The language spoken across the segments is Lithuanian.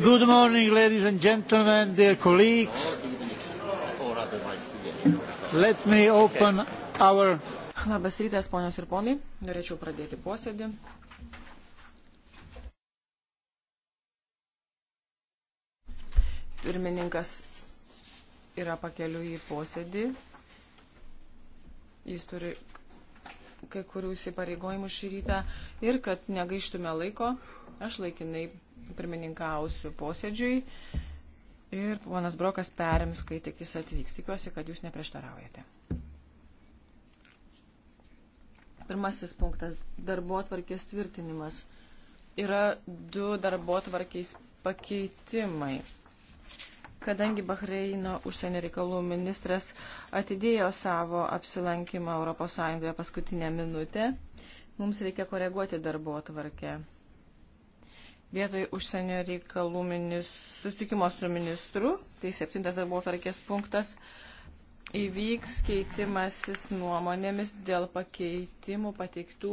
Good morning, ladies and gentlemen, dear colleagues. Let me open our. Labas rytas, ponios ir ponai. Norėčiau pradėti posėdį. Pirmininkas yra pakeliu į posėdį. Jis turi kai kurių įsipareigojimų šį rytą ir kad negaištume laiko, aš laikinai pirmininkausiu posėdžiui ir ponas Brokas perims, kai tik jis atvyks. Tikiuosi, kad jūs neprieštaraujate. Pirmasis punktas - darbo atvarkės tvirtinimas. Yra du darbo atvarkiais pakeitimai. Kadangi Bahreino užsienio reikalų ministras atidėjo savo apsilankimą ES paskutinę minutę, mums reikia koreguoti darbo atvarkę vietoj užsienio reikalų minis, sustikimo su ministru, tai septintas darbo tvarkės punktas, įvyks keitimasis nuomonėmis dėl pakeitimų pateiktų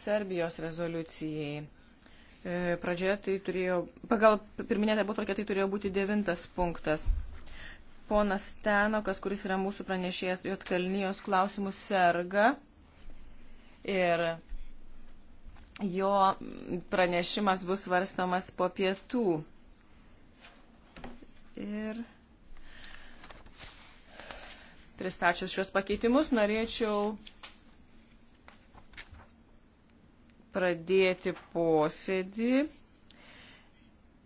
Serbijos rezoliucijai. E, pradžioje tai turėjo, pagal pirminę darbo tvarkę tai turėjo būti devintas punktas. Ponas Tenokas, kuris yra mūsų pranešėjas Jotkalnijos klausimų serga ir jo pranešimas bus svarstamas po pietų. Ir pristačius šios pakeitimus norėčiau pradėti posėdį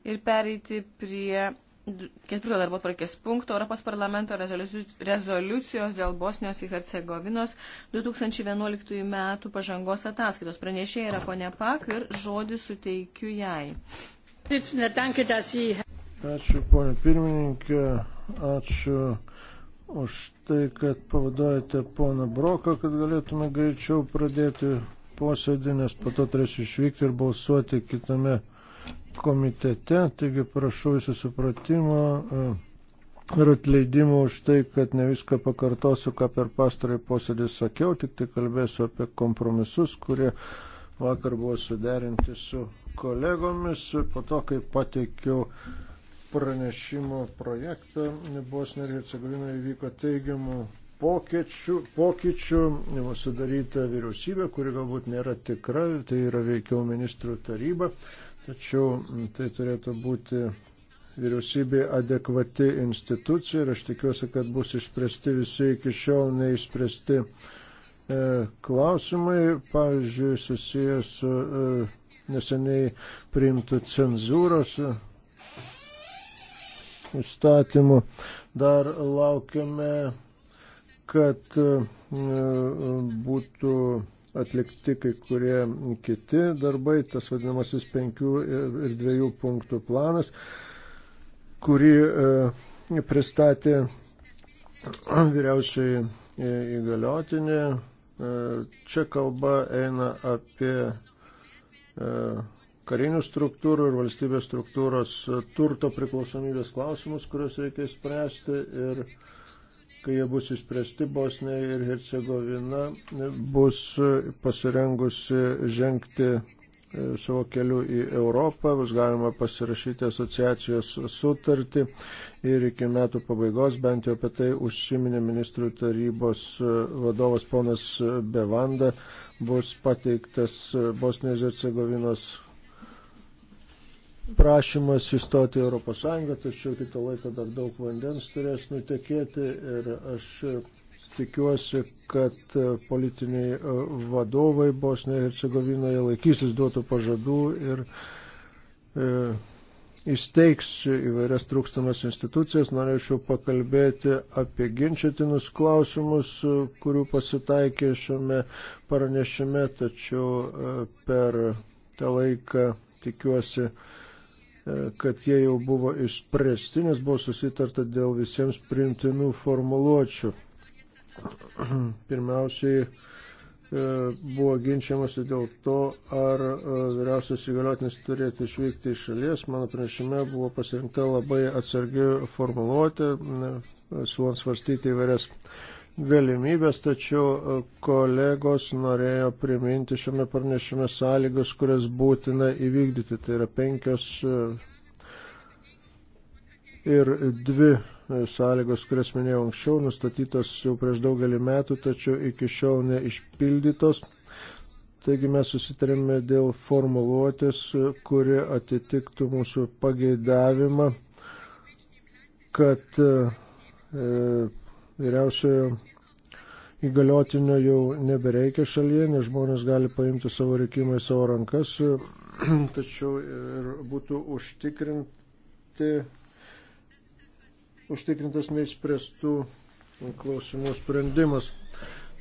ir pereiti prie ketvirto darbo tvarkės punkto Europos parlamento rezoliucijos dėl Bosnijos ir Hercegovinos 2011 metų pažangos ataskaitos. Pranešėja yra ponia Pak ir žodį suteikiu jai. Ačiū ponia pirmininkė, ačiū už tai, kad pavadojate poną Broką, kad galėtume greičiau pradėti posėdį, nes po to turėsiu išvykti ir balsuoti kitame komitete, taigi prašau jūsų supratimo e, ir atleidimo už tai, kad ne viską pakartosiu, ką per pastarąjį posėdį sakiau, tik tai kalbėsiu apie kompromisus, kurie vakar buvo suderinti su kolegomis, po to, kai pateikiau pranešimo projektą, Bosnija ir Hercegovina įvyko teigiamų pokyčių, pokyčių sudaryta vyriausybė, kuri galbūt nėra tikra, tai yra veikiau ministrų taryba. Tačiau tai turėtų būti vyriausybė adekvati institucija ir aš tikiuosi, kad bus išspręsti visi iki šiol neišspręsti e, klausimai, pavyzdžiui, susijęs su e, neseniai priimtų cenzūros įstatymų. Dar laukiame, kad e, būtų atlikti kai kurie kiti darbai, tas vadinamasis penkių ir dviejų punktų planas, kurį e, pristatė vyriausiai įgaliotinė. E, čia kalba eina apie e, karinių struktūrų ir valstybės struktūros turto priklausomybės klausimus, kuriuos reikia spręsti ir kai jie bus išspręsti, Bosnija ir Hercegovina bus pasirengusi žengti e, savo keliu į Europą, bus galima pasirašyti asociacijos sutartį ir iki metų pabaigos bent jau apie tai užsiminė ministrų tarybos e, vadovas ponas Bevanda, bus pateiktas Bosnijos ir Cegovinos prašymas įstoti į Europos Sąjungą, tačiau kitą laiką dar daug vandens turės nutekėti ir aš tikiuosi, kad politiniai vadovai Bosnijoje ir Cegovinoje laikysis duotų pažadų ir e, įsteigs įvairias trūkstamas institucijas. Norėčiau pakalbėti apie ginčytinus klausimus, kurių pasitaikė šiame paranešime, tačiau e, per tą laiką tikiuosi, E, kad jie jau buvo išspręsti, nes buvo susitarta dėl visiems priimtinų formuluočių. Pirmiausiai e, buvo ginčiamasi dėl to, ar e, vyriausias įgaliotinis turėtų išvykti iš šalies. Mano pranešime buvo pasirinkta labai atsargi formuluoti, siūlant svarstyti įvairias galimybės, tačiau e, kolegos norėjo priminti šiame pranešime sąlygas, kurias būtina įvykdyti. Tai yra penkios e, ir dvi e, sąlygos, kurias minėjau anksčiau, nustatytos jau prieš daugelį metų, tačiau iki šiol neišpildytos. Taigi mes susitarėme dėl formuluotės, kuri atitiktų mūsų pageidavimą, kad e, vyriausiojo įgaliotinio jau nebereikia šalyje, nes žmonės gali paimti savo reikimą į savo rankas, tačiau ir būtų užtikrinti, užtikrintas neįspręstų klausimų sprendimas.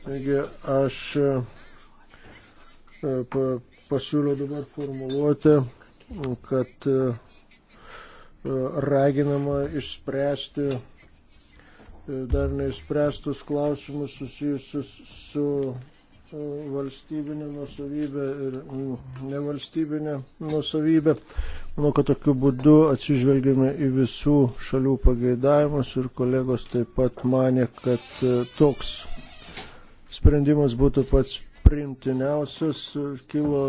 Taigi aš e, pasiūliau dabar formuluoti, kad e, raginama išspręsti E, dar neišspręstus klausimus susijusius su e, valstybinė nusavybė ir mm, nevalstybinė nusavybė. Manau, kad tokiu būdu atsižvelgėme į visų šalių pageidavimus ir kolegos taip pat mane, kad e, toks sprendimas būtų pats priimtiniausias. Kilo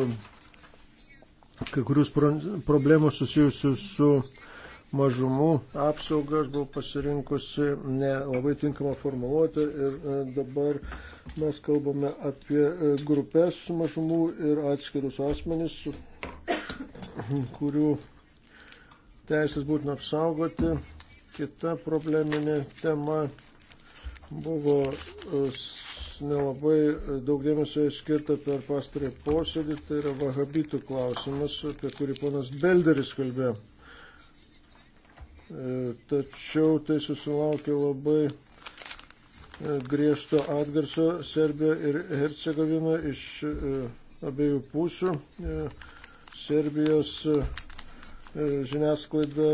kai kurius problemų susijusius su mažumų apsaugą, aš buvau pasirinkusi nelabai tinkamą formuluotę ir e, dabar mes kalbame apie e, grupės mažumų ir atskirus asmenys, kurių teisės būtina apsaugoti. Kita probleminė tema buvo e, nelabai daug dėmesio skirta per pastarąjį posėdį, tai yra vahabitų klausimas, apie kurį ponas Belderis kalbėjo. E, tačiau tai susilaukė labai e, griežto atgarsio Serbija ir Hercegovina iš e, abiejų pusių. Serbijos žiniasklaida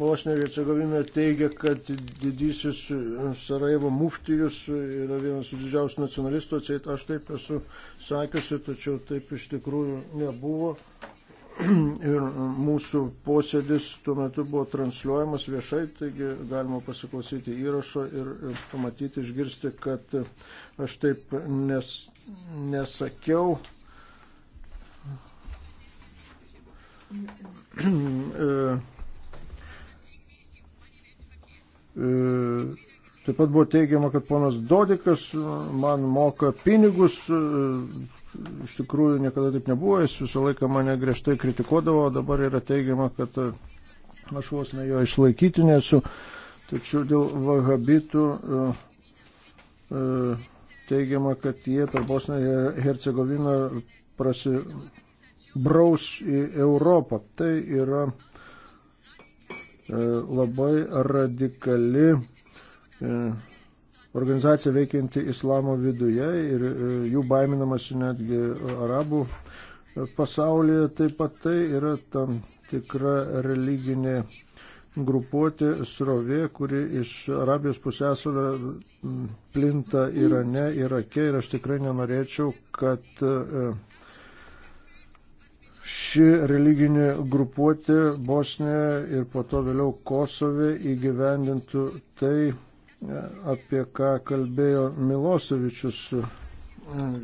Bosnija ir Hercegovina teigia, kad didysis Sarajevo muftijus yra vienas iš didžiausių nacionalistų, atseit aš taip esu sakiusi, tačiau taip iš tikrųjų nebuvo. ir mūsų posėdis tuo metu buvo transliuojamas viešai, taigi galima pasiklausyti įrašo ir pamatyti, išgirsti, kad aš taip nes, nesakiau. E, e, taip pat buvo teigiama, kad ponas Dodikas man moka pinigus, e, iš tikrųjų niekada taip nebuvo, jis visą laiką mane griežtai kritikuodavo, o dabar yra teigiama, kad e, aš vos ne jo išlaikyti nesu. Tačiau dėl vahabitų e, e, teigiama, kad jie per Bosnę ir Hercegoviną prasibraus į Europą. Tai yra labai radikali organizacija veikianti islamo viduje ir e, jų baiminamasi netgi e, arabų e, pasaulyje. Taip pat tai yra tam tikra religinė grupuotė srovė, kuri iš Arabijos pusėsalio plinta Irane, Irake ir aš tikrai nenorėčiau, kad ši religinė grupuotė Bosnijoje ir po to vėliau Kosove įgyvendintų tai, apie ką kalbėjo Milosevičius,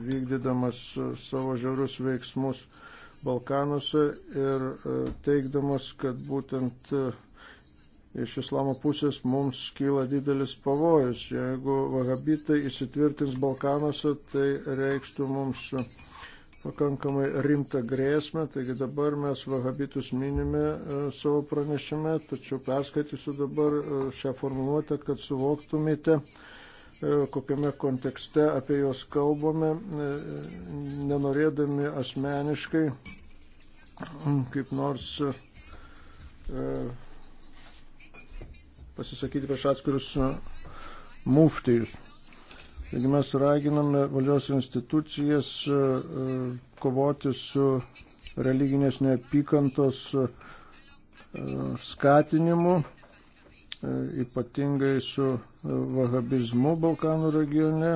vykdydamas savo žiaurus veiksmus Balkanuose ir e, teikdamas, kad būtent e, iš islamo pusės mums kyla didelis pavojus. Jeigu vahabitai įsitvirtins Balkanuose, tai reikštų mums pakankamai rimtą grėsmę, taigi dabar mes vahabitus minime e, savo pranešime, tačiau perskaitysiu dabar e, šią formuluotę, kad suvoktumėte, e, kokiame kontekste apie juos kalbame, nenorėdami asmeniškai mm, kaip nors pasisakyti prieš atskirius muftijus. Taigi mes raginame valdžios institucijas e, e, kovoti su religinės neapykantos e, skatinimu, ypatingai su vahabizmu Balkanų regione.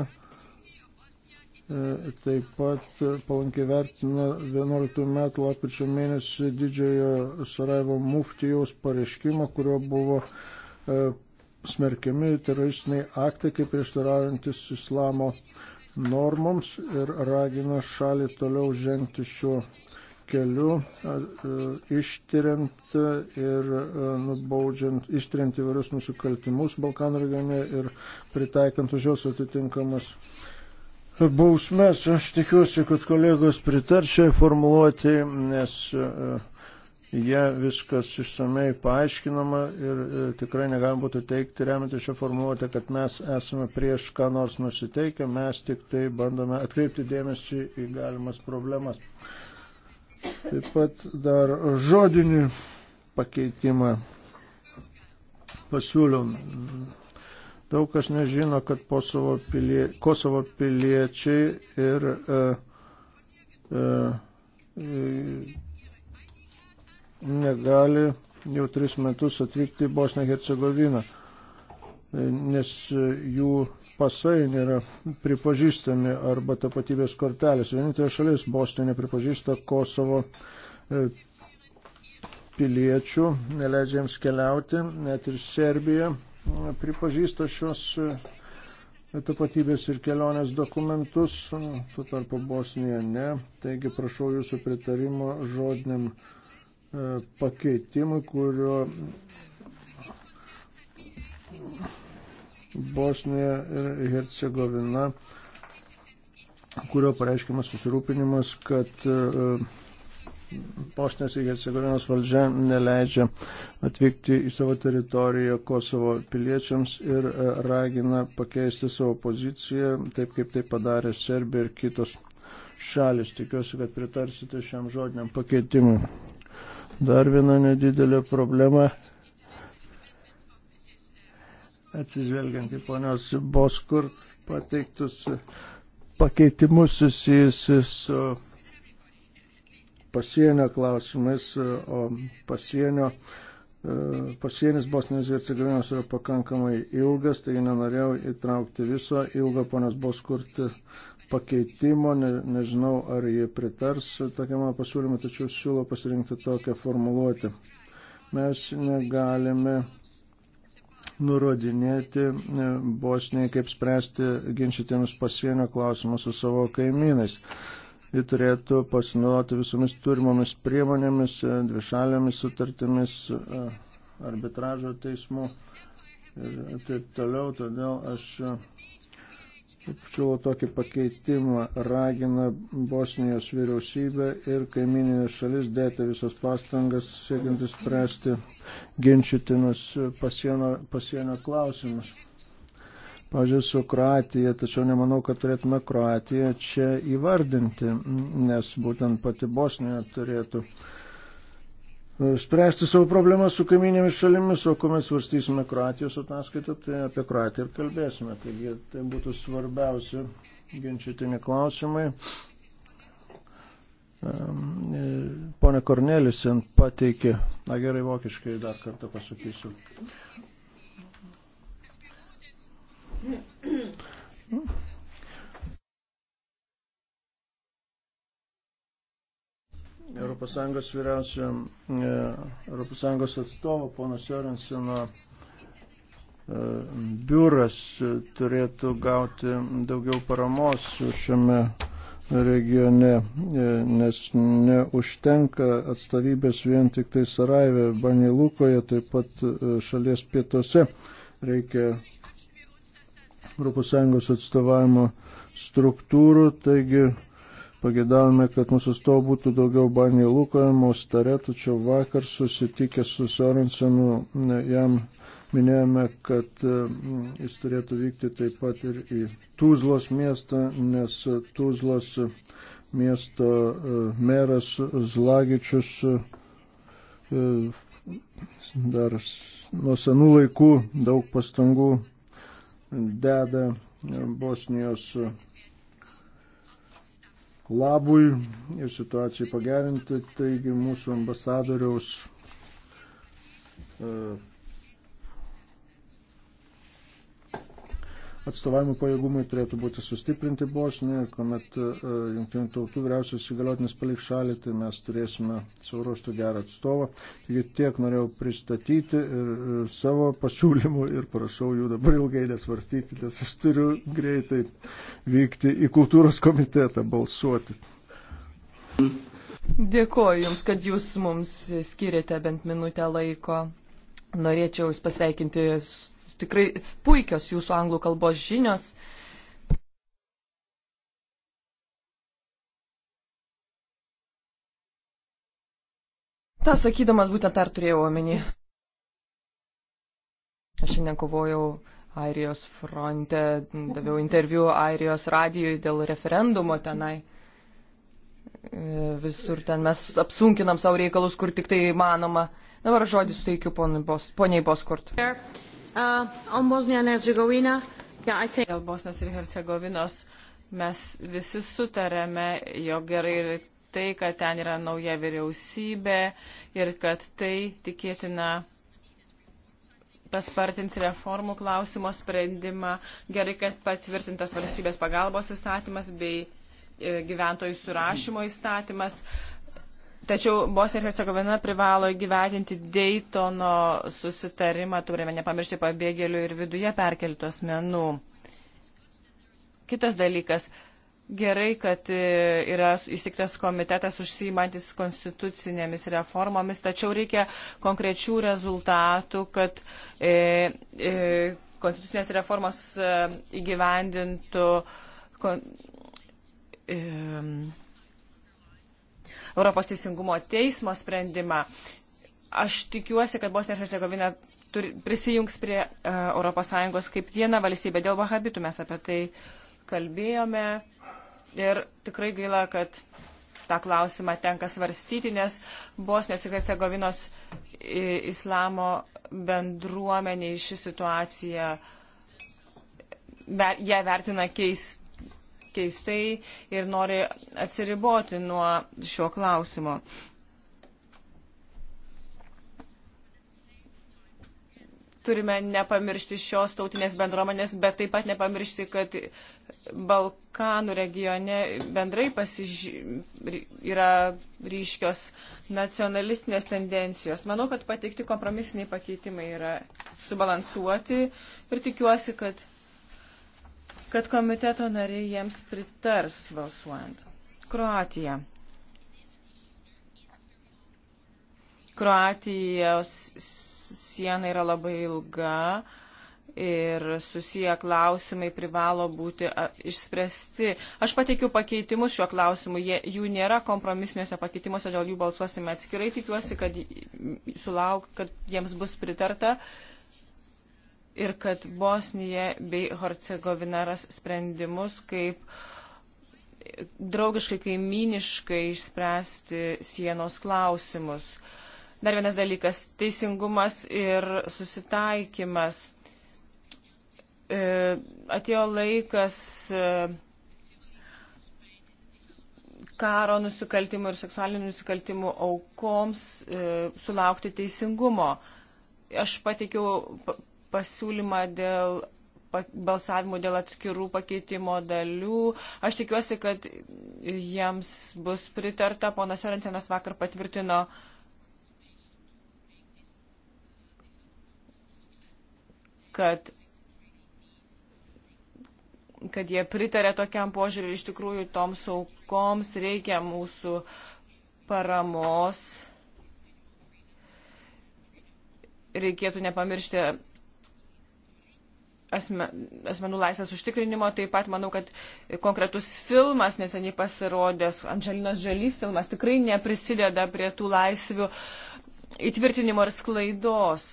Taip pat palankiai vertina 11 metų lapkričio mėnesį didžiojo Sarajevo muftijaus pareiškimą, kurio buvo smerkiami teroristiniai aktai kaip prieštaraujantis islamo normoms ir ragina šalį toliau žengti šiuo keliu, ištiriant ir nubaudžiant, ištiriant įvairius nusikaltimus Balkanų regione ir pritaikant už jos atitinkamas bausmes. Aš tikiuosi, kad kolegos pritarčiai formuluoti, nes jie viskas išsamei paaiškinama ir e, tikrai negalima būtų teikti, remiantis šią formuotę, kad mes esame prieš ką nors nusiteikę, mes tik tai bandome atkreipti dėmesį į galimas problemas. Taip pat dar žodinį pakeitimą pasiūliau. Daug kas nežino, kad Kosovo, pilie, Kosovo piliečiai ir e, e, negali jau tris metus atvykti į Bosnę Hercegoviną, e, nes e, jų pasai nėra pripažįstami arba tapatybės kortelės. Vienintelė šalis Bosnija nepripažįsta Kosovo e, piliečių, neleidžia jiems keliauti, net ir Serbija pripažįsta šios tapatybės ir kelionės dokumentus, tuo tarpu Bosnija ne. Taigi prašau jūsų pritarimo žodiniam E, pakeitimui, kurio Bosnija ir Hercegovina, kurio pareiškimas susirūpinimas, kad e, Bosnijos ir Hercegovinos valdžia neleidžia atvykti į savo teritoriją Kosovo piliečiams ir e, ragina pakeisti savo poziciją, taip kaip tai padarė Serbija ir kitos šalis. Tikiuosi, kad pritarsite šiam žodiniam pakeitimui dar viena nedidelė problema. Atsižvelgiant į ponios Boskurt pateiktus pakeitimus susijusi su pasienio klausimais, o pasienio, e, pasienis Bosnijos ir Cegovinos yra pakankamai ilgas, tai nenorėjau įtraukti viso ilgo ponios Boskurt pakeitimus pakeitimo, ne, nežinau ar jie pritars tokiam pasiūlymui, tačiau siūlo pasirinkti tokią formuluotę. Mes negalime nurodinėti e, Bosniai, kaip spręsti ginčytinus pasienio klausimus su savo kaimynais. Ji turėtų pasinaudoti visomis turimomis priemonėmis, e, dvišalėmis sutartimis, e, arbitražo teismų ir taip toliau. Todėl aš siūlo tokį pakeitimą, ragina Bosnijos vyriausybę ir kaimininės šalis dėti visas pastangas siekiant įspręsti ginčytinus pasienio, pasienio klausimus. Pavyzdžiui, su Kroatija, tačiau nemanau, kad turėtume Kroatiją čia įvardinti, nes būtent pati Bosnija turėtų uh, E, spręsti savo problemas su kaiminėmis šalimis, o kuomet svarstysime Kroatijos ataskaitą, tai apie Kroatiją ir kalbėsime. Taigi tai būtų svarbiausi ginčytini klausimai. E, pone Kornelisen pateikė, na gerai, vokiškai dar kartą pasakysiu. ES vyriausio ES atstovo pono Sörensino e, biuras turėtų gauti daugiau paramos šiame regione, e, nes neužtenka atstovybės vien tik tai Sarajeve, Banilukoje, taip pat e, šalies pietuose reikia ES atstovavimo struktūrų, taigi Pagėdavome, kad mūsų stovų būtų daugiau Banė Lukoje, Mostarė, tačiau vakar susitikę su Sorensenu jam minėjome, kad e, jis turėtų vykti taip pat ir į Tuzlos miestą, nes Tuzlos miesto e, meras Zlagičius e, dar nuo senų laikų daug pastangų deda Bosnijos labui ir situacijai pagerinti. Taigi mūsų ambasadoriaus e, atstovavimo pajėgumai turėtų būti sustiprinti Bosnijoje, kuomet e, jungtinių tautų vyriausias įgaliotinis palik šalį, tai mes turėsime savo ruoštų gerą atstovą. Taigi tiek norėjau pristatyti ir, ir e, savo pasiūlymų ir prašau jų dabar ilgai nesvarstyti, nes aš turiu greitai vykti į kultūros komitetą balsuoti. Dėkuoju Jums, kad Jūs mums skiriate bent minutę laiko. Norėčiau Jūs pasveikinti tikrai puikios jūsų anglų kalbos žinios. Ta sakydamas būtent ar turėjau omeny. Aš šiandien kovojau Airijos fronte, daviau interviu Airijos radijui dėl referendumo tenai. Visur ten mes apsunkinam savo reikalus, kur tik tai manoma. Dabar žodį suteikiu poniai Boskurt. Bos, uh, on Bosnian Herzegovina, yeah, I think. Dėl Bosnios ir Hercegovinos mes visi sutarėme, jog gerai ir tai, kad ten yra nauja vyriausybė ir kad tai tikėtina paspartins reformų klausimo sprendimą, gerai, kad patvirtintas valstybės pagalbos įstatymas bei e, gyventojų surašymo įstatymas. Tačiau Bosnija ir Hercegovina privalo įgyvendinti Daytono susitarimą, turime nepamiršti pabėgėlių ir viduje perkeltų asmenų. Kitas dalykas. Gerai, kad e, yra įstiktas komitetas užsiimantis konstitucinėmis reformomis, tačiau reikia konkrečių rezultatų, kad e, e, konstitucinės reformos e, įgyvendintų kon, e, Europos teisingumo teismo sprendimą. Aš tikiuosi, kad Bosnija ir Hercegovina prisijungs prie uh, e, ES kaip viena valstybė. Dėl Vahabitų mes apie tai kalbėjome ir tikrai gaila, kad tą klausimą tenka svarstyti, nes Bosnijos ir Hercegovinos islamo bendruomeniai ši situacija ją vertina keist, keistai ir nori atsiriboti nuo šio klausimo. Turime nepamiršti šios tautinės bendruomenės, bet taip pat nepamiršti, kad Balkanų regione bendrai pasiž... yra ryškios nacionalistinės tendencijos. Manau, kad pateikti kompromisiniai pakeitimai yra subalansuoti ir tikiuosi, kad kad komiteto nariai jiems pritars balsuojant. Kroatija. Kroatijos siena yra labai ilga ir susiję klausimai privalo būti išspręsti. Aš pateikiu pakeitimus šiuo klausimu, Jie, jų nėra kompromisiniuose pakeitimuose, dėl jų balsuosime atskirai, tikiuosi, kad, sulauk, kad jiems bus pritarta. Uh, ir kad Bosnija bei Hercegovina ras sprendimus, kaip draugiškai, kaimyniškai išspręsti sienos klausimus. Dar vienas dalykas - teisingumas ir susitaikymas. E, atėjo laikas e, karo nusikaltimų ir seksualinių nusikaltimų aukoms e, sulaukti teisingumo. Aš patikiu pasiūlymą dėl balsavimų dėl atskirų pakeitimo dalių. Aš tikiuosi, kad jiems bus pritarta. Ponas Sorentinas vakar patvirtino kad kad jie pritarė tokiam požiūriu iš tikrųjų toms aukoms reikia mūsų paramos. Reikėtų nepamiršti asme, asmenų laisvės užtikrinimo. Taip pat manau, kad konkretus filmas neseniai pasirodęs, Andželinos Žaly filmas, tikrai neprisideda prie tų laisvių įtvirtinimo ir sklaidos.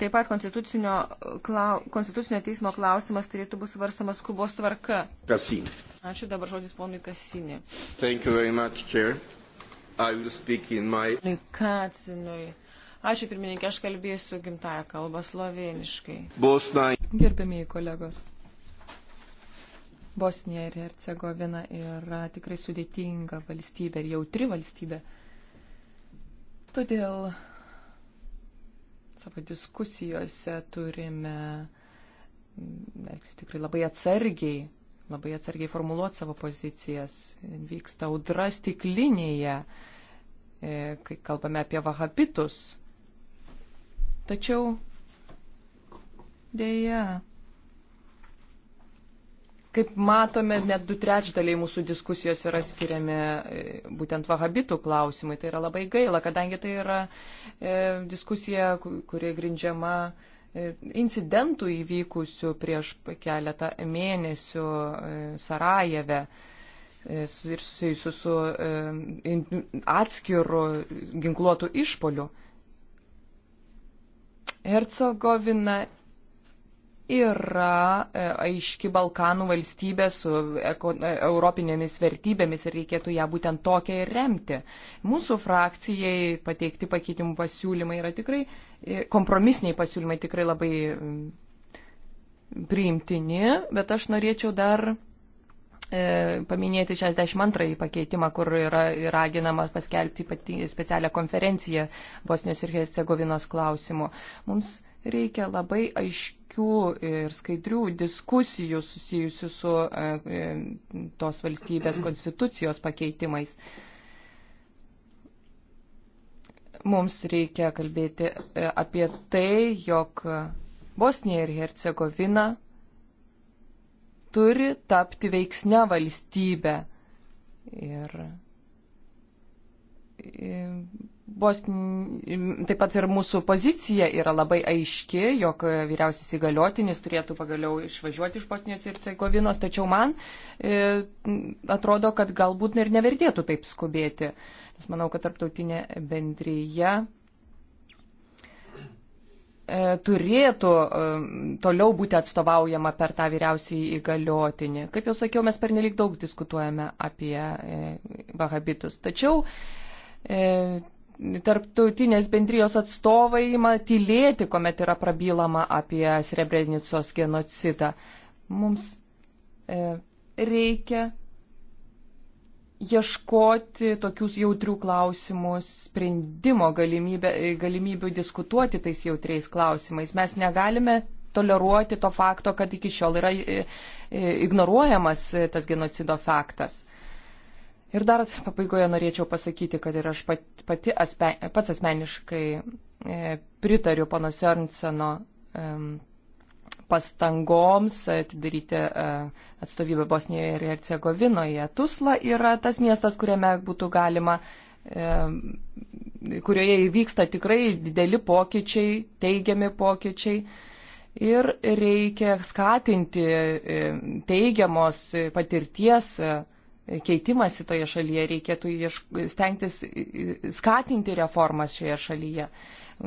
Taip pat konstitucinio, klau, konstitucinio teismo klausimas turėtų bus svarstamas skubos tvarka. Kasinė. Ačiū dabar žodis ponui Kasinė. Much, my... Kacinui. Ačiū pirmininkė, aš kalbėsiu gimtają kalbą sloveniškai. Bosnai. Gerbėmiai kolegos. Bosnija ir Hercegovina yra tikrai sudėtinga valstybė ir jautri valstybė. Todėl savo diskusijose turime mm, elgtis tikrai labai atsargiai, labai atsargiai formuluoti savo pozicijas. Vyksta audra stiklinėje, e, kai kalbame apie vahabitus. Tačiau dėja, kaip matome, net du trečdaliai mūsų diskusijos yra skiriami e, būtent vahabitų klausimai. Tai yra labai gaila, kadangi tai yra e, diskusija, kuri grindžiama e, incidentų įvykusių prieš keletą mėnesių e, Sarajeve ir susijusių su atskiru ginkluotu išpoliu. Hercegovina yra e, aiški Balkanų valstybė su e, europinėmis vertybėmis ir reikėtų ją būtent tokią ir remti. Mūsų frakcijai pateikti pakeitimų pasiūlymai yra tikrai, e, kompromisiniai pasiūlymai tikrai labai priimtini, bet aš norėčiau dar E, paminėti 62 pakeitimą, kur yra raginama paskelbti specialią konferenciją Bosnijos ir Hercegovinos klausimu. Mums reikia labai aiškių ir skaidrių diskusijų susijusių su e, e, tos valstybės konstitucijos pakeitimais. Mums reikia kalbėti apie tai, jog Bosnija ir Hercegovina turi tapti veiksne valstybė. Ir Bosni... Taip pat ir mūsų pozicija yra labai aiški, jog vyriausias įgaliotinis turėtų pagaliau išvažiuoti iš Bosnijos ir Cegovinos, tačiau man e, atrodo, kad galbūt ir nevertėtų taip skubėti, nes manau, kad tarptautinė bendryje E, turėtų e, toliau būti atstovaujama per tą vyriausiai įgaliotinį. Kaip jau sakiau, mes pernelik daug diskutuojame apie e, vahabitus. Tačiau tarptautinės bendrijos atstovai ima tylėti, kuomet yra prabylama apie Srebrenicos genocidą. Mums reikia ieškoti tokių jautrių klausimų sprendimo galimybę, galimybių diskutuoti tais jautriais klausimais. Mes negalime toleruoti to fakto, kad iki šiol yra e, e, ignoruojamas tas genocido faktas. Ir dar pabaigoje norėčiau pasakyti, kad ir aš pati, pati aspe, pats asmeniškai e, pritariu pono Sörnseno pastangoms atidaryti e, atstovybę Bosnijoje ir Hercegovinoje. Tusla yra tas miestas, kuriame būtų galima e, kurioje įvyksta tikrai dideli pokyčiai, teigiami pokyčiai. Ir reikia skatinti e, teigiamos patirties keitimąsi toje šalyje, reikėtų stengtis skatinti reformas šioje šalyje.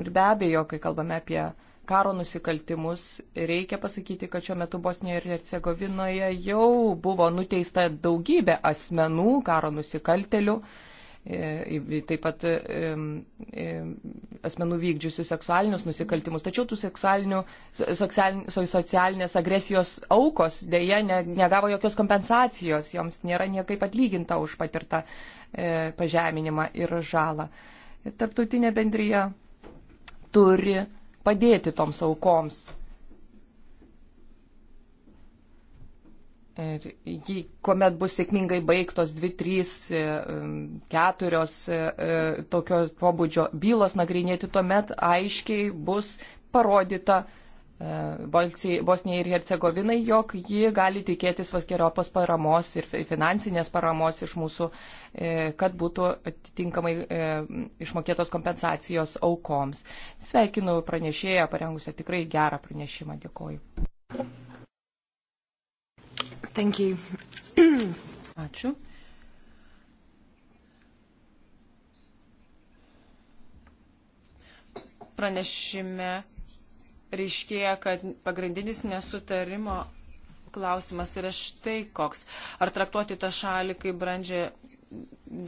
Ir be abejo, kai kalbame apie karo nusikaltimus, reikia pasakyti, kad šiuo metu Bosnijoje ir Hercegovinoje jau buvo nuteista daugybė asmenų, karo nusikaltelių, e, taip pat e, e, asmenų vykdžiusių seksualinius nusikaltimus. Tačiau tų socialinės agresijos aukos dėje negavo jokios kompensacijos, joms nėra niekaip atlyginta už patirtą pažeminimą ir žalą. Tarptautinė bendryja turi padėti toms aukoms. Ir jį, kuomet bus sėkmingai baigtos dvi, trys, e, keturios e, e, tokios pobūdžio bylos nagrinėti, tuomet aiškiai bus parodyta, Bosnijai ir Hercegovinai, jog ji gali tikėtis vakeriopos paramos ir finansinės paramos iš mūsų, e, kad būtų atitinkamai e, išmokėtos kompensacijos aukoms. Sveikinu pranešėją, parengusią tikrai gerą pranešimą. Dėkoju. Thank you. Ačiū. Pranešime ryškėja, kad pagrindinis nesutarimo klausimas yra štai koks. Ar traktuoti tą šalį kaip brandžią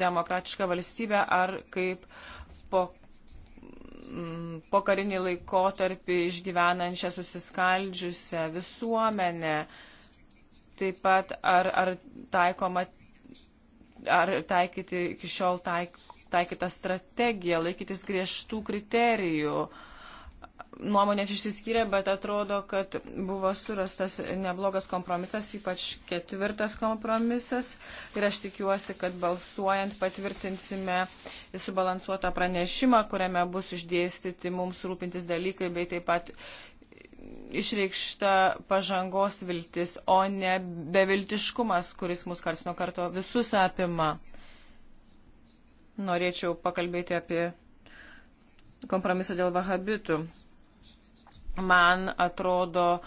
demokratišką valstybę, ar kaip po, m, mm, po karinį laikotarpį išgyvenančią susiskaldžiusią visuomenę. Taip pat ar, ar taikoma, ar taikyti iki šiol taik, taikytą strategiją, laikytis griežtų kriterijų. Uh, nuomonės išsiskyrė, bet atrodo, kad buvo surastas neblogas kompromisas, ypač ketvirtas kompromisas. Ir aš tikiuosi, kad balsuojant patvirtinsime subalansuotą pranešimą, kuriame bus išdėstyti mums rūpintis dalykai, bei taip pat išreikšta pažangos viltis, o ne beviltiškumas, kuris mus kars nuo karto visus apima. Norėčiau pakalbėti apie kompromisą dėl vahabitų man atrodo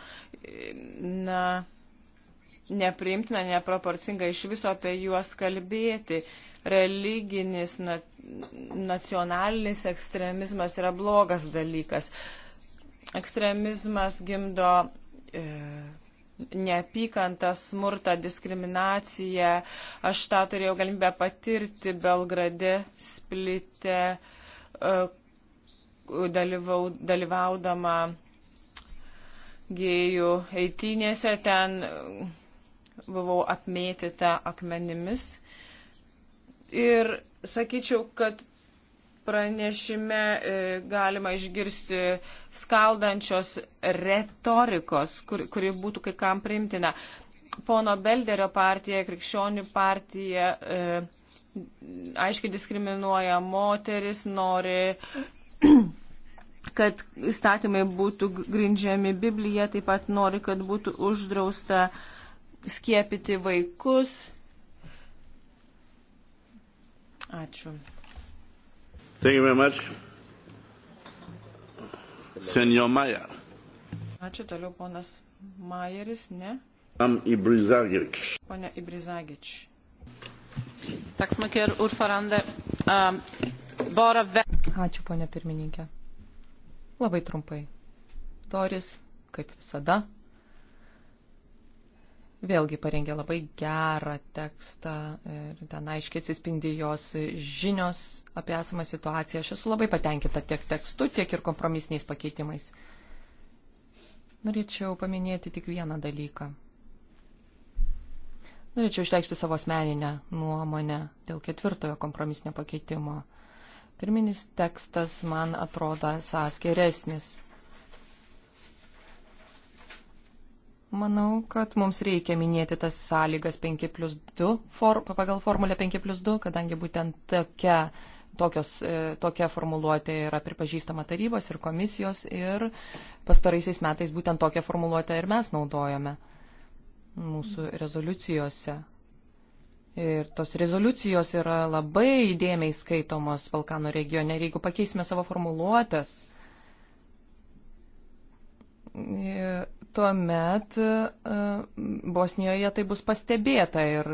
na, nepriimtina, neproporcinga iš viso apie juos kalbėti. Religinis, na, nacionalinis ekstremizmas yra blogas dalykas. Ekstremizmas gimdo e, neapykantą, smurtą, diskriminaciją. Aš tą turėjau galimybę patirti Belgrade, Splite, e, dalyvau, dalyvaudama gėjų eitynėse, ten e, buvau apmėtyta akmenimis. Ir sakyčiau, kad pranešime e, galima išgirsti skaldančios retorikos, kur, kuri būtų kai kam primtina. Pono Belderio partija, krikščionių partija e, aiškiai diskriminuoja moteris, nori kad įstatymai būtų grindžiami Biblija, taip pat nori, kad būtų uždrausta skiepyti vaikus. Ačiū. Thank you very much. Senio Maja. Ačiū toliau, ponas Majeris, ne? Am Ibrizagič. Pone Ibrizagič. Taksmaker, urfarande. Um, ehm, Ačiū, ponė pirmininkė. Labai trumpai. Doris, kaip visada, vėlgi parengė labai gerą tekstą ir ten aiškiai atsispindi jos žinios apie esamą situaciją. Aš esu labai patenkinta tiek tekstu, tiek ir kompromisiniais pakeitimais. Norėčiau paminėti tik vieną dalyką. Norėčiau išreikšti savo asmeninę nuomonę dėl ketvirtojo kompromisinio pakeitimo. Pirminis tekstas man atrodo esas geresnis. Manau, kad mums reikia minėti tas sąlygas 5 plus 2 for, pagal formulę 5 plus 2, kadangi būtent tokia, tokios, e, tokia formuluotė yra pripažįstama tarybos ir komisijos ir pastaraisiais metais būtent tokią formuluotę ir mes naudojame mūsų rezoliucijose. Ir tos rezoliucijos yra labai įdėmiai skaitomos Balkanų regione. Ir jeigu pakeisime savo formuluotės, tuomet e, Bosnijoje tai bus pastebėta ir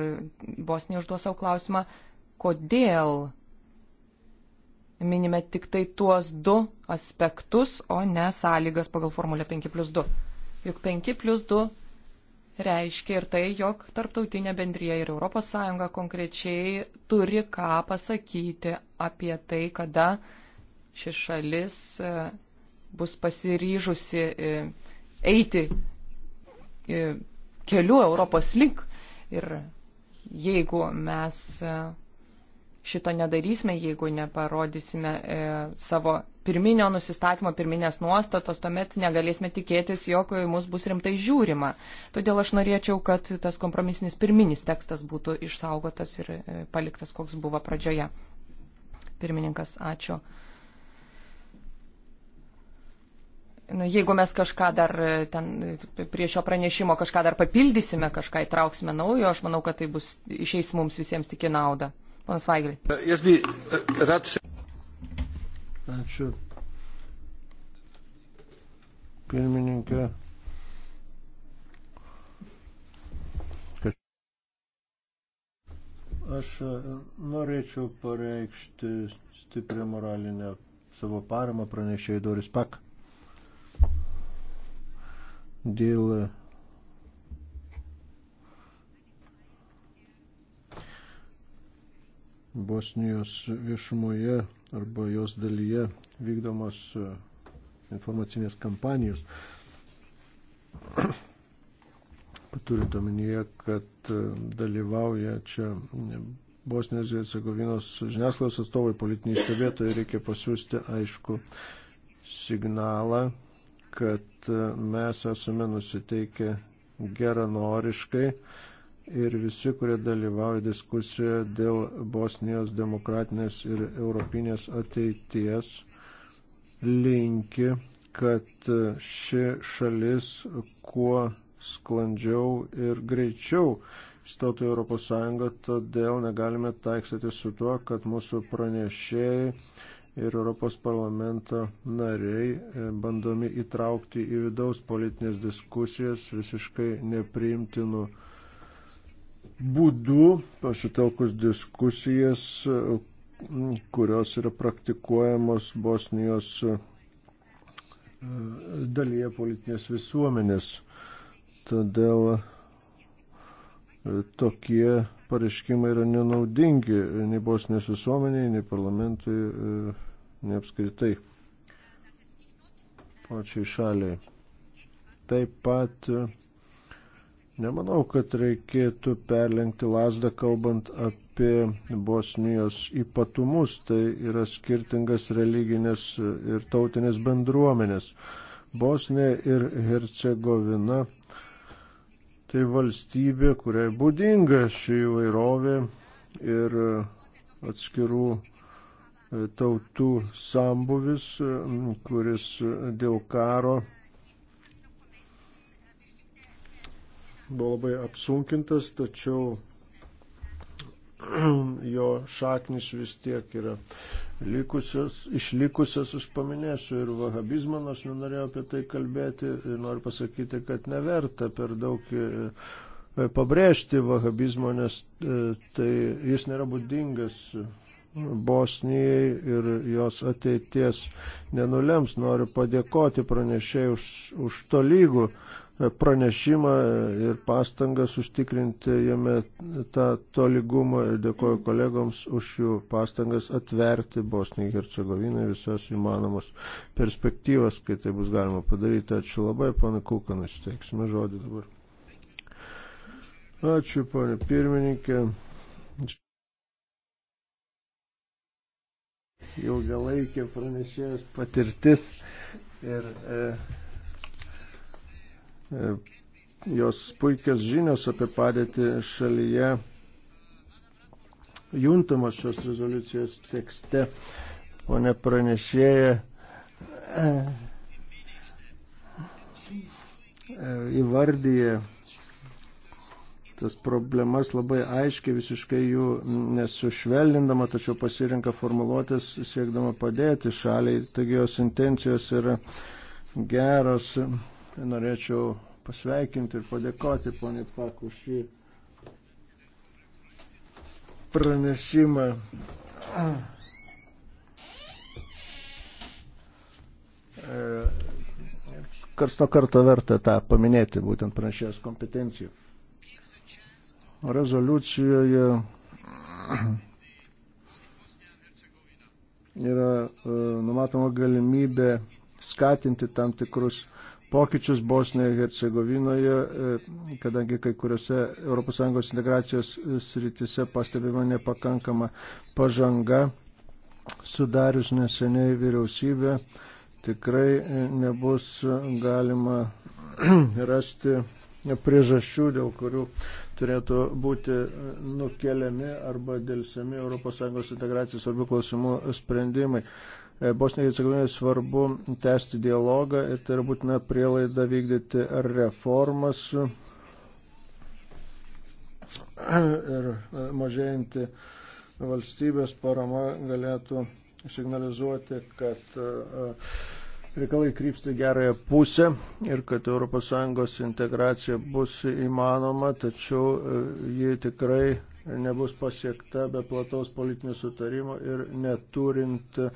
Bosnija užduos savo klausimą, kodėl minime tik tai tuos du aspektus, o ne sąlygas pagal formulę 5 plus 2. Juk 5 plus 2 reiškia ir tai, jog tarptautinė bendryje ir ES konkrečiai turi ką pasakyti apie tai, kada ši šalis e, bus pasiryžusi e, eiti e, keliu Europos link. Ir jeigu mes šito nedarysime, jeigu neparodysime savo pirminio nusistatymo, pirminės nuostatos, tuomet negalėsime tikėtis, jog mus bus rimtai žiūrima. Todėl aš norėčiau, kad tas kompromisinis pirminis tekstas būtų išsaugotas ir e, paliktas, koks buvo pradžioje. Pirmininkas, ačiū. Na, jeigu mes kažką dar e, ten e, prie šio pranešimo kažką dar papildysime, kažką įtrauksime naujo, aš manau, kad tai bus išeis mums visiems tik į naudą. Ponas Vaigli. Ačiū. Pirmininkė. Aš e, norėčiau pareikšti stiprią moralinę savo paramą pranešėjai Doris Pak dėl Bosnijos viešumoje arba jos dalyje vykdomos e, informacinės kampanijos. Turit omenyje, kad e, dalyvauja čia Bosnijos ir Hercegovinos žiniasklaidos atstovai, politiniai stebėtojai, reikia pasiūsti aišku signalą, kad e, mes esame nusiteikę geranoriškai ir visi, kurie dalyvauja diskusijoje dėl Bosnijos demokratinės ir europinės ateities, linki, kad ši šalis kuo sklandžiau ir greičiau įstotų į Europos Sąjungą, todėl negalime taiksyti su tuo, kad mūsų pranešėjai ir Europos parlamento nariai e, bandomi įtraukti į vidaus politinės diskusijas visiškai nepriimtinų nu būdu, pasitelkus diskusijas, kurios yra praktikuojamos Bosnijos e, dalyje politinės visuomenės. Todėl e, tokie pareiškimai yra nenaudingi nei Bosnijos visuomeniai, nei parlamentui, e, nei apskritai pačiai šaliai. Taip pat Nemanau, kad reikėtų perlenkti lasdą, kalbant apie Bosnijos ypatumus. Tai yra skirtingas religinės ir tautinės bendruomenės. Bosnija ir Hercegovina tai valstybė, kuriai būdinga ši įvairovė ir atskirų e, tautų sambuvis, kuris dėl karo buvo labai apsunkintas, tačiau jo šaknis vis tiek yra likusios, išlikusios, aš paminėsiu ir vahabizmą, nors nenorėjau apie tai kalbėti, noriu pasakyti, kad neverta per daug e, e, pabrėžti vahabizmo, nes e, tai jis nėra būdingas Bosnijai ir jos ateities nenulems. Noriu padėkoti pranešėjai už, už tolygų pranešimą ir pastangas užtikrinti jame tą tolygumą ir dėkoju kolegoms už jų pastangas atverti Bosnijai Hercegovinai visas įmanomas perspektyvas, kai tai bus galima padaryti. Ačiū labai, pana Kūkanas, teiksime žodį dabar. Ačiū, pana pirmininkė. Ilgalaikė pranešėjas patirtis ir e, E, jos puikios žinios apie padėtį šalyje juntamas šios rezoliucijos tekste. Pone pranešėja e, e, įvardyje tas problemas labai aiškiai, visiškai jų nesušvelnindama, tačiau pasirinka formuluotės siekdama padėti šaliai. Taigi jos intencijos yra geros norėčiau pasveikinti ir padėkoti poniai Pak už šį pranešimą. Kars nuo karto verta tą paminėti, būtent pranešėjos kompetencijų. Rezoliucijoje yra e, numatoma galimybė skatinti tam tikrus uh, pokyčius Bosnijoje ir Hercegovinoje, e, kadangi kai kuriuose ES integracijos e, sritise pastebima nepakankama pažanga, sudarius neseniai vyriausybę, tikrai e, nebus galima rasti priežasčių, dėl kurių turėtų būti nukeliami arba dėlsiami ES integracijos svarbių klausimų sprendimai. E, Bosnijai Hercegovinai svarbu tęsti dialogą ir tai yra būtina prielaida vykdyti reformas ir e, mažėjanti valstybės parama galėtų signalizuoti, kad e, reikalai krypsta gerąją pusę ir kad ES integracija bus įmanoma, tačiau ji tikrai nebus pasiekta be plataus politinio sutarimo ir neturint e,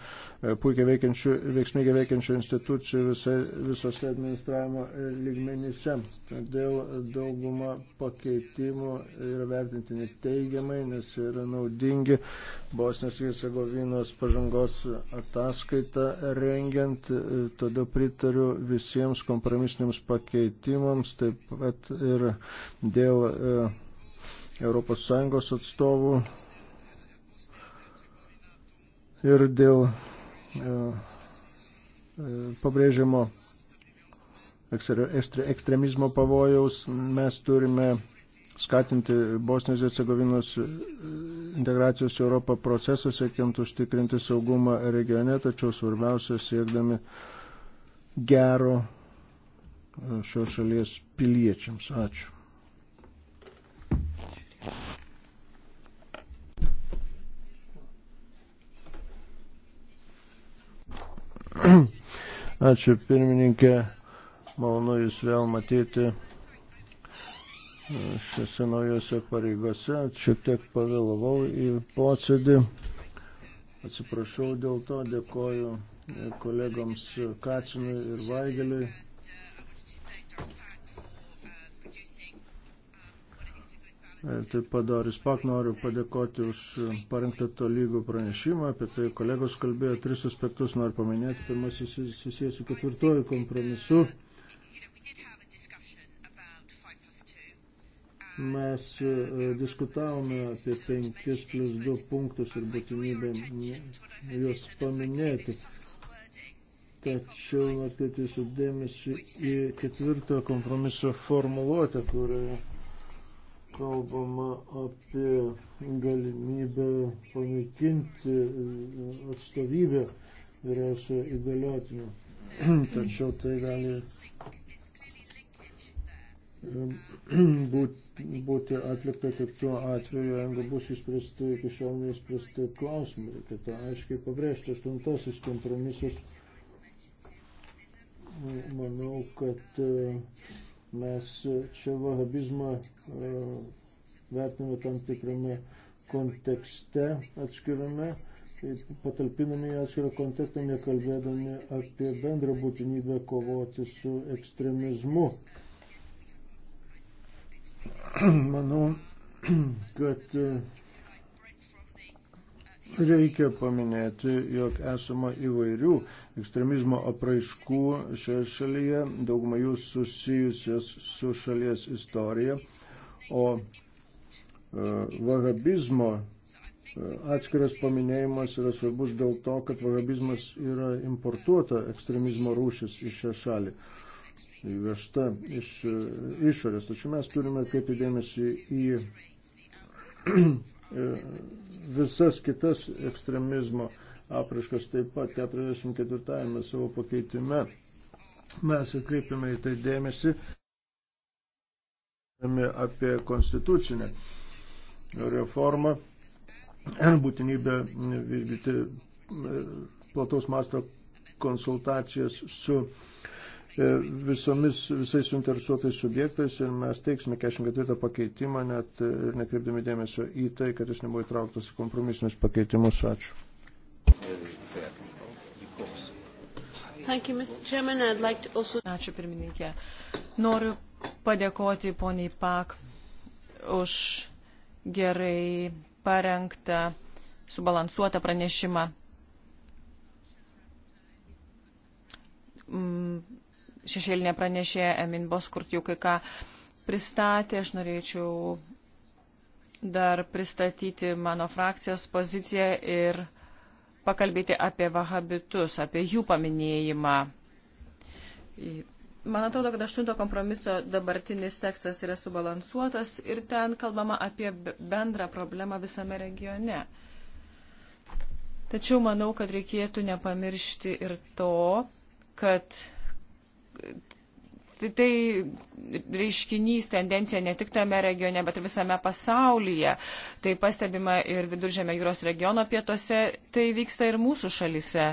puikiai veikiančių, veiksmingai veikiančių institucijų visai, visose administravimo e, lygmenyse. Todėl dauguma pakeitimų yra vertintini teigiamai, nes yra naudingi Bosnės Visegovinos pažangos ataskaitą rengiant. E, todėl pritariu visiems kompromisiniams pakeitimams, taip pat ir dėl ES atstovų ir dėl e, e, pabrėžiamo ekstremizmo pavojaus mes turime skatinti Bosnijos ir Cegovinos e, integracijos į Europą procesą, siekiant užtikrinti saugumą regione, tačiau svarbiausia siekdami gero šios šalies piliečiams. Ačiū. Ačiū pirmininkė, malonu Jūs vėl matyti e, šiose naujose pareigose. Šiek tiek pavėlavau į posėdį. Atsiprašau dėl to, dėkoju e, kolegoms Kacinui ir Vaigeliui. Taip pat Doris Pak noriu padėkoti už parengtą tolygų pranešimą, apie tai kolegos kalbėjo, tris aspektus noriu paminėti. Pirmasis susijęs su ketvirtuoju kompromisu. Mes e, diskutavome apie 5 plus 2 punktus ir būtinybę juos paminėti. Tačiau atkreipti sudėmesį į ketvirtojo kompromiso formuluotę, kurioje kalbama apie galimybę panaikinti e, atstovybę vyriausio įgaliotinio. Tačiau tai gali e, būti, būti atlikta tik tuo atveju, jeigu bus išspręsti iki šiol neįspręsti klausimai. Reikia tą aiškiai pabrėžti. Aštuntasis kompromisas. Manau, kad uh, Mes čia vahabizmą e, vertiname tam tikrame kontekste atskirame, patalpinami į atskirą kontekstą, nekalbėdami apie bendrą būtinybę kovoti su ekstremizmu. Manau, kad e, Reikia paminėti, jog esama įvairių ekstremizmo apraiškų šioje šalyje, dauguma jų susijusios su šalies istorija, o e, vahabizmo e, atskiras paminėjimas yra svarbus dėl to, kad vahabizmas yra importuota ekstremizmo rūšis iš šią šalį įvežta iš e, išorės. Tačiau mes turime atkreipti dėmesį į visas kitas ekstremizmo apraškas taip pat 44-ame savo pakeitime. Mes atkreipiame į tai dėmesį apie konstitucinę reformą, būtinybę vykdyti e, plataus masto konsultacijas su uh, E, visomis, visais suinteresuotais subjektais ir mes teiksime 44 pakeitimą, net ir e, nekreipdami dėmesio į tai, kad jis nebuvo įtrauktas į kompromisinius pakeitimus. Ačiū. You, like also... Ačiū pirmininkė. Noriu padėkoti poniai Pak už gerai parengtą, subalansuotą pranešimą. Mm šešėlinė pranešė Emin Boskurt jau kai ką pristatė. Aš norėčiau dar pristatyti mano frakcijos poziciją ir pakalbėti apie vahabitus, apie jų paminėjimą. Man atrodo, kad aštunto kompromiso dabartinis tekstas yra subalansuotas ir ten kalbama apie bendrą problemą visame regione. Tačiau manau, kad reikėtų nepamiršti ir to, kad Tai, tai reiškinys, tendencija ne tik tame regione, bet ir visame pasaulyje. Tai pastebima ir viduržėme jūros regiono pietuose, tai vyksta ir mūsų šalise.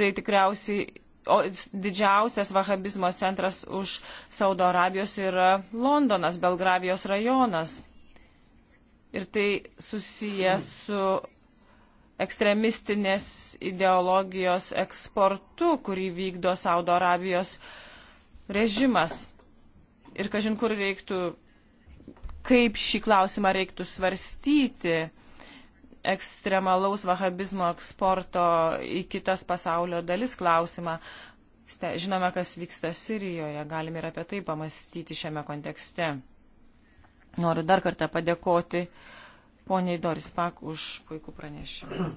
Tai tikriausiai o, didžiausias vahabizmo centras už Saudo Arabijos yra Londonas, Belgravijos rajonas. Ir tai susijęs su ekstremistinės ideologijos eksportu, kurį vykdo Saudo Arabijos režimas. Ir kažin kur reiktų, kaip šį klausimą reiktų svarstyti ekstremalaus vahabizmo eksporto į kitas pasaulio dalis klausimą. Žinome, kas vyksta Sirijoje, galime ir apie tai pamastyti šiame kontekste. Noriu dar kartą padėkoti uh, poniai Doris Pak už puikų pranešimą.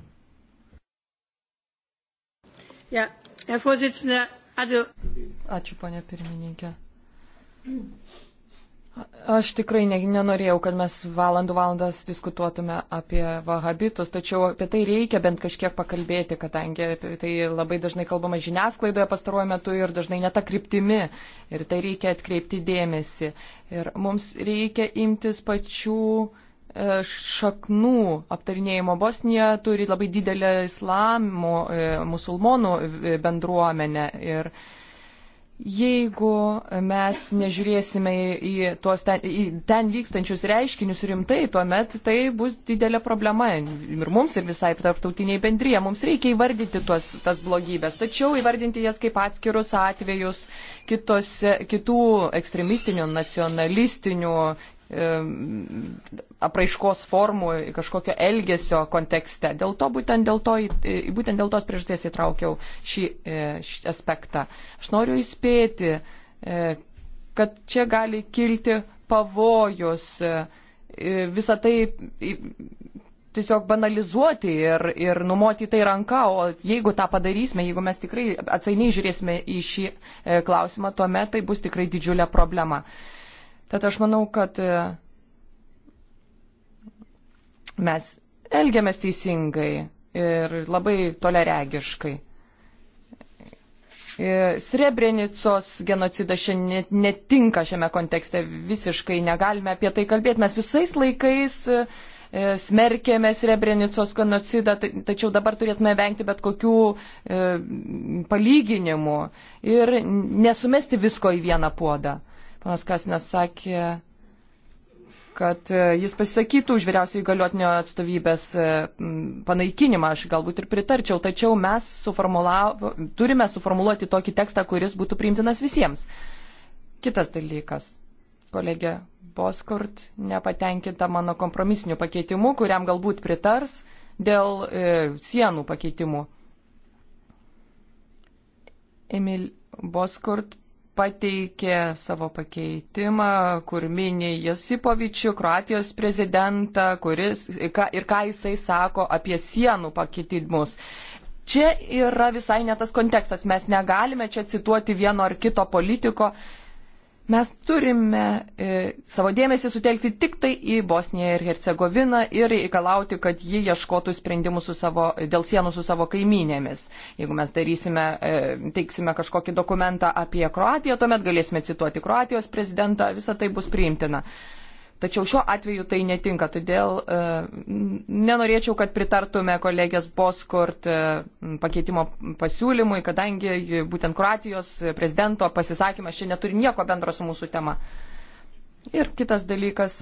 Ja, Herr Vorsitzender, also. Ačiū, ponė pirmininkė. Aš tikrai ne, nenorėjau, kad mes valandų valandas diskutuotume apie vahabitus, tačiau apie tai reikia bent kažkiek pakalbėti, kadangi apie tai labai dažnai kalbama žiniasklaidoje pastaruoju metu ir dažnai ne ta kryptimi. Ir tai reikia atkreipti dėmesį. Ir mums reikia imtis pačių E, šaknų aptarinėjimo Bosnija turi labai didelę islamų, e, musulmonų e, bendruomenę. Ir jeigu mes nežiūrėsime į, tuos ten, į ten vykstančius reiškinius rimtai, tuomet tai bus didelė problema ir mums, ir visai tarptautiniai bendryje. Mums reikia įvardinti tuos, tas blogybės, tačiau įvardinti jas kaip atskirus atvejus kitose, kitų ekstremistinių, nacionalistinių apraiškos formų, kažkokio elgesio kontekste. Dėl to, būtent dėl, to, būtent dėl tos priežasties įtraukiau šį, e, šį aspektą. Aš noriu įspėti, e, kad čia gali kilti pavojus e, visą tai tiesiog banalizuoti ir, ir numoti tai ranką, o jeigu tą padarysime, jeigu mes tikrai atsainiai žiūrėsime į šį klausimą, tuomet tai bus tikrai didžiulė problema. Tad aš manau, kad e, mes elgiamės teisingai ir labai toleregiškai. E, Srebrenicos genocidas šiandien netinka šiame kontekste visiškai, negalime apie tai kalbėti. Mes visais laikais e, smerkėme Srebrenicos genocidą, tačiau dabar turėtume vengti bet kokių palyginimų ir nesumesti visko į vieną puodą. Panas Kasinas sakė, kad e, jis pasisakytų už vyriausių įgaliotinio atstovybės e, panaikinimą, aš galbūt ir pritarčiau, tačiau mes turime suformuluoti tokį tekstą, kuris būtų priimtinas visiems. Kitas dalykas. Kolegė Boskurt nepatenkinta mano kompromisiniu pakeitimu, kuriam galbūt pritars dėl e, sienų pakeitimų. Emil Boskurt pateikė savo pakeitimą, kur mini Josipovičių, Kroatijos prezidentą, kuris ką, ir ką jisai sako apie sienų pakeitimus. Čia yra visai ne tas kontekstas, mes negalime čia cituoti vieno ar kito politiko, Mes turime e, savo dėmesį sutelkti tik tai į Bosniją ir Hercegoviną ir reikalauti, kad ji ieškotų sprendimų savo, dėl sienų su savo kaimynėmis. Jeigu mes darysime, e, teiksime kažkokį dokumentą apie Kroatiją, tuomet galėsime cituoti Kroatijos prezidentą, visa tai bus priimtina. E, Tačiau šiuo atveju tai netinka, todėl e, nenorėčiau, kad pritartume kolegės Boskort e, pakeitimo pasiūlymui, kadangi būtent Kroatijos prezidento pasisakymas čia neturi nieko bendro su mūsų tema. Ir kitas dalykas.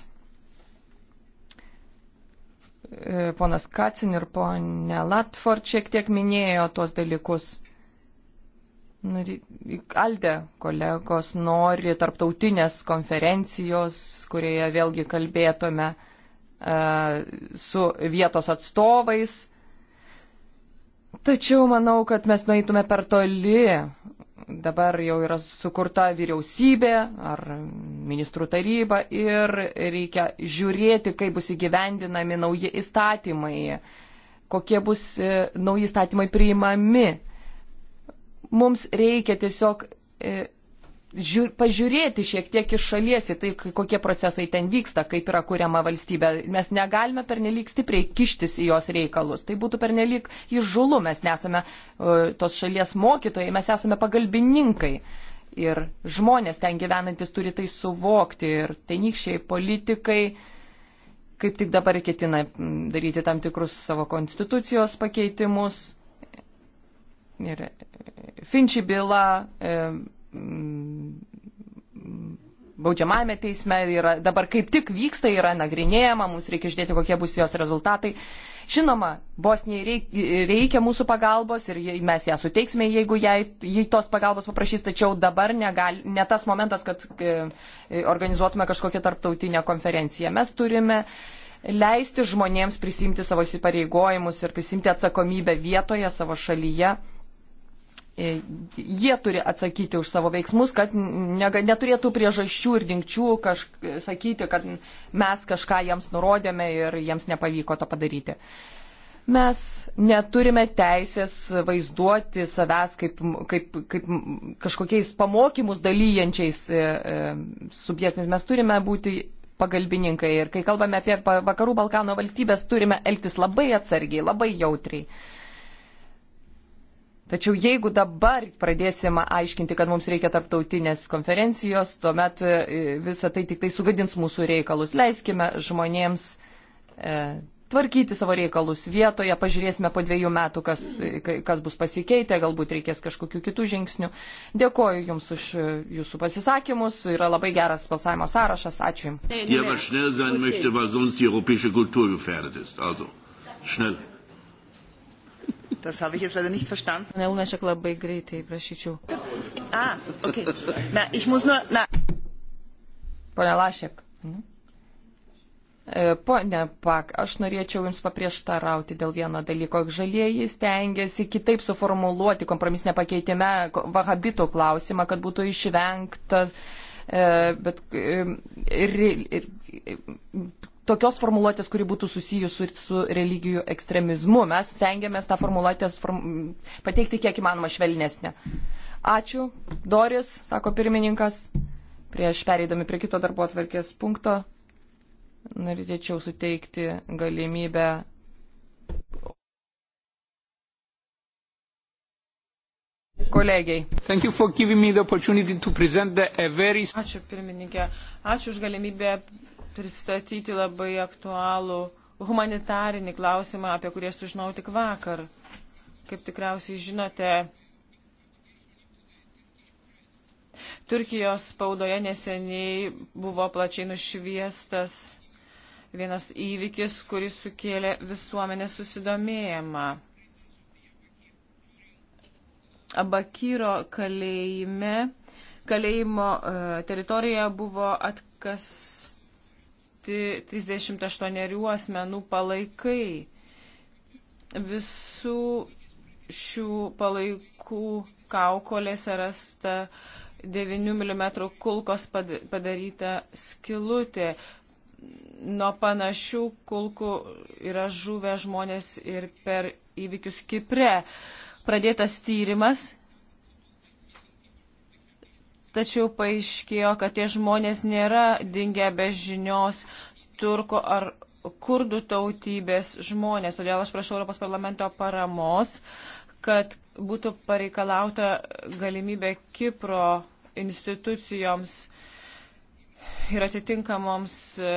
E, ponas Kacin ir ponė Latford šiek tiek minėjo tuos dalykus. Alde kolegos nori tarptautinės konferencijos, kurioje vėlgi kalbėtume e, su vietos atstovais. Tačiau manau, kad mes nueitume per toli. Dabar jau yra sukurta vyriausybė ar ministrų taryba ir reikia žiūrėti, kaip bus įgyvendinami nauji įstatymai, kokie bus e, nauji įstatymai priimami Mums reikia tiesiog e, žiūr, pažiūrėti šiek tiek iš šalies į tai, kokie procesai ten vyksta, kaip yra kuriama valstybė. Mes negalime pernelyg stipriai kištis į jos reikalus. Tai būtų pernelyg įžulu, mes nesame e, tos šalies mokytojai, mes esame pagalbininkai. Ir žmonės ten gyvenantis turi tai suvokti ir tenykščiai politikai kaip tik dabar ketina daryti tam tikrus savo konstitucijos pakeitimus Ir e, Finči byla e, baudžiamajame teisme yra, dabar kaip tik vyksta, yra nagrinėjama, mums reikia žiūrėti, kokie bus jos rezultatai. Žinoma, Bosnijai reikia, reikia mūsų pagalbos ir mes ją suteiksime, jeigu jai, jai tos pagalbos paprašys, tačiau dabar negal, ne tas momentas, kad e, organizuotume kažkokią tarptautinę konferenciją. Mes turime leisti žmonėms prisimti savo įsipareigojimus ir prisimti atsakomybę vietoje, savo šalyje E, jie turi atsakyti už savo veiksmus, kad neturėtų priežasčių ir dinkčių kaž, sakyti, kad mes kažką jiems nurodėme ir jiems nepavyko to padaryti. Mes neturime teisės vaizduoti savęs kaip, kaip, kaip kažkokiais pamokymus dalyjančiais e, e, subjektais. Mes turime būti pagalbininkai ir kai kalbame apie vakarų Balkano valstybės, turime elgtis labai atsargiai, labai jautriai. Tačiau jeigu dabar pradėsim aiškinti, kad mums reikia tarptautinės konferencijos, tuomet e, visą tai tik tai sugadins mūsų reikalus. Leiskime žmonėms e, tvarkyti savo reikalus vietoje, pažiūrėsime po dviejų metų, kas, e, kas bus pasikeitę, galbūt reikės kažkokių kitų žingsnių. Dėkoju Jums už e, Jūsų pasisakymus, yra labai geras balsavimo sąrašas, ačiū Jums. Ja, Das habe ich jetzt leider nicht verstanden. Ne, Lunašek labai greitai, prašyčiau. A, ah, ok. Na, ich muss nur, na. Pone Lašek. Mhm. E, pone Pak, aš norėčiau Jums paprieštarauti dėl vieno dalyko. Žalieji stengiasi kitaip suformuluoti kompromisinę pakeitime vahabito klausimą, kad būtų išvengta, e, bet e, ir, ir, tokios formuluotės, kuri būtų susijusi su, su religijų ekstremizmu. Mes stengiamės tą formuluotę form... pateikti kiek įmanoma švelnesnė. Ačiū, Doris, sako pirmininkas. Prieš pereidami prie kito darbo atvarkės punkto, norėčiau suteikti galimybę. Kolegiai. Very... Ačiū pirmininkė. Ačiū už galimybę pristatyti labai aktualų humanitarinį klausimą, apie kurį aš sužinau tik vakar. Kaip tikriausiai žinote, Turkijos spaudoje neseniai buvo plačiai nušviestas vienas įvykis, kuris sukėlė visuomenės susidomėjimą. Abakyro kalėjime, kalėjimo e, teritorijoje buvo atkas 38 asmenų palaikai. Visų šių palaikų kaukolėse rasta 9 mm kulkos padaryta skilutė. Nuo panašių kulkų yra žuvę žmonės ir per įvykius Kipre. Pradėtas tyrimas tačiau paaiškėjo, kad tie žmonės nėra dingę be žinios turko ar kurdų tautybės žmonės. Todėl aš prašau Europos parlamento paramos, kad būtų pareikalauta galimybė Kipro institucijoms ir atitinkamoms e,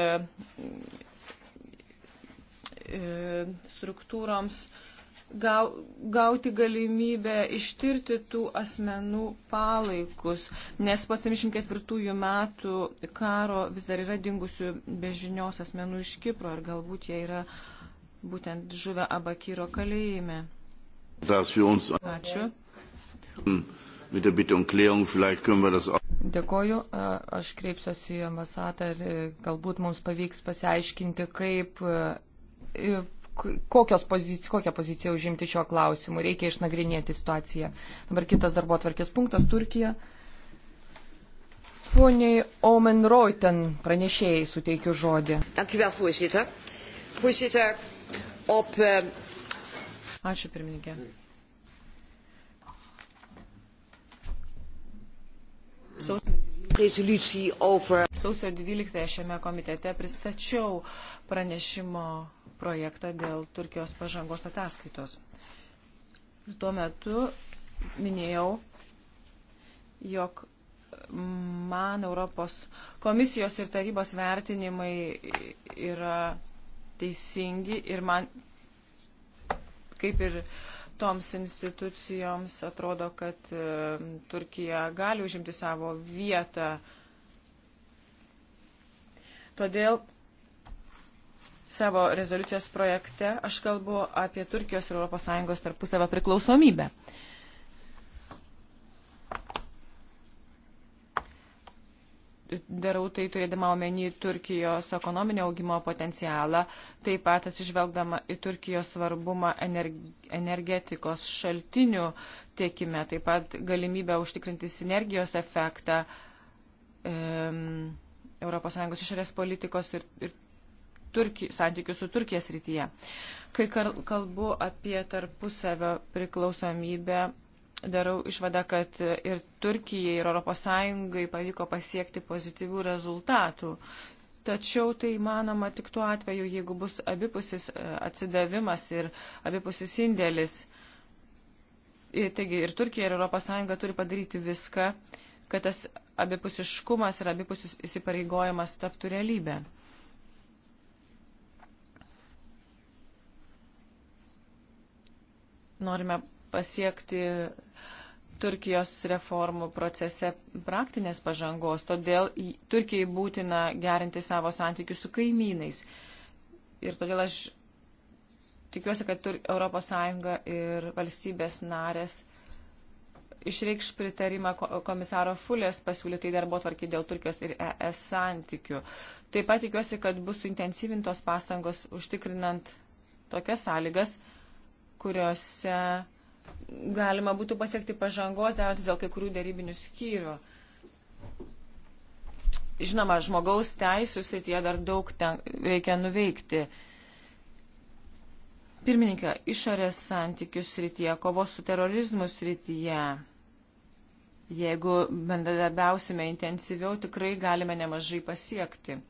e, struktūroms gauti galimybę ištirti tų asmenų palaikus, nes po 74 metų karo vis dar yra dingusių bežinios asmenų iš Kipro ir galbūt jie yra būtent žuvę Abakyro kalėjime. Ačiū. Um Dėkoju, aš kreipsiuosi į ambasadą ir galbūt mums pavyks pasiaiškinti, kaip kokios pozicijos, kokią poziciją užimti šiuo klausimu. Reikia išnagrinėti situaciją. Dabar kitas darbo atvarkės punktas - Turkija. Poniai Omen Reuten pranešėjai suteikiu žodį. Ehm, Ačiū pirmininkė. Sausio 12 šiame komitete pristačiau pranešimo projektą dėl Turkijos pažangos ataskaitos. Tuo metu minėjau, jog man Europos komisijos ir tarybos vertinimai yra teisingi ir man kaip ir toms institucijoms atrodo, kad e, Turkija gali užimti savo vietą. Todėl savo rezoliucijos projekte aš kalbu apie Turkijos ir ES tarpusavą priklausomybę. Darau tai turėdama omeny Turkijos ekonominio augimo potencialą, taip pat atsižvelgdama į Turkijos svarbumą energetikos šaltinių tiekime, taip pat galimybę užtikrinti sinergijos efektą. Um, ES išorės politikos ir, ir Turki, santykių su Turkijos rytyje. Kai kalbu apie tarpusavio priklausomybę, darau išvadą, kad ir Turkijai, ir ES pavyko pasiekti pozityvių rezultatų. Tačiau tai manoma tik tuo atveju, jeigu bus abipusis e, atsidavimas ir abipusis indėlis. Ir, taigi ir Turkija, ir ES turi padaryti viską, kad tas abipusiškumas ir abipusis įsipareigojimas taptų realybę. norime pasiekti Turkijos reformų procese praktinės pažangos, todėl Turkijai būtina gerinti savo santykius su kaimynais. Ir todėl aš tikiuosi, kad ES ir valstybės narės išreikš pritarimą komisaro Fulės pasiūlytai darbo tvarkiai dėl Turkijos ir ES santykių. Taip pat tikiuosi, kad bus suintensyvintos pastangos užtikrinant tokias sąlygas, kuriuose galima būtų pasiekti pažangos, darantis dėl kai kurių dėrybinių skyrių. Žinoma, žmogaus teisų srityje dar daug ten reikia nuveikti. Pirmininkė, išorės santykių srityje, kovos su terorizmu srityje. Jeigu bendradarbiausime intensyviau, tikrai galime nemažai pasiekti.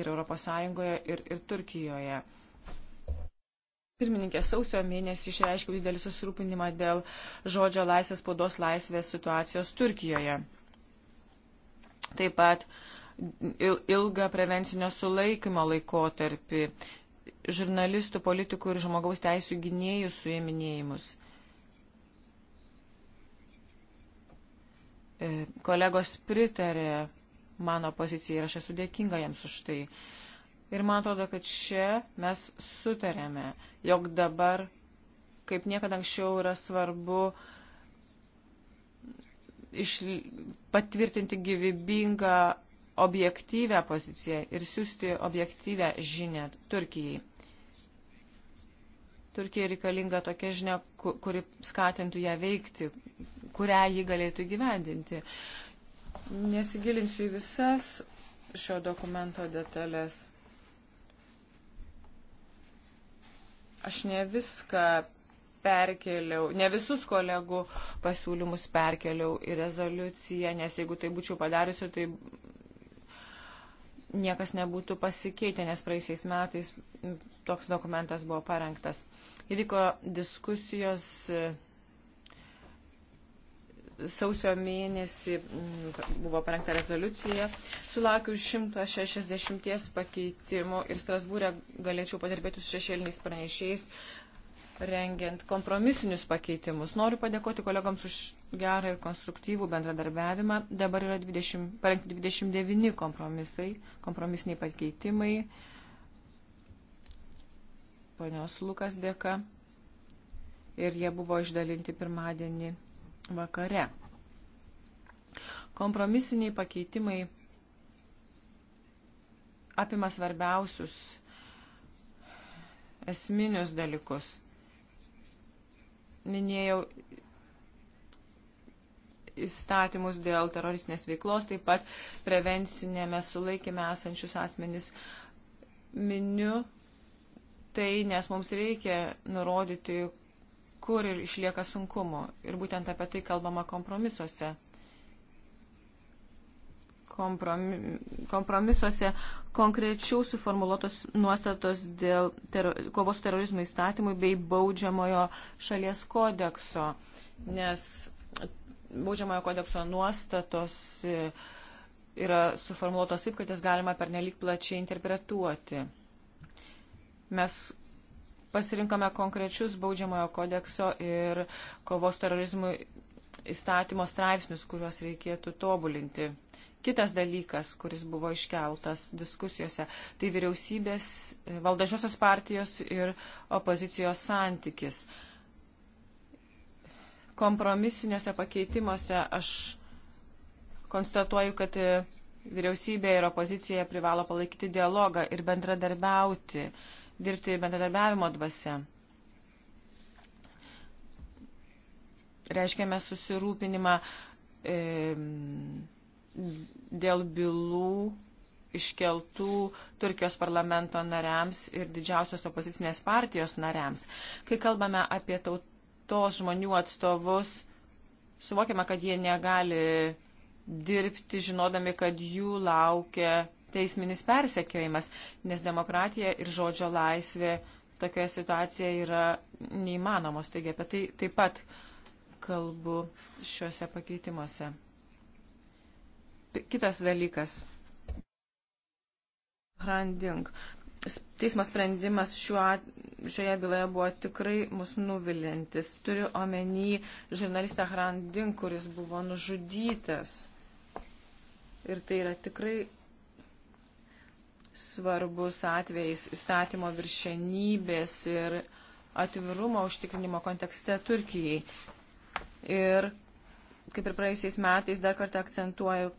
Ir ES, ir, ir Turkijoje Pirmininkė sausio mėnesį išreiškiau didelį susirūpinimą dėl žodžio laisvės, spaudos laisvės situacijos Turkijoje. Taip pat ilgą prevencinio sulaikymo laikotarpį, žurnalistų, politikų ir žmogaus teisų gynėjų suėminėjimus. E, kolegos pritarė mano pozicijai ir aš esu dėkinga jiems už tai. Ir man atrodo, kad čia mes sutarėme, jog dabar, kaip niekada anksčiau, yra svarbu iš, patvirtinti gyvybingą objektyvę poziciją ir siūsti objektyvę žinę Turkijai. Turkijai reikalinga tokia žinia, kuri skatintų ją veikti, kurią ji galėtų gyvendinti. Nesigilinsiu į visas šio dokumento detalės. Aš ne viską perkeliau, ne visus kolegų pasiūlymus perkeliau į rezoliuciją, nes jeigu tai būčiau padariusi, tai niekas nebūtų pasikeitę, nes praeisiais metais toks dokumentas buvo parengtas. Įvyko diskusijos sausio mėnesį mm, buvo parengta rezoliucija, sulaukiu 160 pakeitimų ir Strasbūrė galėčiau padirbėti su šešėliniais pranešiais, rengiant kompromisinius pakeitimus. Noriu padėkoti kolegams už gerą ir konstruktyvų bendradarbiavimą. Dabar yra 20, parengti 29 kompromisai, kompromisiniai pakeitimai. Ponios Lukas dėka. Ir jie buvo išdalinti pirmadienį vakare. Kompromisiniai pakeitimai apima svarbiausius esminius dalykus. Minėjau įstatymus dėl teroristinės veiklos, taip pat prevencinėme sulaikime esančius asmenys. Miniu tai, nes mums reikia nurodyti, kur ir išlieka sunkumų. Ir būtent apie tai kalbama kompromisuose. Kompromi, kompromisuose konkrečiau suformuoluotos nuostatos dėl ter, kovos su terorizmu įstatymui bei baudžiamojo šalies kodekso, nes baudžiamojo kodekso nuostatos e, yra suformuoluotos taip, kad jas galima pernelyg plačiai interpretuoti. Mes pasirinkome konkrečius baudžiamojo kodekso ir kovos terorizmų įstatymo straipsnius, kuriuos reikėtų tobulinti. Kitas dalykas, kuris buvo iškeltas diskusijose, tai vyriausybės, valdažiosios partijos ir opozicijos santykis. Kompromisiniuose pakeitimuose aš konstatuoju, kad vyriausybė ir opozicija privalo palaikyti dialogą ir bendradarbiauti. Uh, dirbti bendradarbiavimo dvasia. Reiškiame susirūpinimą e, dėl bylų iškeltų Turkijos parlamento nariams ir didžiausios opozicinės partijos nariams. Kai kalbame apie tautos žmonių atstovus, suvokiama, kad jie negali dirbti, žinodami, kad jų laukia teisminis persekiojimas, nes demokratija ir žodžio laisvė tokioje situacijoje yra neįmanomos. Taigi apie tai taip pat kalbu šiuose pakeitimuose. Kitas dalykas. Branding. Teismo sprendimas šiuo, šioje byloje buvo tikrai mus nuvilintis. Turiu omeny žurnalistą Hrandin, kuris buvo nužudytas. Ir tai yra tikrai svarbus atvejais įstatymo viršenybės ir atvirumo užtikrinimo kontekste Turkijai. Ir kaip ir praėjusiais metais dar kartą akcentuoju,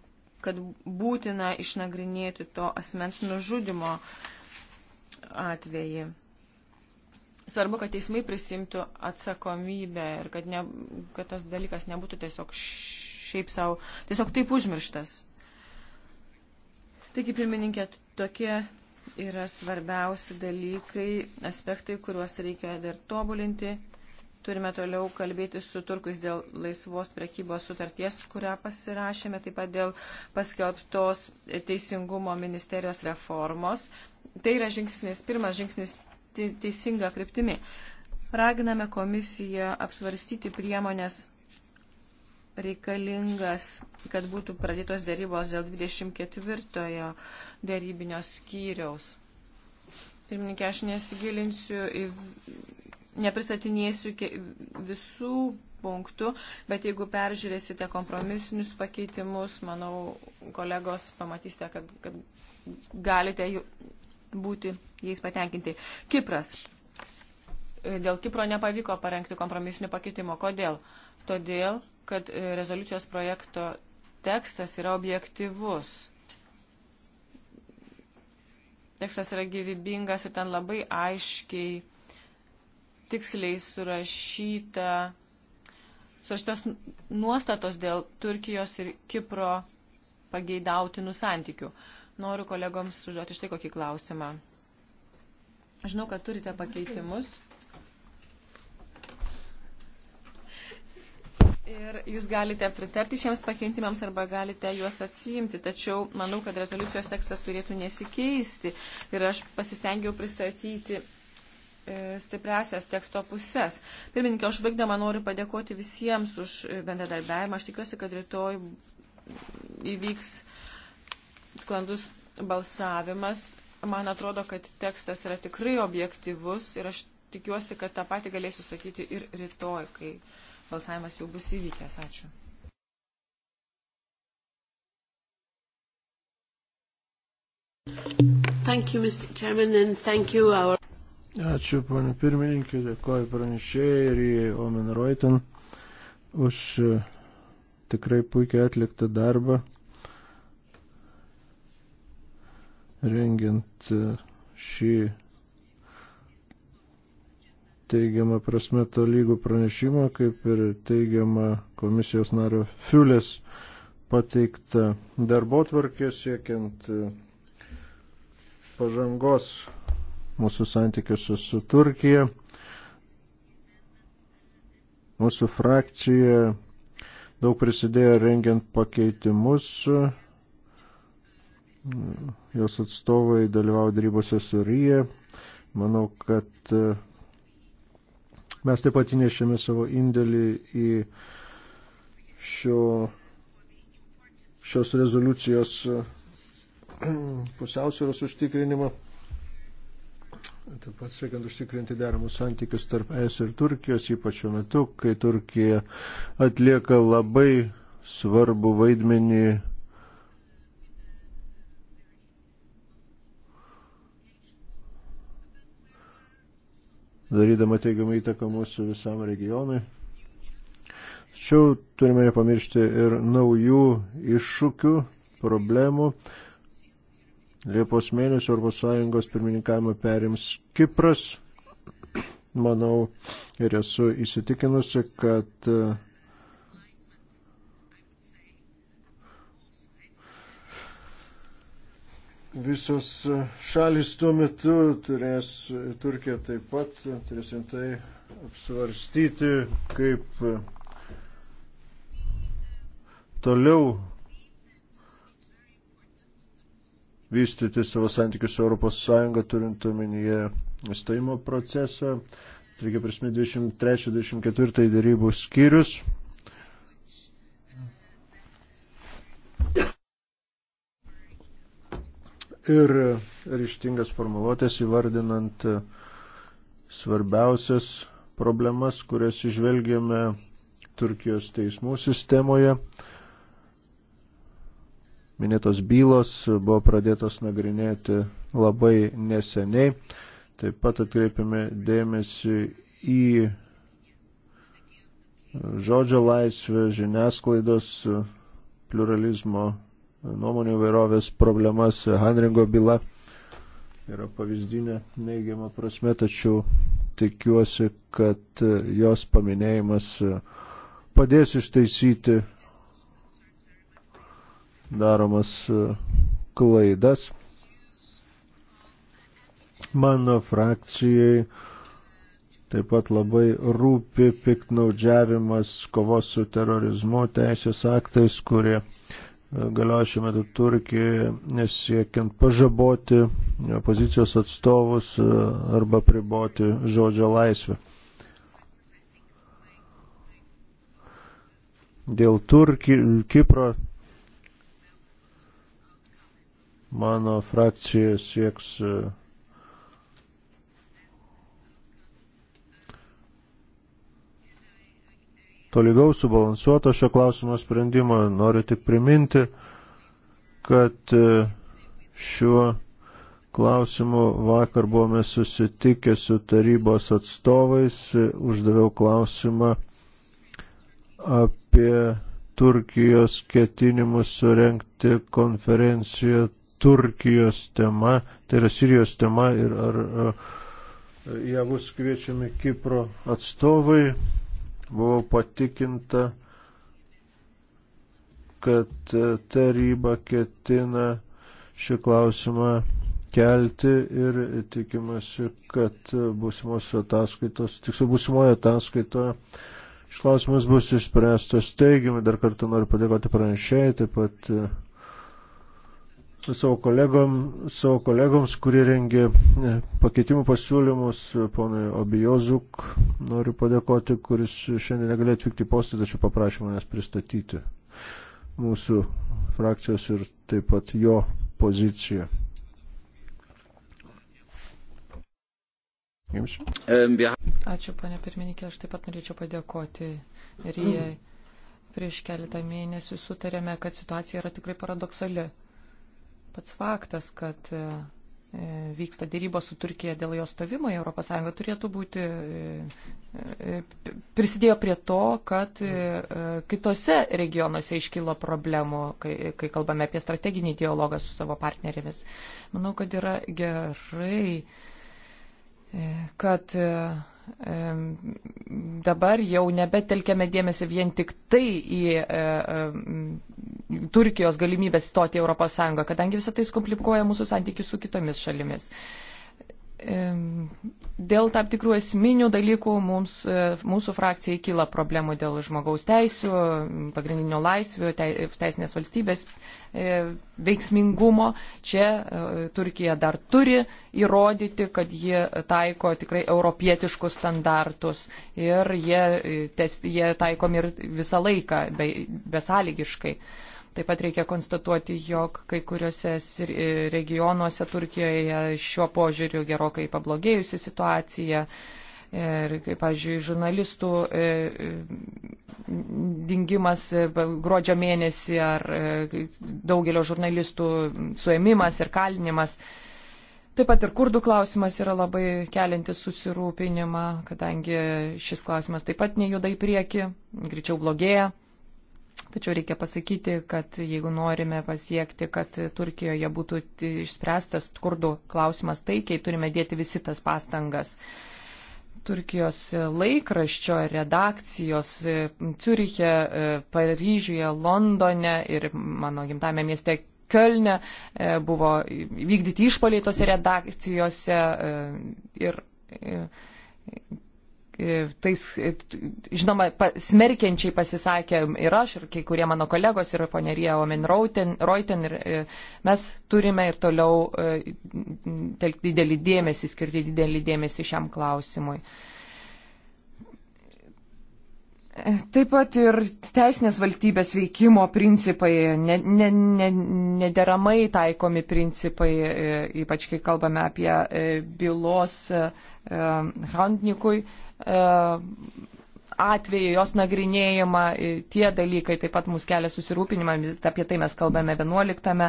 kad būtina išnagrinėti to asmens nužudimo atvejį. Svarbu, kad teismai prisimtų atsakomybę ir kad, ne, kad tas dalykas nebūtų tiesiog šiaip savo, tiesiog taip užmirštas. Taigi, pirmininkė, Tokie yra svarbiausi dalykai, aspektai, kuriuos reikia dar tobulinti. Turime toliau kalbėti su turkais dėl laisvos prekybos sutarties, kurią pasirašėme, taip pat dėl paskelbtos teisingumo ministerijos reformos. Tai yra žingsnis, pirmas žingsnis teisinga kryptimi. Raginame komisiją apsvarstyti priemonės reikalingas, kad būtų pradėtos dėrybos dėl 24 dėrybinio skyriaus. Pirmininkė, aš nesigilinsiu, nepristatinėsiu visų punktų, bet jeigu peržiūrėsite kompromisinius pakeitimus, manau, kolegos pamatysite, kad, kad galite būti jais patenkinti. Kipras. Dėl Kipro nepavyko parengti kompromisinio pakeitimo. Kodėl? Uh, todėl, kad e, rezoliucijos projekto tekstas yra objektivus. Tekstas yra gyvybingas ir ten labai aiškiai, tiksliai surašyta, surašytos nuostatos dėl Turkijos ir Kipro pageidautinų santykių. Noriu kolegoms užduoti štai kokį klausimą. Žinau, kad turite pakeitimus. Okay. Ir jūs galite pritarti šiems pakeitimams arba galite juos atsiimti, tačiau manau, kad rezoliucijos tekstas turėtų nesikeisti. Ir aš pasistengiau pristatyti e, stipresias teksto pusės. Pirmininkė, aš baigdama noriu padėkoti visiems už bendradarbiavimą. Aš tikiuosi, kad rytoj įvyks sklandus balsavimas. Man atrodo, kad tekstas yra tikrai objektivus ir aš tikiuosi, kad tą patį galėsiu sakyti ir rytoj, kai balsavimas jau bus įvykęs. Ačiū. Thank you, Mr. Chairman, and thank you our... Ačiū, ponė pirmininkė, dėkoju pranešėjai ir į Omen Reutin už e, tikrai puikiai atliktą darbą, rengiant e, šį teigiamą prasme to lygų pranešimą, kaip ir teigiamą komisijos nario Fiulės pateiktą darbo tvarkę siekiant e, pažangos mūsų santykiuose su Turkija. Mūsų frakcija daug prisidėjo rengiant pakeitimus. Jos atstovai dalyvavo darybose su Ryje. Manau, kad e, Mes taip pat įnešėme savo indėlį į šio, šios rezoliucijos pusiausvėros užtikrinimą. Taip pat siekiant užtikrinti deramus santykius tarp ES ir Turkijos, ypač šiuo metu, kai Turkija atlieka labai svarbu vaidmenį darydama teigiamą įtaką mūsų visam regionui. Tačiau turime nepamiršti ir naujų iššūkių, problemų. Liepos mėnesio ES pirmininkavimą perims Kipras. Manau ir esu įsitikinusi, kad Visos šalis tuo metu turės, Turkija taip pat turės rimtai apsvarstyti, kaip toliau vystyti savo santykius su ES, turint omenyje įstojimo procesą. Reikia prisiminti 23-24 dėrybų skyrius. ir ryštingas formuluotės įvardinant svarbiausias problemas, kurias išvelgėme Turkijos teismų sistemoje. Minėtos bylos buvo pradėtos nagrinėti labai neseniai. Taip pat atkreipiame dėmesį į žodžio laisvę, žiniasklaidos pluralizmo nuomonių vairovės problemas. Hanringo byla yra pavyzdinė neigiama prasme, tačiau tikiuosi, kad jos paminėjimas padės ištaisyti daromas klaidas. Mano frakcijai taip pat labai rūpi piknaudžiavimas kovos su terorizmu teisės aktais, kurie galioja šiuo metu Turkijoje, nesiekiant pažaboti opozicijos atstovus e, arba priboti žodžio laisvę. Dėl Turki, Kipro mano frakcija sieks uh, tolygaus subalansuoto šio klausimo sprendimo. Noriu tik priminti, kad e, šiuo klausimu vakar buvome susitikę su tarybos atstovais, e, uždaviau klausimą apie Turkijos ketinimus surenkti konferenciją Turkijos tema, tai yra Sirijos tema ir ar, ar e, jie bus kviečiami Kipro atstovai buvau patikinta, kad taryba ketina šį klausimą kelti ir tikimasi, kad būsimos ataskaitos, tiksliau būsimoje ataskaitoje šis klausimas bus išspręstas teigiamai. Dar kartą noriu padėkoti pranešėjai, taip pat su savo, kolegom, savo kolegoms, kurie rengė e, pakeitimų pasiūlymus, ponui Obijozuk, noriu padėkoti, kuris šiandien negalėjo atvykti postą, tačiau paprašė manęs pristatyti mūsų frakcijos ir taip pat jo poziciją. Jums. Ačiū, ponė pirmininkė, aš taip pat norėčiau padėkoti Rijai. Prieš keletą mėnesių sutarėme, kad situacija yra tikrai paradoksali. Pats faktas, kad e, e, vyksta dėrybos su Turkija dėl jos stovimo į ES turėtų būti, e, prisidėjo prie to, kad kitose regionuose iškilo problemų, kai, kai kalbame apie strateginį dialogą su savo partnerėmis. Manau, kad yra gerai, kad dabar jau nebetelkėme dėmesio vien tik tai į e, e, Turkijos galimybę stoti į ES, kadangi visą tai skomplikuoja mūsų santykius su kitomis šalimis. Dėl tam tikrų esminių dalykų mums, e, mūsų frakcijai kyla problemų dėl žmogaus teisų, pagrindinių laisvių, teisinės valstybės e, veiksmingumo. Čia e, Turkija dar turi įrodyti, kad jie taiko tikrai europietiškus standartus ir jie, jie taikomi ir visą laiką besąlygiškai. Be Taip pat reikia konstatuoti, jog kai kuriuose e, regionuose Turkijoje šiuo požiūriu gerokai pablogėjusi situacija. Ir, kaip, pavyzdžiui, žurnalistų e, dingimas e, gruodžio mėnesį ar daugelio žurnalistų suėmimas ir kalinimas. Taip pat ir kurdų klausimas yra labai keliantis susirūpinimą, kadangi šis klausimas taip pat nejuda į priekį, greičiau blogėja. Tačiau reikia pasakyti, kad jeigu norime pasiekti, kad Turkijoje būtų išspręstas kurdų klausimas taikiai, turime dėti visi tas pastangas. Turkijos laikraščio redakcijos e, Ciuriche, e, Paryžiuje, Londone ir mano gimtame mieste Kölne e, buvo vykdyti išpoliai tose redakcijose ir tais, žinoma, smerkiančiai pasisakė ir aš, ir kai kurie mano kolegos, ir ponė Rija Omen Reuten, ir e, mes turime ir toliau e, telkti didelį dėmesį, skirti didelį dėmesį šiam klausimui. Taip pat ir teisinės valstybės veikimo principai, nederamai ne, ne, ne taikomi principai, e, ypač kai kalbame apie bylos Hrandnikui. E, E, atveju, jos nagrinėjimą, tie dalykai taip pat mus kelia susirūpinimą, apie tai mes kalbame 11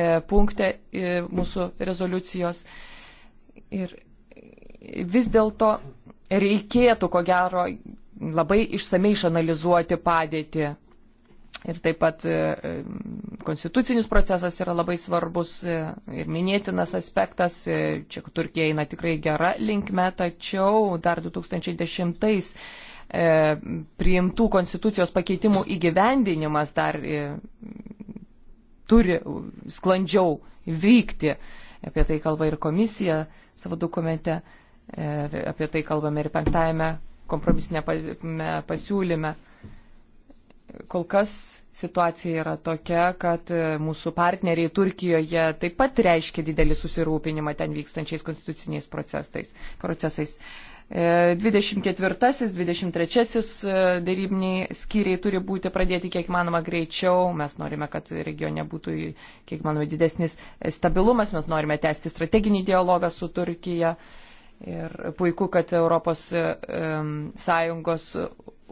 e, punkte mūsų rezoliucijos. Ir vis dėlto reikėtų, ko gero, labai išsamei išanalizuoti padėtį Ir taip pat e, e, konstitucinis procesas yra labai svarbus e, ir minėtinas aspektas. Čia Turkija eina tikrai gera linkme, tačiau dar 2010 priimtų konstitucijos pakeitimų įgyvendinimas dar turi sklandžiau vykti. Apie tai kalba ir komisija savo dokumente, apie tai kalbame ir penktajame kompromisinėme pasiūlyme kol kas situacija yra tokia, kad e, mūsų partneriai Turkijoje taip pat reiškia didelį susirūpinimą ten vykstančiais konstituciniais procesais. procesais. 24-23 dėrybiniai skyriai turi būti pradėti kiek manoma greičiau. Mes norime, kad regione būtų kiek manoma didesnis stabilumas, mes norime tęsti strateginį dialogą su Turkija. Ir puiku, kad Europos e, e, Sąjungos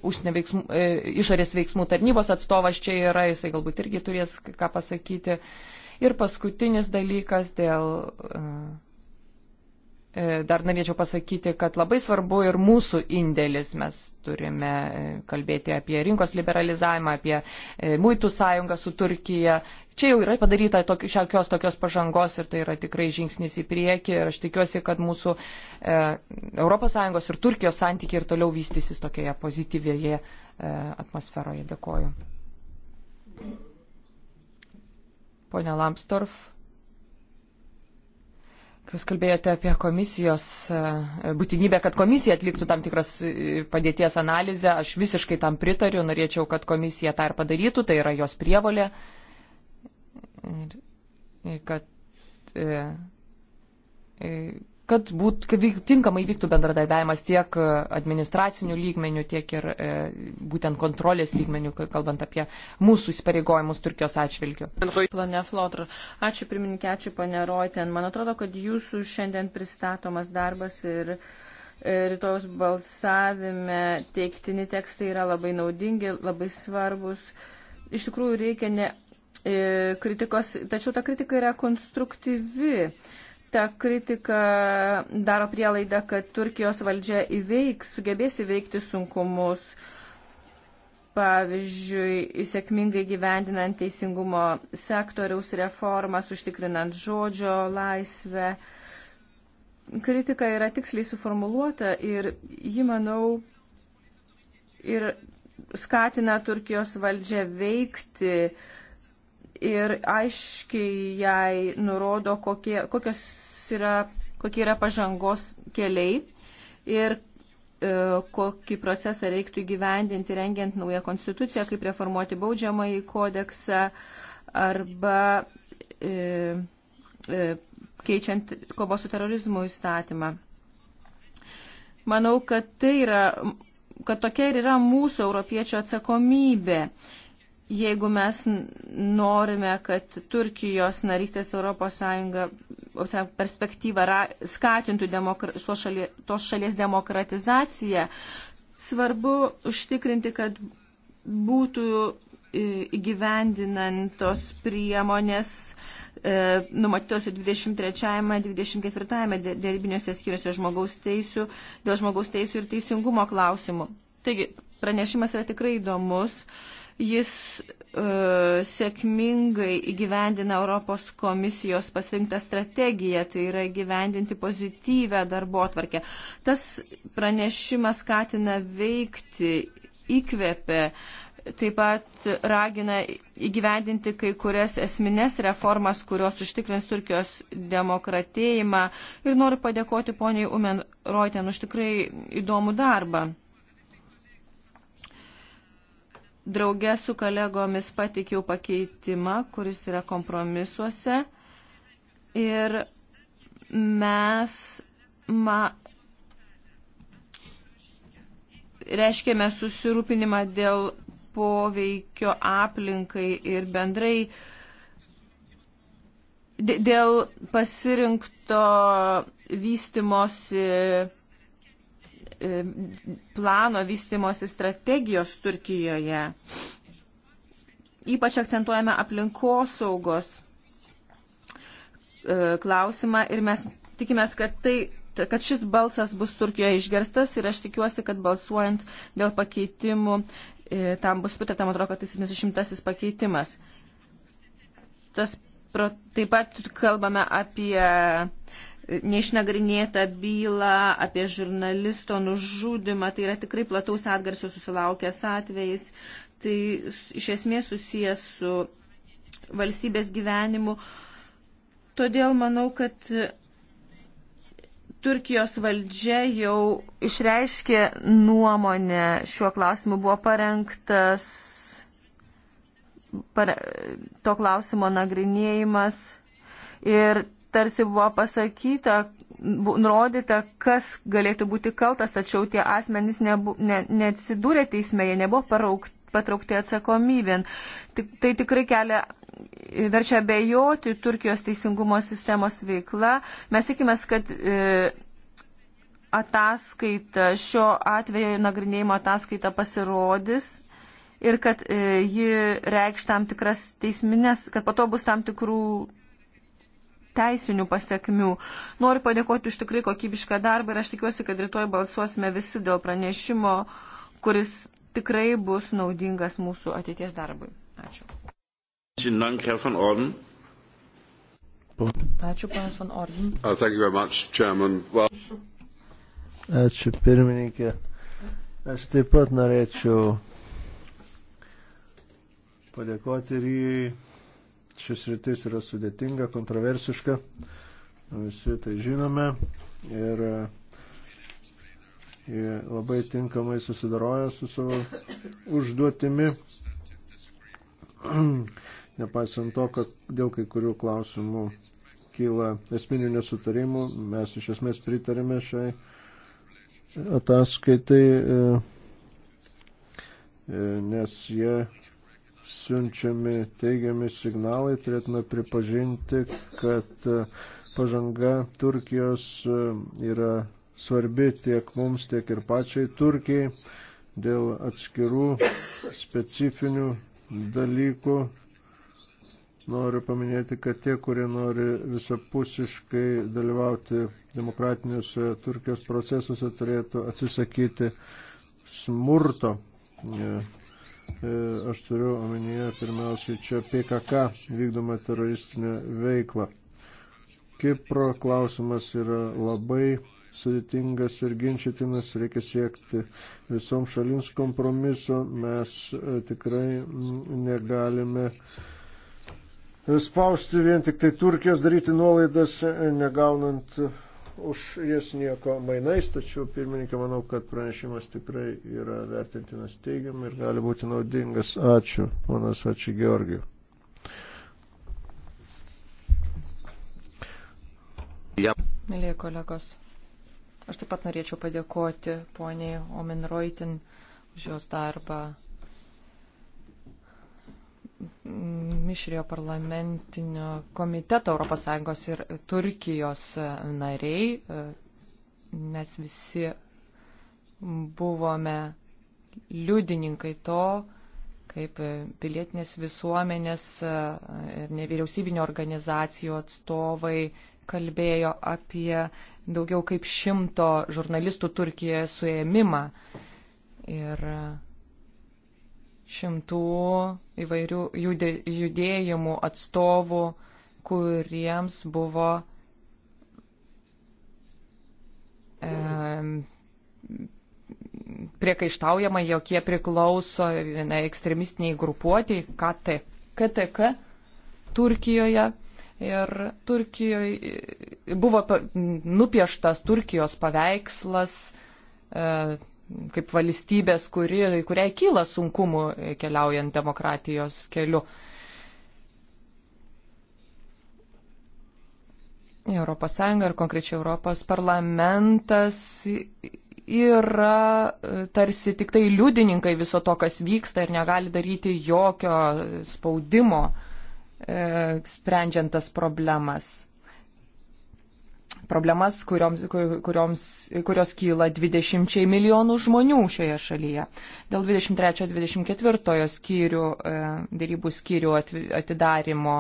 užsienio veiksmų, e, išorės veiksmų tarnybos atstovas čia yra, jisai galbūt irgi turės ką pasakyti. Ir paskutinis dalykas dėl e, E, dar norėčiau pasakyti, kad labai svarbu ir mūsų indėlis. Mes turime e, kalbėti apie rinkos liberalizavimą, apie e, muitų sąjungą su Turkija. Čia jau yra padaryta tokios, šiokios tokios pažangos ir tai yra tikrai žingsnis į priekį. Ir aš tikiuosi, kad mūsų e, ES ir Turkijos santykiai ir toliau vystysis tokioje pozityvėje e, atmosferoje. Dėkoju. Pone Lambstorf. Jūs kalbėjote apie komisijos e, būtinybę, kad komisija atliktų tam tikras e, padėties analizę. Aš visiškai tam pritariu, norėčiau, kad komisija tą ir padarytų, tai yra jos prievolė. Ir, kad, e, kad, būt, kad tinkamai vyktų bendradarbiavimas tiek e, administracinių lygmenių, tiek ir e, būtent kontrolės lygmenių, kalbant apie mūsų įsipareigojimus Turkijos atšvilgių. Plane Flotr, ačiū pirmininkė, ačiū pane Roiten. Man atrodo, kad jūsų šiandien pristatomas darbas ir e, rytojus balsavime teiktini tekstai yra labai naudingi, labai svarbus. Iš tikrųjų reikia ne e, kritikos, tačiau ta kritika yra konstruktyvi Ta kritika daro prielaidą, kad Turkijos valdžia įveiks, sugebės įveikti sunkumus, pavyzdžiui, sėkmingai gyvendinant teisingumo sektoriaus reformas, užtikrinant žodžio laisvę. Kritika yra tiksliai suformuluota ir ji, manau, ir skatina Turkijos valdžią veikti, uh, ir aiškiai jai nurodo, kokie, kokios yra, kokie yra pažangos keliai ir e, kokį procesą reiktų įgyvendinti, rengiant naują konstituciją, kaip reformuoti baudžiamąjį kodeksą arba e, e, keičiant kovos su terorizmu įstatymą. Manau, kad tai yra kad tokia ir yra mūsų europiečio atsakomybė. E, jeigu mes norime, kad Turkijos narystės Europos Sąjunga perspektyva skatintų demokra, šalie, tos šalies demokratizaciją, svarbu užtikrinti, kad būtų įgyvendinantos priemonės e, numatytos 23-24 dėrybiniuose skyriuose žmogaus teisų, dėl žmogaus teisų ir teisingumo klausimų. Taigi, pranešimas yra tikrai įdomus. E, Jis uh, sėkmingai įgyvendina Europos komisijos pasirinktą strategiją, tai yra įgyvendinti pozityvę darbo atvarkę. Tas pranešimas skatina veikti, įkvepia taip pat ragina įgyvendinti kai kurias esminės reformas, kurios užtikrins Turkijos demokratėjimą. Ir noriu padėkoti poniai Umen Roiten už tikrai įdomų darbą. Drauge su kolegomis pateikiau pakeitimą, kuris yra kompromisuose. Ir mes ma, reiškėme susirūpinimą dėl poveikio aplinkai ir bendrai dėl pasirinkto vystimosi E, plano vystimosi strategijos Turkijoje. Ypač akcentuojame aplinkosaugos e, klausimą ir mes tikimės, kad, tai, kad šis balsas bus Turkijoje išgerstas ir aš tikiuosi, kad balsuojant dėl pakeitimų e, tam bus pritarta, man atrodo, kad tai 70 pakeitimas. Tas, taip pat kalbame apie neišnagrinėtą bylą apie žurnalisto nužudimą. Tai yra tikrai plataus atgarsio susilaukęs atvejais. Tai iš esmės susijęs su valstybės gyvenimu. Todėl manau, kad Turkijos valdžia jau išreiškė nuomonę šiuo klausimu, buvo parengtas pare, to klausimo nagrinėjimas ir tarsi buvo pasakyta, nurodyta, kas galėtų būti kaltas, tačiau tie asmenys nebu, ne, neatsidūrė teisme, jie nebuvo paraukt, patraukti atsakomybėn. Tik, tai tikrai kelia verčia bejoti Turkijos teisingumo sistemos veikla. Mes tikimės, kad e, ataskaita, šio atvejo nagrinėjimo ataskaita pasirodys ir kad e, ji reikš tam tikras teisminės, kad po to bus tam tikrų teisinių pasiekmių. Noriu padėkoti už tikrai kokybišką darbą ir aš tikiuosi, kad rytoj balsuosime visi dėl pranešimo, kuris tikrai bus naudingas mūsų ateities darbui. Ačiū. Ačiū, panas Van Orden. Uh, Ačiū, pirmininkė. Aš taip pat norėčiau padėkoti ir jį šis rytis yra sudėtinga, kontroversiška, visi tai žinome ir jie labai tinkamai susidaroja su savo užduotimi, nepaisant to, kad dėl kai kurių klausimų kyla esminių nesutarimų, mes iš esmės pritarėme šiai ataskaitai, e, e, nes jie siunčiami teigiami signalai, turėtume pripažinti, kad e, pažanga Turkijos e, yra svarbi tiek mums, tiek ir pačiai Turkijai dėl atskirų specifinių dalykų. Noriu paminėti, kad tie, kurie nori visapusiškai dalyvauti demokratiniuose Turkijos procesuose, turėtų atsisakyti smurto e, E, aš turiu omenyje pirmiausiai čia PKK vykdomą teroristinę veiklą. Kipro klausimas yra labai sudėtingas ir ginčytinas, reikia siekti visom šalims kompromiso, mes e, tikrai negalime e, spausti vien tik tai Turkijos daryti nuolaidas, negaunant už jas nieko mainais, tačiau pirmininkė, manau, kad pranešimas tikrai yra vertintinas teigiamai ir gali būti naudingas. Ačiū, manas, ačiū Georgiju. Mėlyje kolegos, aš taip pat norėčiau padėkoti poniai Omen Reutin už jos darbą mišriojo parlamentinio komiteto ES ir Turkijos nariai. Mes visi buvome liudininkai to, kaip pilietinės visuomenės ir nevyriausybinio organizacijų atstovai kalbėjo apie daugiau kaip šimto žurnalistų Turkijoje suėmimą. Ir šimtų įvairių judėjimų atstovų, kuriems buvo e, priekaištaujama, jog jie priklauso vienai ekstremistiniai grupuotėjai KT, KTK Turkijoje. Ir Turkijoje buvo nupieštas Turkijos paveikslas e, kaip valstybės, kuri, kuriai kyla sunkumų keliaujant demokratijos keliu. Europos Sąjunga ir konkrečiai Europos parlamentas yra e, tarsi tik tai liudininkai viso to, kas vyksta ir negali daryti jokio spaudimo, e, sprendžiant tas problemas problemas, kurioms, kurioms, kurios kyla 20 milijonų žmonių šioje šalyje. Dėl 23-24 skyrių, e, dėrybų skyrių atidarimo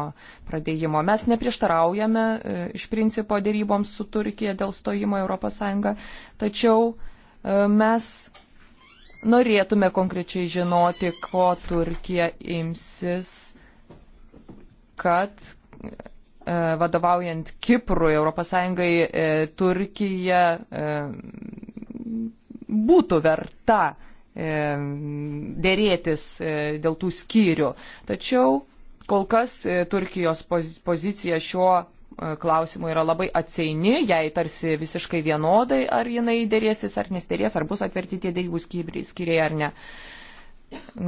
pradėjimo mes neprieštaraujame e, iš principo dėryboms su Turkija dėl stojimo Europos Sąjunga, tačiau e, mes norėtume konkrečiai žinoti, ko Turkija imsis, kad E, vadovaujant Kiprui, ES e, Turkija e, būtų verta dėrėtis dėl tų skyrių. Tačiau kol kas Turkijos pozicija šiuo klausimu yra labai atseini, jai tarsi visiškai vienodai, ar jinai dėrėsis, ar nesdėrės, ar bus atverti tie dėrybų skyriai, ar ne.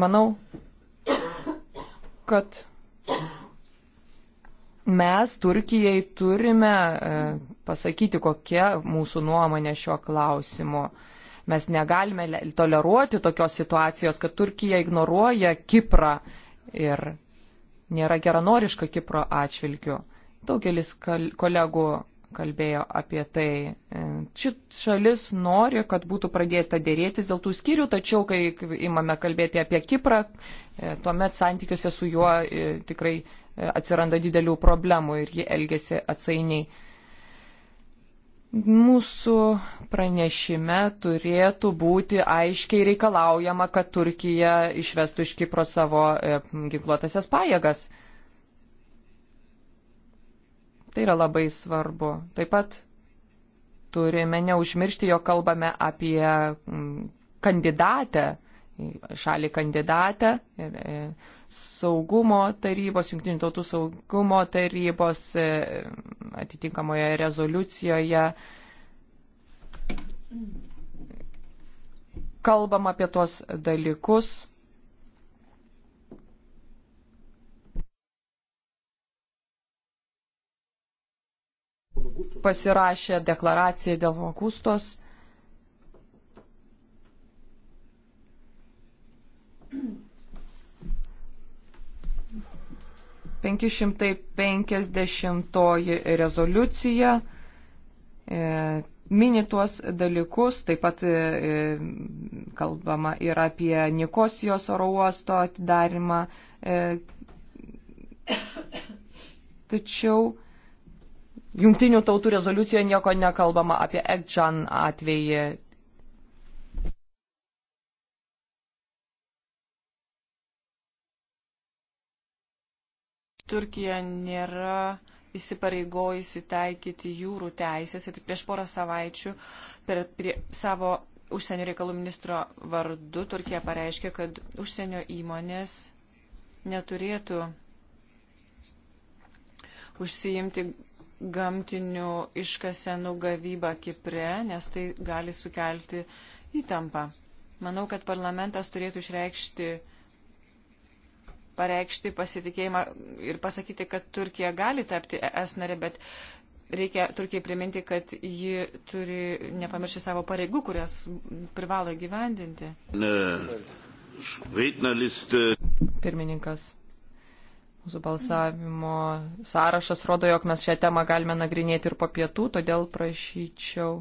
Manau, kad mes Turkijai turime e, pasakyti, kokia mūsų nuomonė šiuo klausimu. Mes negalime toleruoti tokios situacijos, kad Turkija ignoruoja Kiprą ir nėra geranoriška Kipro atšvilgiu. Daugelis kal kolegų kalbėjo apie tai. E, Šit šalis nori, kad būtų pradėta dėrėtis dėl tų skyrių, tačiau kai imame kalbėti apie Kiprą, e, tuomet santykiuose su juo tikrai atsiranda didelių problemų ir ji elgesi atsainiai. Mūsų pranešime turėtų būti aiškiai reikalaujama, kad Turkija išvestų iš Kipro savo e, ginkluotasias pajėgas. Tai yra labai svarbu. Taip pat turime neužmiršti, jog kalbame apie kandidatę šalį kandidatę ir e, saugumo tarybos, jungtinių tautų saugumo tarybos e, atitinkamoje rezoliucijoje kalbam apie tuos dalykus. Pasirašė deklaraciją dėl Magustos. 550 rezoliucija e, mini tuos dalykus, taip pat e, e, kalbama ir apie Nikosijos oro uosto atidarimą. Tačiau Jungtinių tautų rezoliucijoje nieko nekalbama apie Ekdžan atvejį Turkija nėra įsipareigojusi taikyti jūrų teisės ir tai prieš porą savaičių per prie, savo užsienio reikalų ministro vardu Turkija pareiškė, kad užsienio įmonės neturėtų užsiimti gamtinių iškasenų gavybą Kipre, nes tai gali sukelti įtampą. Manau, kad parlamentas turėtų išreikšti pareikšti pasitikėjimą ir pasakyti, kad Turkija gali tapti ES narė, bet reikia Turkijai priminti, kad ji turi nepamiršti savo pareigų, kurias privalo gyvendinti. Pirmininkas. Mūsų balsavimo sąrašas rodo, jog mes šią temą galime nagrinėti ir po pietų, todėl prašyčiau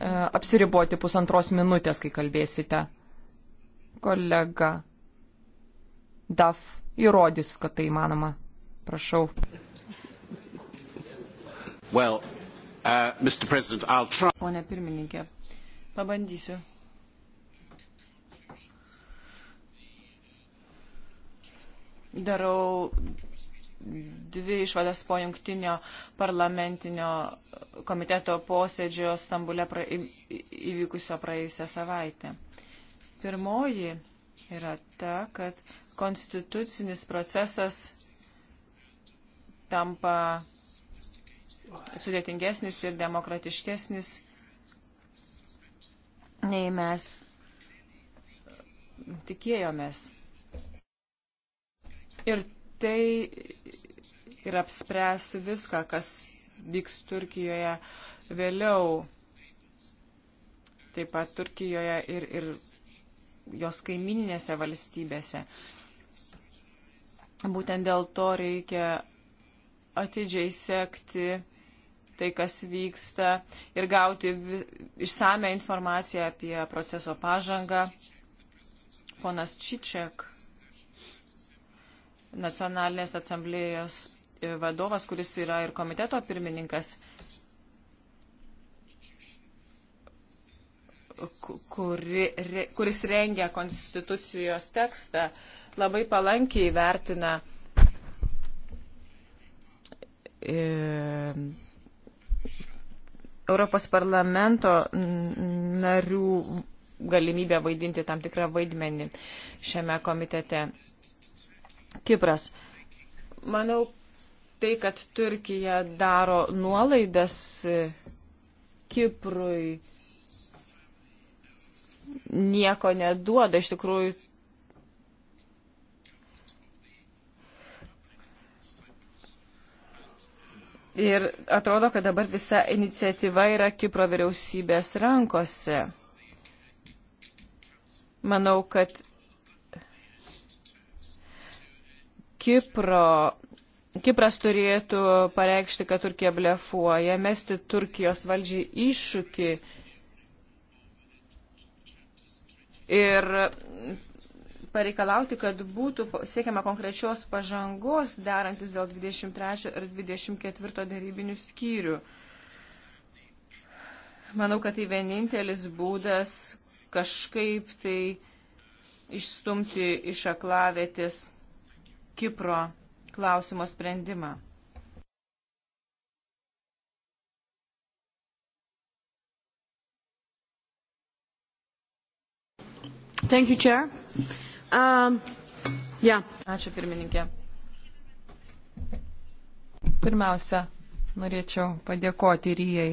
e, apsiriboti pusantros minutės, kai kalbėsite kolega DAF įrodys, kad tai įmanoma. Prašau. Well, uh, try... Pone pirmininkė, pabandysiu. Darau dvi išvadas po jungtinio parlamentinio komiteto posėdžio Stambule pra, įvykusio praėjusią savaitę. Pirmoji yra ta, kad konstitucinis procesas tampa sudėtingesnis ir demokratiškesnis, nei mes tikėjomės. Ir tai ir apspręs viską, kas vyks Turkijoje vėliau. Taip pat Turkijoje ir, ir jos kaimininėse valstybėse. Būtent dėl to reikia atidžiai sekti tai, kas vyksta ir gauti išsame informaciją apie proceso pažangą. Ponas Čiček, nacionalinės asamblėjos e, vadovas, kuris yra ir komiteto pirmininkas, kuri, re, kuris rengia konstitucijos tekstą, labai palankiai vertina e, Europos parlamento narių galimybę vaidinti tam tikrą vaidmenį šiame komitete. Kipras. Manau, tai, kad Turkija daro nuolaidas Kiprui nieko neduoda. Iš tikrųjų, Ir atrodo, kad dabar visa iniciatyva yra Kipro vyriausybės rankose. Manau, kad Kipro, Kipras turėtų pareikšti, kad Turkija blefuoja, mesti Turkijos valdžiai iššūkį ir pareikalauti, kad būtų siekiama konkrečios pažangos derantis dėl 23 ir 24 darybinių skyrių. Manau, kad tai vienintelis būdas kažkaip tai išstumti iš aklavėtis Kipro klausimo sprendimą. Thank you, Chair. Um, yeah. Ačiū pirmininkė. Pirmiausia, norėčiau padėkoti Ryjai.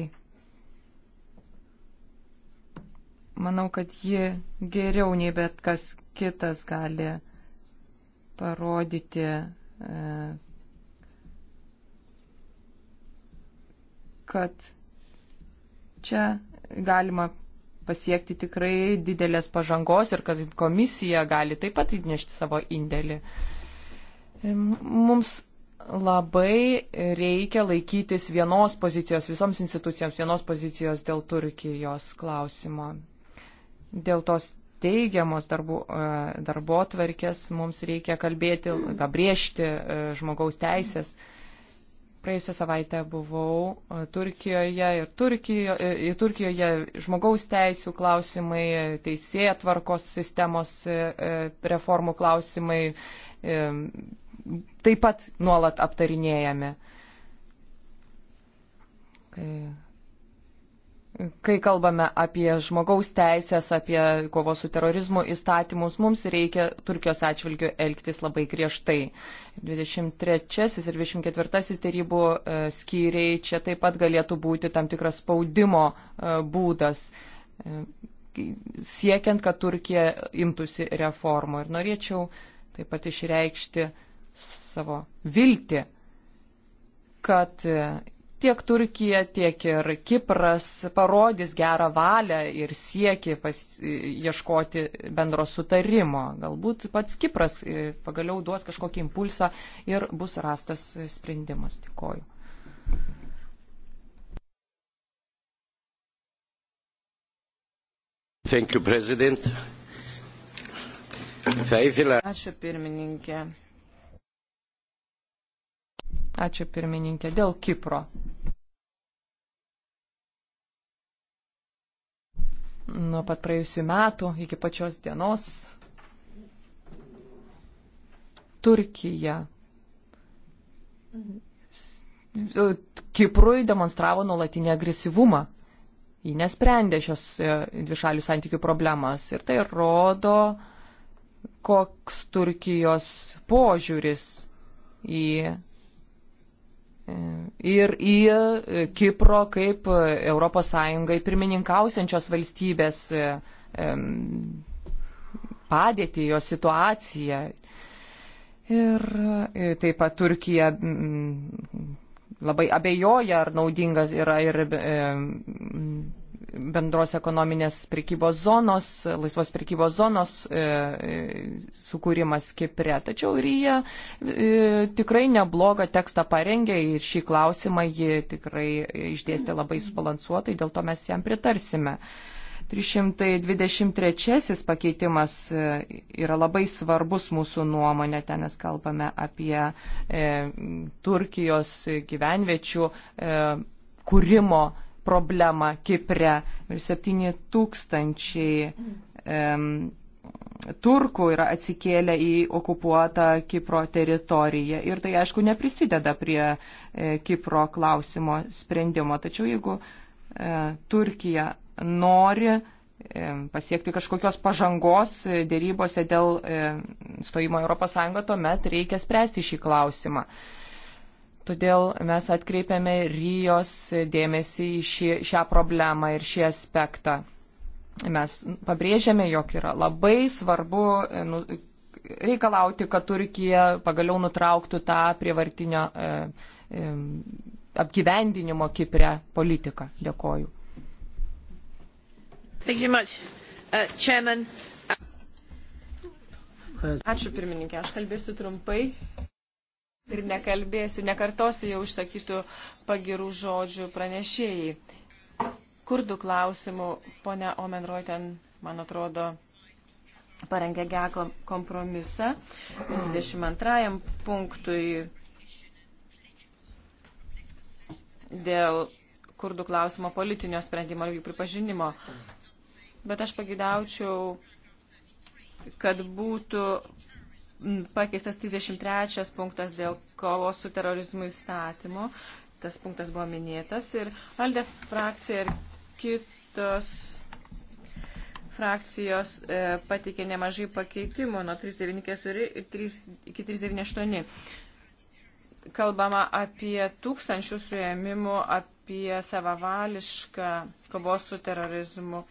Manau, kad ji geriau nei bet kas kitas gali parodyti, e, kad čia galima pasiekti tikrai didelės pažangos ir kad komisija gali taip pat įnešti savo indėlį. Mums labai reikia laikytis vienos pozicijos, visoms institucijoms vienos pozicijos dėl Turkijos klausimo. Dėl tos teigiamos darbu, e, darbo tvarkės mums reikia kalbėti, pabrėžti e, žmogaus teisės. Mm Praėjusią savaitę buvau e, Turkijoje ir Turkijo, e, e, Turkijoje žmogaus teisų klausimai, teisėje tvarkos sistemos reformų klausimai taip pat nuolat aptarinėjami kai kalbame apie žmogaus teisės, apie kovos su terorizmu įstatymus, mums reikia Turkijos atžvilgių elgtis labai griežtai. 23 ir 24 tarybų e, skyriai čia taip pat galėtų būti tam tikras spaudimo e, būdas e, siekiant, kad Turkija imtųsi reformų. Ir norėčiau taip pat išreikšti savo viltį, kad Tiek Turkija, tiek ir Kipras parodys gerą valią ir sieki pas, ieškoti bendro sutarimo. Galbūt pats Kipras e, pagaliau duos kažkokį impulsą ir bus rastas sprendimas. Dėkoju. You, Ačiū pirmininkė. Ačiū pirmininkė. Dėl Kipro. Nuo pat praėjusių metų iki pačios dienos Turkija Kiprui demonstravo nuolatinį agresyvumą. Ji nesprendė šios e, dvišalių santykių problemas ir tai rodo, koks Turkijos požiūris į ir į e, Kipro kaip ES pirmininkausiančios valstybės e, padėtį, jo situaciją. Ir e, taip pat Turkija labai abejoja, ar naudingas yra ir bendros ekonominės prekybos zonos, laisvos prekybos zonos e, e, sukūrimas Kipre. Tačiau ir jie tikrai neblogą tekstą parengė ir šį klausimą ji tikrai išdėstė labai subalansuotai, dėl to mes jam pritarsime. 323 pakeitimas e, yra labai svarbus mūsų nuomonė, ten mes kalbame apie e, Turkijos gyvenviečių e, kūrimo problemą Kipre. Ir 7 tūkstančiai um, turkų yra atsikėlę į okupuotą Kipro teritoriją. Ir tai, aišku, neprisideda prie e, Kipro klausimo sprendimo. Tačiau jeigu e, Turkija nori e, pasiekti kažkokios pažangos e, dėrybose dėl e, stojimo Europos Sąjungą, tuomet reikia spręsti šį klausimą. Todėl mes atkreipiame Rijos dėmesį į šį, šią problemą ir šį aspektą. Mes pabrėžiame, jog yra labai svarbu e, nu, reikalauti, kad Turkija pagaliau nutrauktų tą prievartinio e, e, apgyvendinimo Kiprę politiką. Dėkoju. Uh, uh, Ačiū pirmininkė, aš kalbėsiu trumpai ir nekalbėsiu, nekartosiu jau išsakytų pagirų žodžių pranešėjai. Kurdų klausimų, ponia Omenroiten, man atrodo, parengė gerą kompromisą 22 punktui dėl kurdų klausimo politinio sprendimo ir jų pripažinimo. Bet aš pagidaučiau, kad būtų pakeistas 33 punktas dėl kovos su terorizmu įstatymo. Tas punktas buvo minėtas ir valdė frakcija ir kitos frakcijos e, pateikė nemažai pakeitimų nuo 394 iki 398. Kalbama apie tūkstančių suėmimų, apie savavališką kovos su terorizmu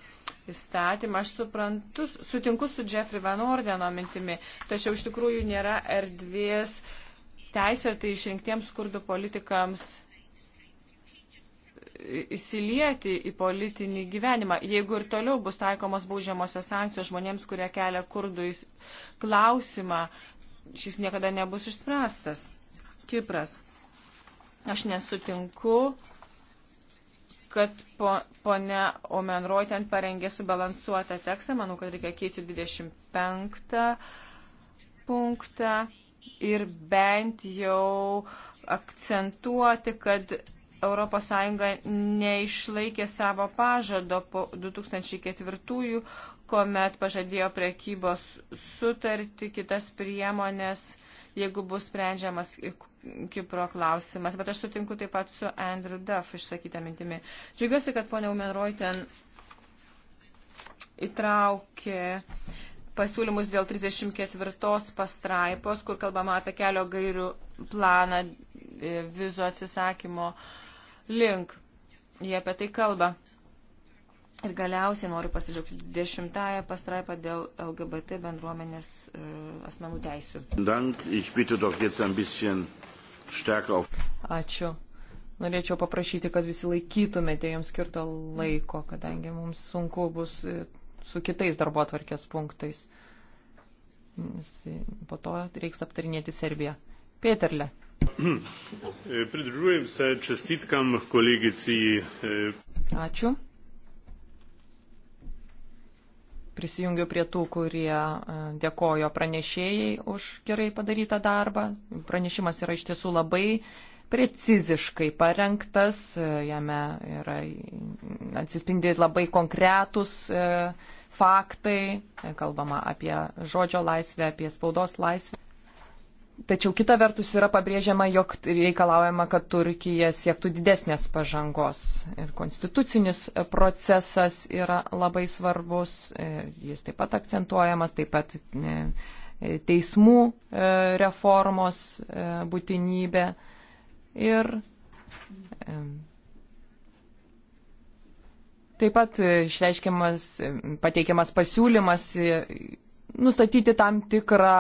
įstatymą. Aš suprantu, sutinku su Jeffrey Van Ordeno mintimi, tačiau iš tikrųjų nėra erdvės teisėtai išrinktiems kurdų politikams įsilieti į politinį gyvenimą. Jeigu ir toliau bus taikomos baudžiamosios sankcijos žmonėms, kurie kelia kurdų klausimą, šis niekada nebus išspręstas. Kipras. Aš nesutinku kad po, ponia Omenroj ten parengė subalansuotą tekstą. Manau, kad reikia keisti 25 punktą ir bent jau akcentuoti, kad ES neišlaikė savo pažado po 2004, kuomet pažadėjo prekybos sutartį, kitas priemonės jeigu bus sprendžiamas Kipro klausimas. Bet aš sutinku taip pat su Andrew Duff išsakytą mintimį. Džiugiuosi, kad ponia Umenroj ten įtraukė pasiūlymus dėl 34 pastraipos, kur kalbama apie kelio gairių planą e, vizų atsisakymo link. Jie apie tai kalba. Ir galiausiai noriu pasidžiaugti dešimtąją pastraipą dėl LGBT bendruomenės e, asmenų teisų. Ačiū. Norėčiau paprašyti, kad visi laikytumėte jums skirto laiko, kadangi mums sunku bus e, su kitais darbo atvarkės punktais. Nes e, po to reiks aptarinėti Serbiją. Peterle. E, Pridružuojam se čestitkam kolegicijai. Ačiū prisijungiu prie tų, kurie e, dėkojo pranešėjai už gerai padarytą darbą. Pranešimas yra iš tiesų labai preciziškai parengtas, e, jame yra atsispindi labai konkretus e, faktai, kalbama apie žodžio laisvę, apie spaudos laisvę. Tačiau kita vertus yra pabrėžiama, jog reikalaujama, kad Turkija siektų didesnės pažangos. Ir konstitucinis procesas yra labai svarbus, e, jis taip pat akcentuojamas, taip pat e, teismų e, reformos būtinybė. Ir taip pat išreiškiamas, pateikiamas pasiūlymas nustatyti tam tikrą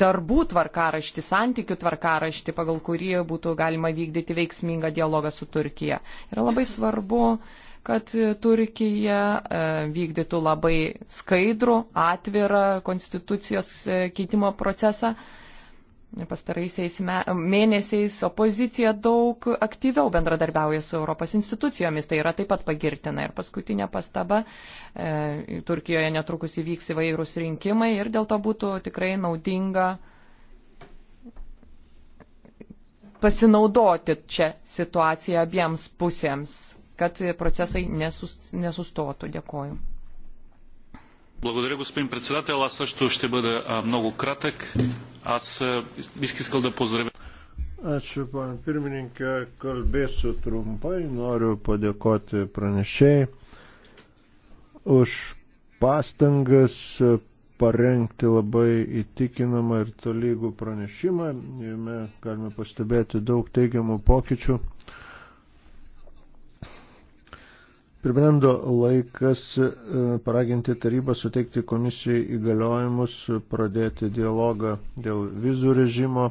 darbų tvarkaraštį, santykių tvarkaraštį, pagal kurį būtų galima vykdyti veiksmingą dialogą su Turkija. Yra labai svarbu, kad Turkija e, vykdytų labai skaidrų, atvirą konstitucijos e, keitimo procesą pastaraisiais mėnesiais opozicija daug aktyviau bendradarbiauja su Europos institucijomis, tai yra taip pat pagirtina. Ir paskutinė pastaba, e, Turkijoje netrukus įvyks įvairūs rinkimai ir dėl to būtų tikrai naudinga pasinaudoti čia situaciją abiems pusėms, kad procesai nesus, nesustotų. Dėkoju. Благодаря, господин председател. Аз също ще бъда а, много кратък. Аз бих искал да поздравя. Ačiū, pan pirmininkė, kalbėsiu trumpai, noriu padėkoti pranešėjai už pastangas parengti labai įtikinamą ir tolygų pranešimą. Jame galime pastebėti daug teigiamų pokyčių. Uh, Pribrendo laikas e, paraginti tarybą suteikti komisijai įgaliojimus, pradėti dialogą dėl vizų režimo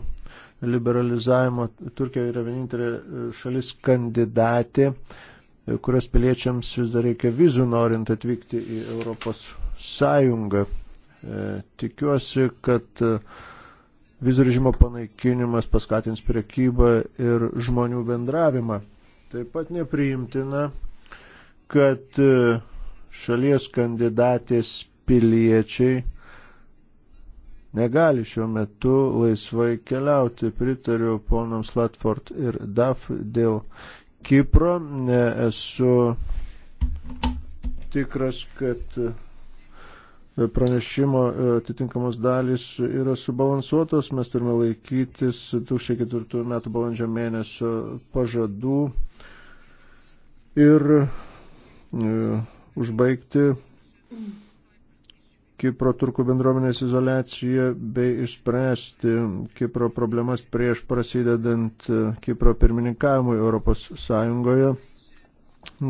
liberalizavimo. Turkija yra vienintelė e, šalis kandidatė, e, kurios piliečiams vis dar reikia vizų norint atvykti į Europos Sąjungą. Tikiuosi, kad vizų režimo panaikinimas paskatins priekybą ir žmonių bendravimą. Taip pat nepriimtina, kad e, šalies kandidatės piliečiai negali šiuo metu laisvai keliauti. Pritariu ponams Latford ir DAF dėl Kipro. Esu tikras, kad e, pranešimo e, atitinkamos dalys yra subalansuotos. Mes turime laikytis 2004 metų balandžio mėnesio pažadų. Ir E, užbaigti Kipro turkų bendruomenės izolaciją bei išspręsti Kipro problemas prieš prasidedant e, Kipro pirmininkavimui Europos Sąjungoje,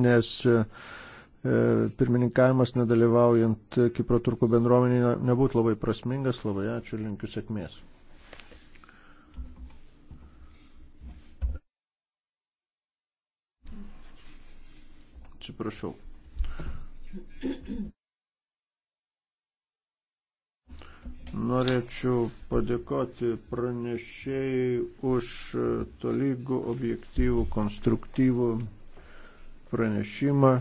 nes e, pirmininkavimas nedalyvaujant Kipro turkų bendruomenėje nebūtų labai prasmingas. Labai ačiū ir linkiu sėkmės. Atsiprašau. Norėčiau padėkoti pranešėjai už tolygų, objektyvų, konstruktyvų pranešimą,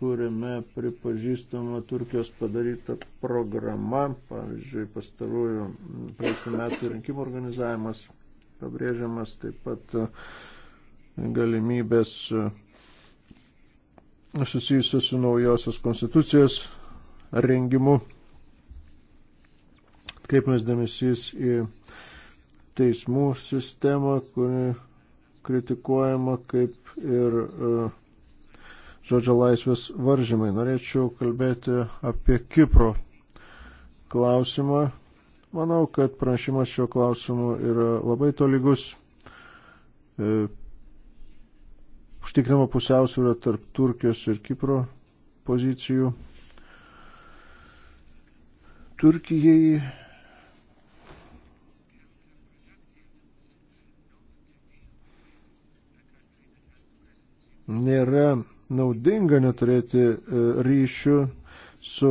kuriame pripažįstama Turkijos padaryta programa, pavyzdžiui, pastarųjų praeitų metų rinkimų organizavimas, pabrėžiamas taip pat galimybės susijusios su naujosios konstitucijos rengimu. Kreipimas dėmesys į teismų sistemą, kuri kritikuojama kaip ir e, žodžio laisvės varžymai. Norėčiau kalbėti apie Kipro klausimą. Manau, kad pranešimas šio klausimu yra labai tolygus e, užtikrinama pusiausvyrą tarp Turkijos ir Kipro pozicijų. Turkijai nėra naudinga neturėti e, ryšių su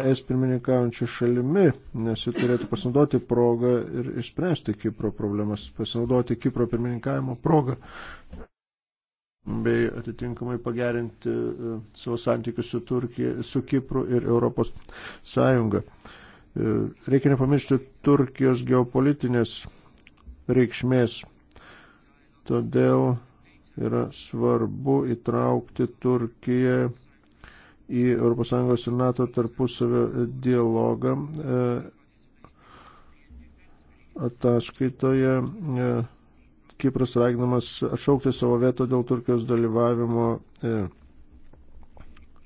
ES pirmininkaujančiu šalimi, nes ji turėtų pasinaudoti progą ir išspręsti Kipro problemas, pasinaudoti Kipro pirmininkavimo progą bei atitinkamai pagerinti e, savo santykius su Turkija, su Kipru ir Europos Sąjunga. E, reikia nepamiršti Turkijos geopolitinės reikšmės. Todėl yra svarbu įtraukti Turkiją į ES ir NATO tarpusavio dialogą e, ataskaitoje Kipras raginamas atšaukti savo veto dėl Turkijos dalyvavimo e,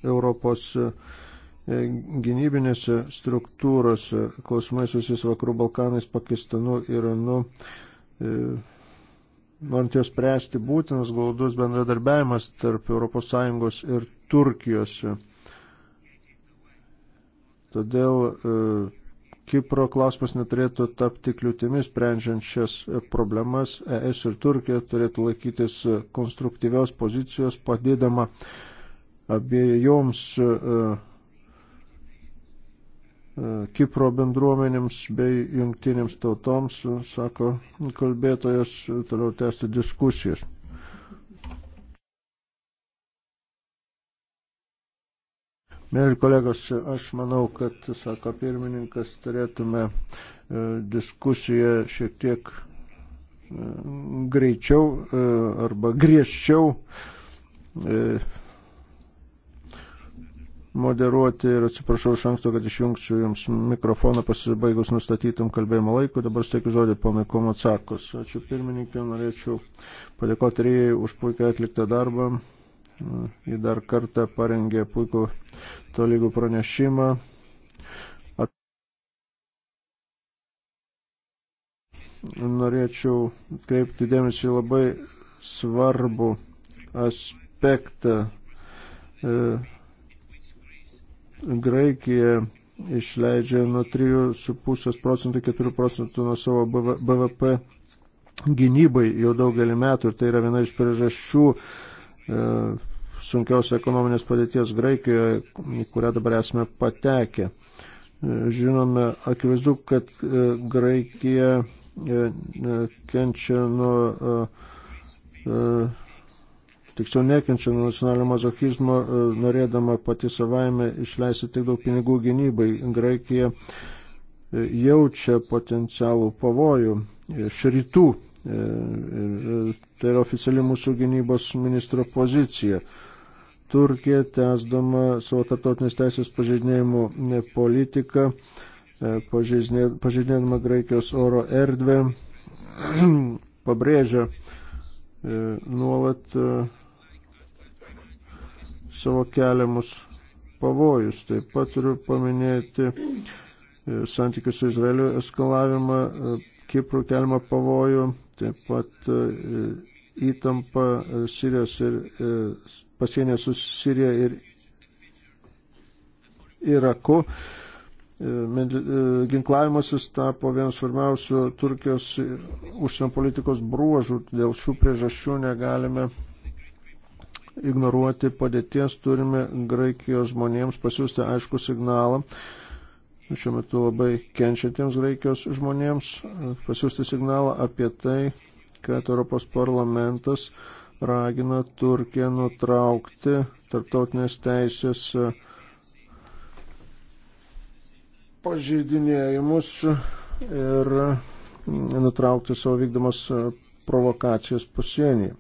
Europos e, gynybinėse struktūrose, klausimai susijęs Vakarų Balkanais, Pakistanu, Iranu. E, norint jos spręsti būtinas glaudus bendradarbiavimas tarp ES ir Turkijos. Todėl Kipro klausimas neturėtų tapti kliūtimis, sprendžiant šias problemas. ES ir Turkija turėtų laikytis konstruktyvios pozicijos, padėdama abiejoms e, e, Kipro bendruomenėms bei jungtinėms tautoms, sako kalbėtojas, toliau tęsti diskusijas. Mėly kolegos, aš manau, kad, sako pirmininkas, turėtume e, diskusiją šiek tiek e, greičiau e, arba griežčiau moderuoti ir atsiprašau iš anksto, kad išjungsiu Jums mikrofoną pasibaigus nustatytam kalbėjimo laikui. Dabar steikiu žodį ponai Komatsakos. Ačiū pirmininkė, norėčiau padėkoti Rijai už puikiai atliktą darbą. Ji dar kartą parengė puikų to lygų pranešimą. Norėčiau kreipti dėmesį labai svarbu aspektą. E, Graikija išleidžia nuo 3,5 procentų 4 procentų nuo savo BVP gynybai jau daugelį metų ir tai yra viena iš priežasčių e, sunkios ekonominės padėties Graikijoje, į kurią dabar esame patekę. Žinome, akivaizdu, kad e, Graikija e, e, kenčia nuo, tiksliau nekenčia nuo nacionalinio mazochizmo, norėdama pati savaime išleisti tik daug pinigų gynybai. Graikija jaučia potencialų pavojų iš rytų Ir tai yra oficiali mūsų gynybos ministro pozicija. Turkija, tęsdama savo tarptautinės teisės pažeidinėjimų politiką, e, pažeidinėdama Graikijos oro erdvę, pabrėžia e, nuolat e, savo keliamus pavojus. Taip pat turiu paminėti santykių su Izraeliu eskalavimą Kiprų keliamą pavojų, taip pat e, įtampa e, Sirijos ir e, pasienė su Sirija ir Iraku. Ginklavimasis tapo vienas svarbiausių Turkijos užsienio politikos bruožų. Dėl šių priežasčių negalime ignoruoti padėties, turime Graikijos žmonėms pasiūsti aišku signalą, Nu, šiuo metu labai kenčiantiems Graikijos žmonėms e, pasiūsti signalą apie tai, kad Europos parlamentas ragina Turkiją nutraukti tarptautinės teisės e, pažeidinėjimus ir e, nutraukti savo vykdomas provokacijas pasienyje.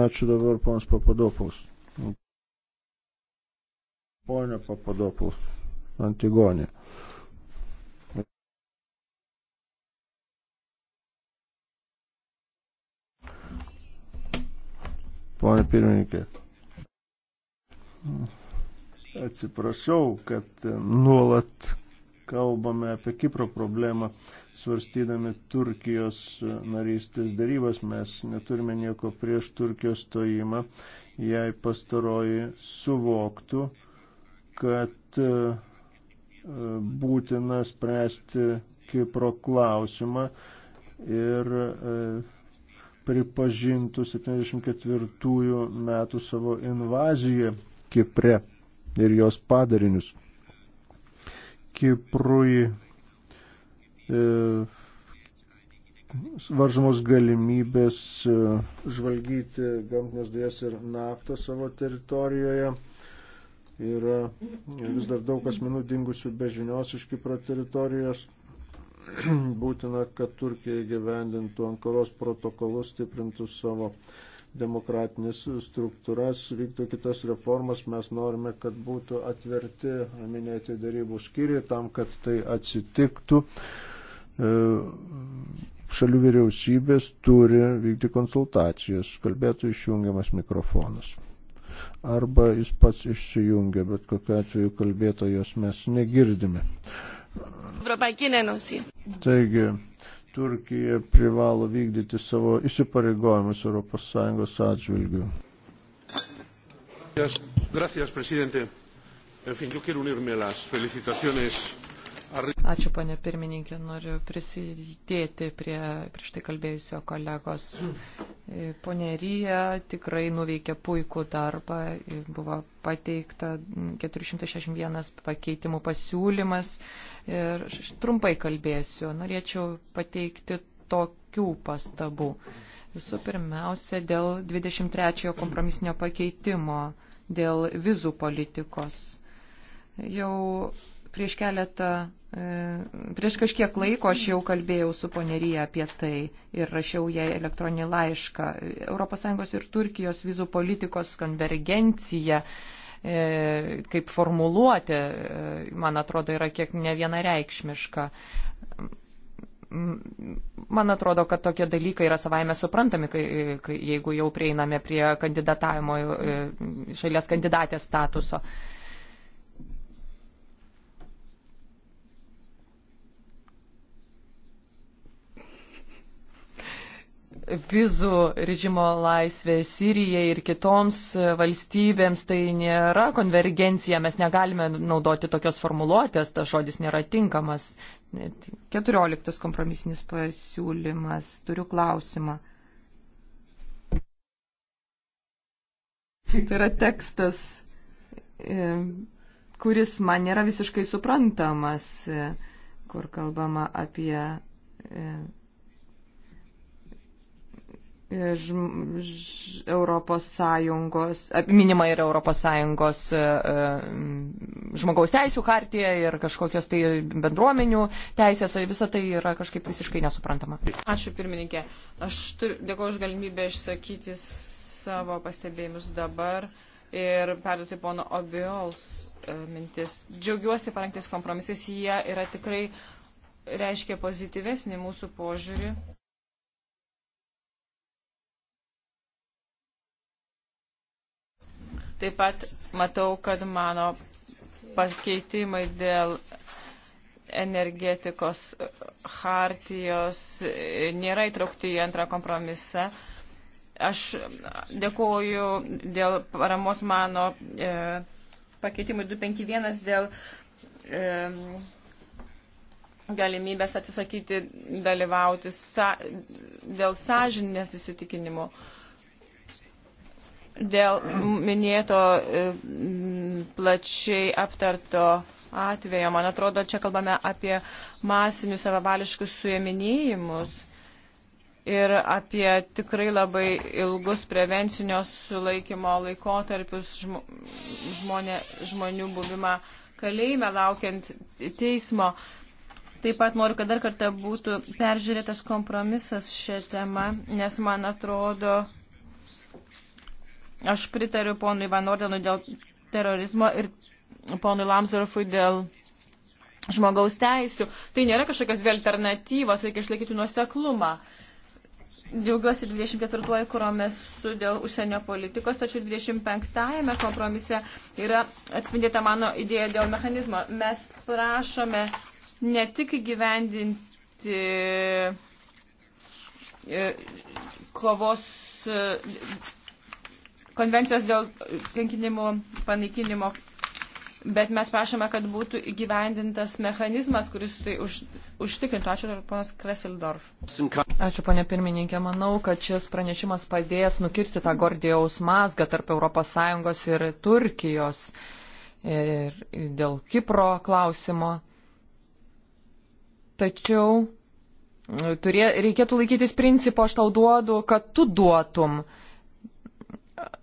Ačiū dabar, panas Papadopoulos. Pone Papadopul, Antigonė. Pone pirmininkė. Atsiprašau, kad e, nuolat kalbame apie Kipro problemą, svarstydami Turkijos e, narystės darybas. Mes neturime nieko prieš Turkijos stojimą, jei pastaroji suvoktų, kad e, būtina spręsti Kipro klausimą ir e, pripažintų 74 metų savo invaziją Kipre ir jos padarinius. Kiprui e, varžomos galimybės e, žvalgyti gamtinės dujas ir naftą savo teritorijoje Yra vis dar daug asmenų dingusių be žinios iš Kipro teritorijos. Būtina, kad Turkija įgyvendintų Ankaros protokolus, stiprintų savo demokratinės struktūras, vyktų kitas reformas. Mes norime, kad būtų atverti minėti darybų skyriai tam, kad tai atsitiktų. E, šalių vyriausybės turi vykti konsultacijas, kalbėtų išjungiamas mikrofonas arba jis pats išsijungia, bet kokiu atveju kalbėtojos mes negirdime. Taigi, Turkija privalo vykdyti savo įsipareigojimus ES atžvilgių. Gracias, presidente. En fin, yo quiero unirme a las felicitaciones Ačiū, ponė pirmininkė. Noriu prisidėti prie prieš tai kalbėjusio kolegos. Ponė Ryja tikrai nuveikė puikų darbą. Buvo pateikta 461 pakeitimų pasiūlymas. Ir trumpai kalbėsiu. Norėčiau pateikti tokių pastabų. Visų pirmiausia, dėl 23 kompromisinio pakeitimo, dėl vizų politikos. Jau Prieš keletą, e, prieš kažkiek laiko aš jau kalbėjau su ponerija apie tai ir rašiau jai elektroninį laišką. ES ir Turkijos vizų politikos konvergencija e, kaip formuluoti, e, man atrodo, yra kiek ne vienareikšmiška. Man atrodo, kad tokie dalykai yra savaime suprantami, kai, kai, jeigu jau prieiname prie kandidatavimo šalies kandidatės statuso. Uh, vizų režimo laisvė Sirijai ir kitoms e, valstybėms, tai nėra konvergencija, mes negalime naudoti tokios formuluotės, tas žodis nėra tinkamas. Keturioliktas kompromisinis pasiūlymas, turiu klausimą. Tai yra tekstas, e, kuris man nėra visiškai suprantamas, e, kur kalbama apie Europos Sąjungos, minima ir Europos Sąjungos e, e, žmogaus teisų hartija ir kažkokios tai bendruomenių teisės, tai visa tai yra kažkaip visiškai nesuprantama. Ačiū pirmininkė. Aš turiu, dėkuoju už galimybę išsakyti savo pastebėjimus dabar ir perduoti pono Obiols e, mintis. Džiaugiuosi parengtis kompromisais, jie yra tikrai reiškia pozityvesnį mūsų požiūrį. Taip pat matau, kad mano pakeitimai dėl energetikos hartijos e, nėra įtraukti į antrą kompromisą. Aš dėkuoju dėl paramos mano e, pakeitimui 251 dėl e, galimybės atsisakyti dalyvauti sa, dėl sąžinės įsitikinimo. E, Dėl minėto e, plačiai aptarto atvejo, man atrodo, čia kalbame apie masinius savavališkus suėminėjimus ir apie tikrai labai ilgus prevencinio sulaikymo laikotarpius žmonė, žmonių buvimą kalėjime laukiant teismo. Taip pat noriu, kad dar kartą būtų peržiūrėtas kompromisas šią temą, nes man atrodo, Aš pritariu ponui Van Ordenui dėl terorizmo ir ponui Lamsdorfui dėl žmogaus teisų. Tai nėra kažkokios vėl alternatyvos, reikia išlaikyti nuoseklumą. Džiaugiuosi 24-uoju, kuriuo su dėl užsienio politikos, tačiau 25-ame kompromise yra atspindėta mano idėja dėl mechanizmo. Mes prašome ne tik gyvendinti e, kovos konvencijos dėl kankinimų panaikinimo, bet mes prašome, kad būtų įgyvendintas mechanizmas, kuris tai už, užtikrintų. Ačiū, ponas Kresildorf. Ačiū, ponė pirmininkė. Manau, kad šis pranešimas padės nukirsti tą Gordijaus mazgą tarp ES ir Turkijos ir dėl Kipro klausimo. Tačiau turė, reikėtų laikytis principo, aš tau duodu, kad tu duotum. Uh,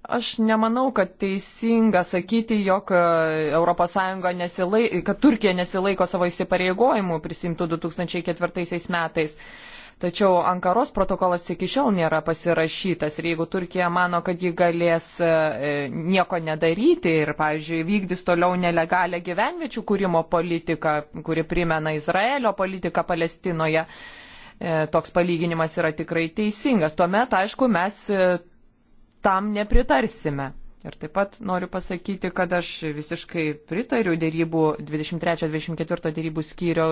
Aš nemanau, kad teisinga sakyti, jog ES nesilaiko, kad Turkija nesilaiko savo įsipareigojimų prisimtų 2004 metais. Tačiau Ankaros protokolas iki šiol nėra pasirašytas ir jeigu Turkija mano, kad ji galės e, nieko nedaryti ir, pavyzdžiui, vykdys toliau nelegalę gyvenviečių kūrimo politiką, kuri primena Izraelio politiką Palestinoje, e, toks palyginimas yra tikrai teisingas. Tuomet, aišku, mes e, tam nepritarsime. Ir taip pat noriu pasakyti, kad aš visiškai pritariu dėrybų 23-24 dėrybų skyrio,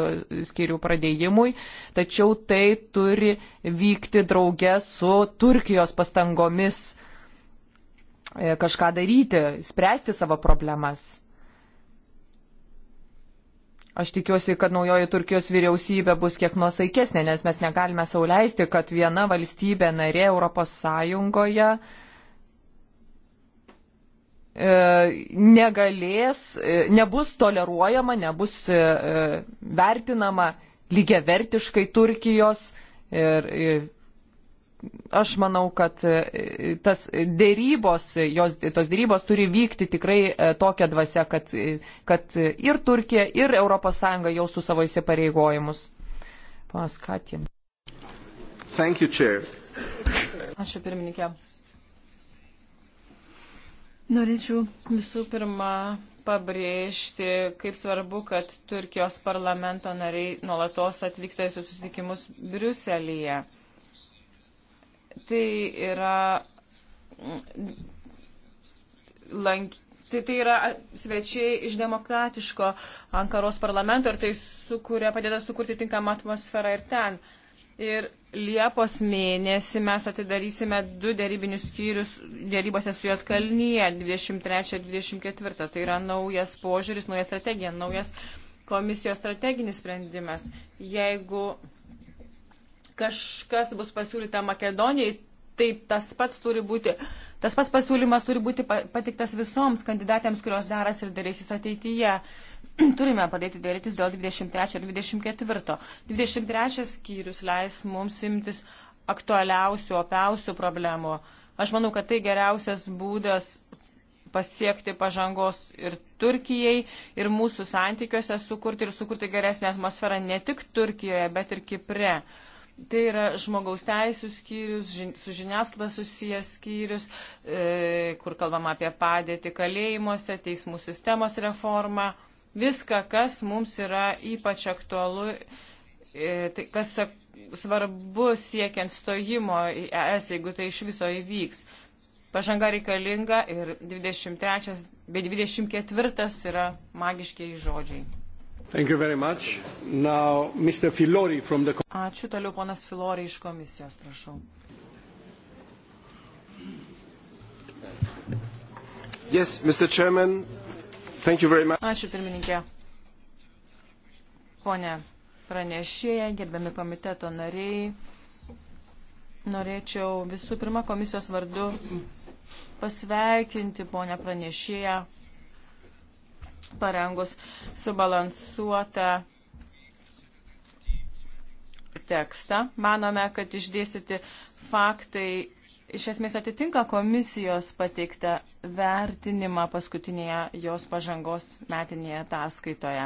skyrių pradėjimui, tačiau tai turi vykti drauge su Turkijos pastangomis e, kažką daryti, spręsti savo problemas. Aš tikiuosi, kad naujoji Turkijos vyriausybė bus kiek nuosaikesnė, nes mes negalime sauliaisti, kad viena valstybė narė Europos Sąjungoje uh, E, negalės, e, nebus toleruojama, nebus e, vertinama lygiavertiškai Turkijos. Ir aš manau, kad tas dėrybos, jos, tos dėrybos turi vykti tikrai tokia dvasia, kad, kad ir Turkija, ir ES jaustų savo įsipareigojimus. Panas Katin. Ačiū pirmininkė. Norėčiau visų pirma pabrėžti, kaip svarbu, kad Turkijos parlamento nariai nuolatos atvyksta į susitikimus Briuselyje. Tai yra, lank, tai, tai yra svečiai iš demokratiško Ankaros parlamento ir tai sukuria, padeda sukurti tinkamą atmosferą ir ten. Uh, Ir Liepos mėnesį mes atidarysime du dėrybinius skyrius dėrybose su Jotkalnyje 23-24. Tai yra naujas požiūris, nauja strategija, naujas komisijos strateginis sprendimas. Jeigu kažkas bus pasiūlyta Makedonijai, tai tas pats turi būti. Tas pats pasiūlymas turi būti patiktas visoms kandidatėms, kurios daras ir darysis ateityje. Uh, turime padėti dėrėtis dėl 23 ir 24. 23 skyrius leis mums imtis aktualiausių, opiausių problemų. Aš manau, kad tai geriausias būdas pasiekti pažangos ir Turkijai, ir mūsų santykiuose sukurti ir sukurti geresnę atmosferą ne tik Turkijoje, bet ir Kipre. Tai yra žmogaus teisų skyrius, žin, su žiniasklaida susijęs skyrius, e, kur kalbama apie padėtį kalėjimuose, teismų sistemos reformą. E, viską, kas mums yra ypač aktualu, e, tai kas svarbu siekiant stojimo į ES, jeigu tai iš viso įvyks. Pažanga reikalinga ir 23 bei 24 yra magiškiai žodžiai. Now, the... Ačiū toliau ponas Filori iš komisijos, prašau. Yes, Mr. Chairman, Ačiū pirmininkė. Pone pranešėja, gerbiami komiteto nariai, norėčiau visų pirma komisijos vardu pasveikinti ponę pranešėją parengus subalansuotą tekstą. Manome, kad išdėstyti faktai iš esmės atitinka komisijos pateiktą vertinimą paskutinėje jos pažangos metinėje ataskaitoje.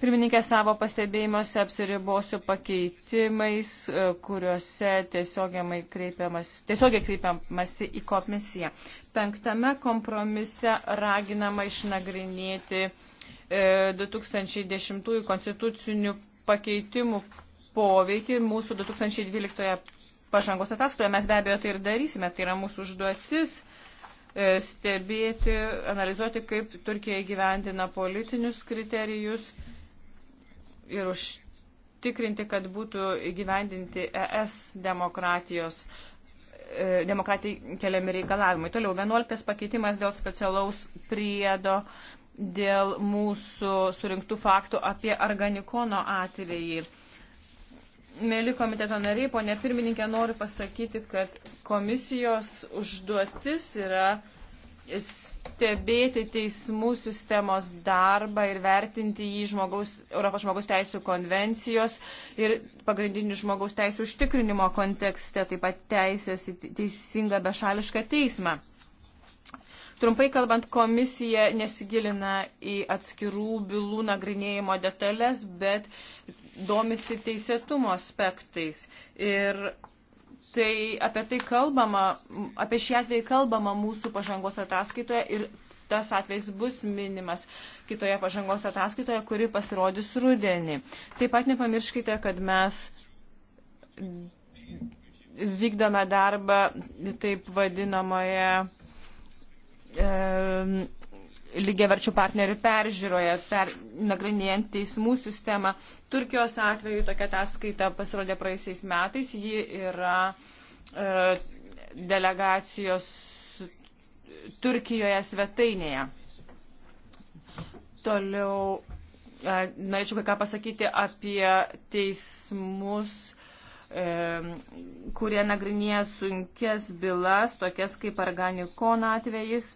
Pirmininkė savo pastebėjimuose apsiribosiu pakeitimais, e, kuriuose tiesiogiai kreipiamas, tiesiogiai kreipiamasi į komisiją. Penktame kompromise raginama išnagrinėti e, 2010 konstitucinių pakeitimų poveikį mūsų 2012 pažangos ataskaitoje. Mes be abejo tai ir darysime, tai yra mūsų užduotis e, stebėti, analizuoti, kaip Turkija gyventina politinius kriterijus ir užtikrinti, kad būtų įgyvendinti ES demokratijos e, demokratijai keliami reikalavimai. Toliau 11 pakeitimas dėl specialaus priedo dėl mūsų surinktų faktų apie organikono atvejį. Mėly komiteto nariai, ponė pirmininkė, noriu pasakyti, kad komisijos užduotis yra stebėti teismų sistemos darbą ir vertinti jį žmogaus, Europos žmogaus teisų konvencijos ir pagrindinių žmogaus teisų užtikrinimo kontekste, taip pat teisės į teisingą bešališką teismą. Trumpai kalbant, komisija nesigilina į atskirų bylų nagrinėjimo detalės, bet domisi teisėtumo aspektais. Ir tai apie tai kalbama, apie šį atvejį kalbama mūsų pažangos ataskaitoje ir tas atvejs bus minimas kitoje pažangos ataskaitoje, kuri pasirodys rudenį. Taip pat nepamirškite, kad mes vykdome darbą taip vadinamoje e, lygiaverčių partnerių peržiūroje, per, nagrinėjant teismų sistemą. Turkijos atveju tokia ataskaita pasirodė praeisiais metais. Ji yra e, delegacijos Turkijoje svetainėje. Toliau e, norėčiau kai ką pasakyti apie teismus E, kurie nagrinėja sunkes bylas, tokias kaip Organikon atvejais.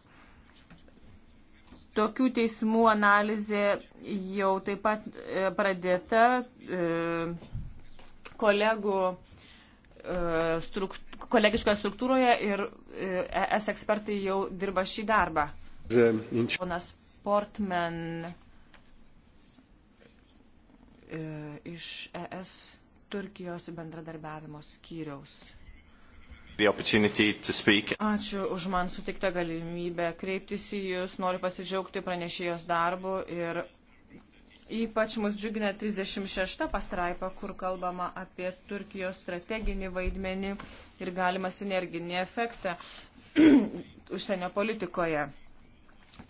Tokių teismų analizė jau taip pat e, pradėta e, kolegų struk, kolegiškoje struktūroje ir ES ekspertai jau dirba šį darbą. Ponas Portman iš ES Turkijos bendradarbiavimo skyriaus. Ačiū už man sutiktą galimybę kreiptis į Jūs. Noriu pasidžiaugti pranešėjos darbu ir ypač mus džiugina 36 pastraipa, kur kalbama apie Turkijos strateginį vaidmenį ir galimą sinerginį efektą užsienio politikoje.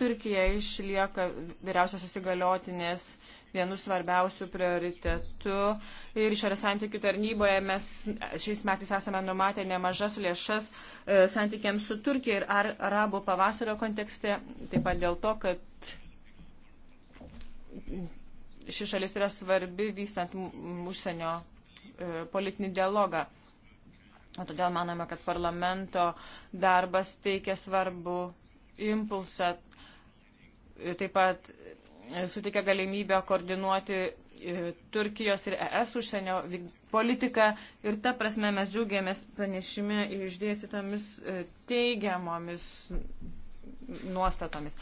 Turkija išlieka vyriausios įsigaliotinės vienu svarbiausių prioritetų. Ir išorės santykių tarnyboje mes šiais metais esame numatę nemažas lėšas e, santykiams su Turkija ir ar, arabų pavasario kontekste, taip pat dėl to, kad ši šalis yra svarbi vystant užsienio e, politinį dialogą. O todėl manome, kad parlamento darbas teikia svarbu impulsą e, taip pat suteikia galimybę koordinuoti e, Turkijos ir ES užsienio politiką ir ta prasme mes džiaugiamės pranešime išdėstytomis e, teigiamomis nuostatomis.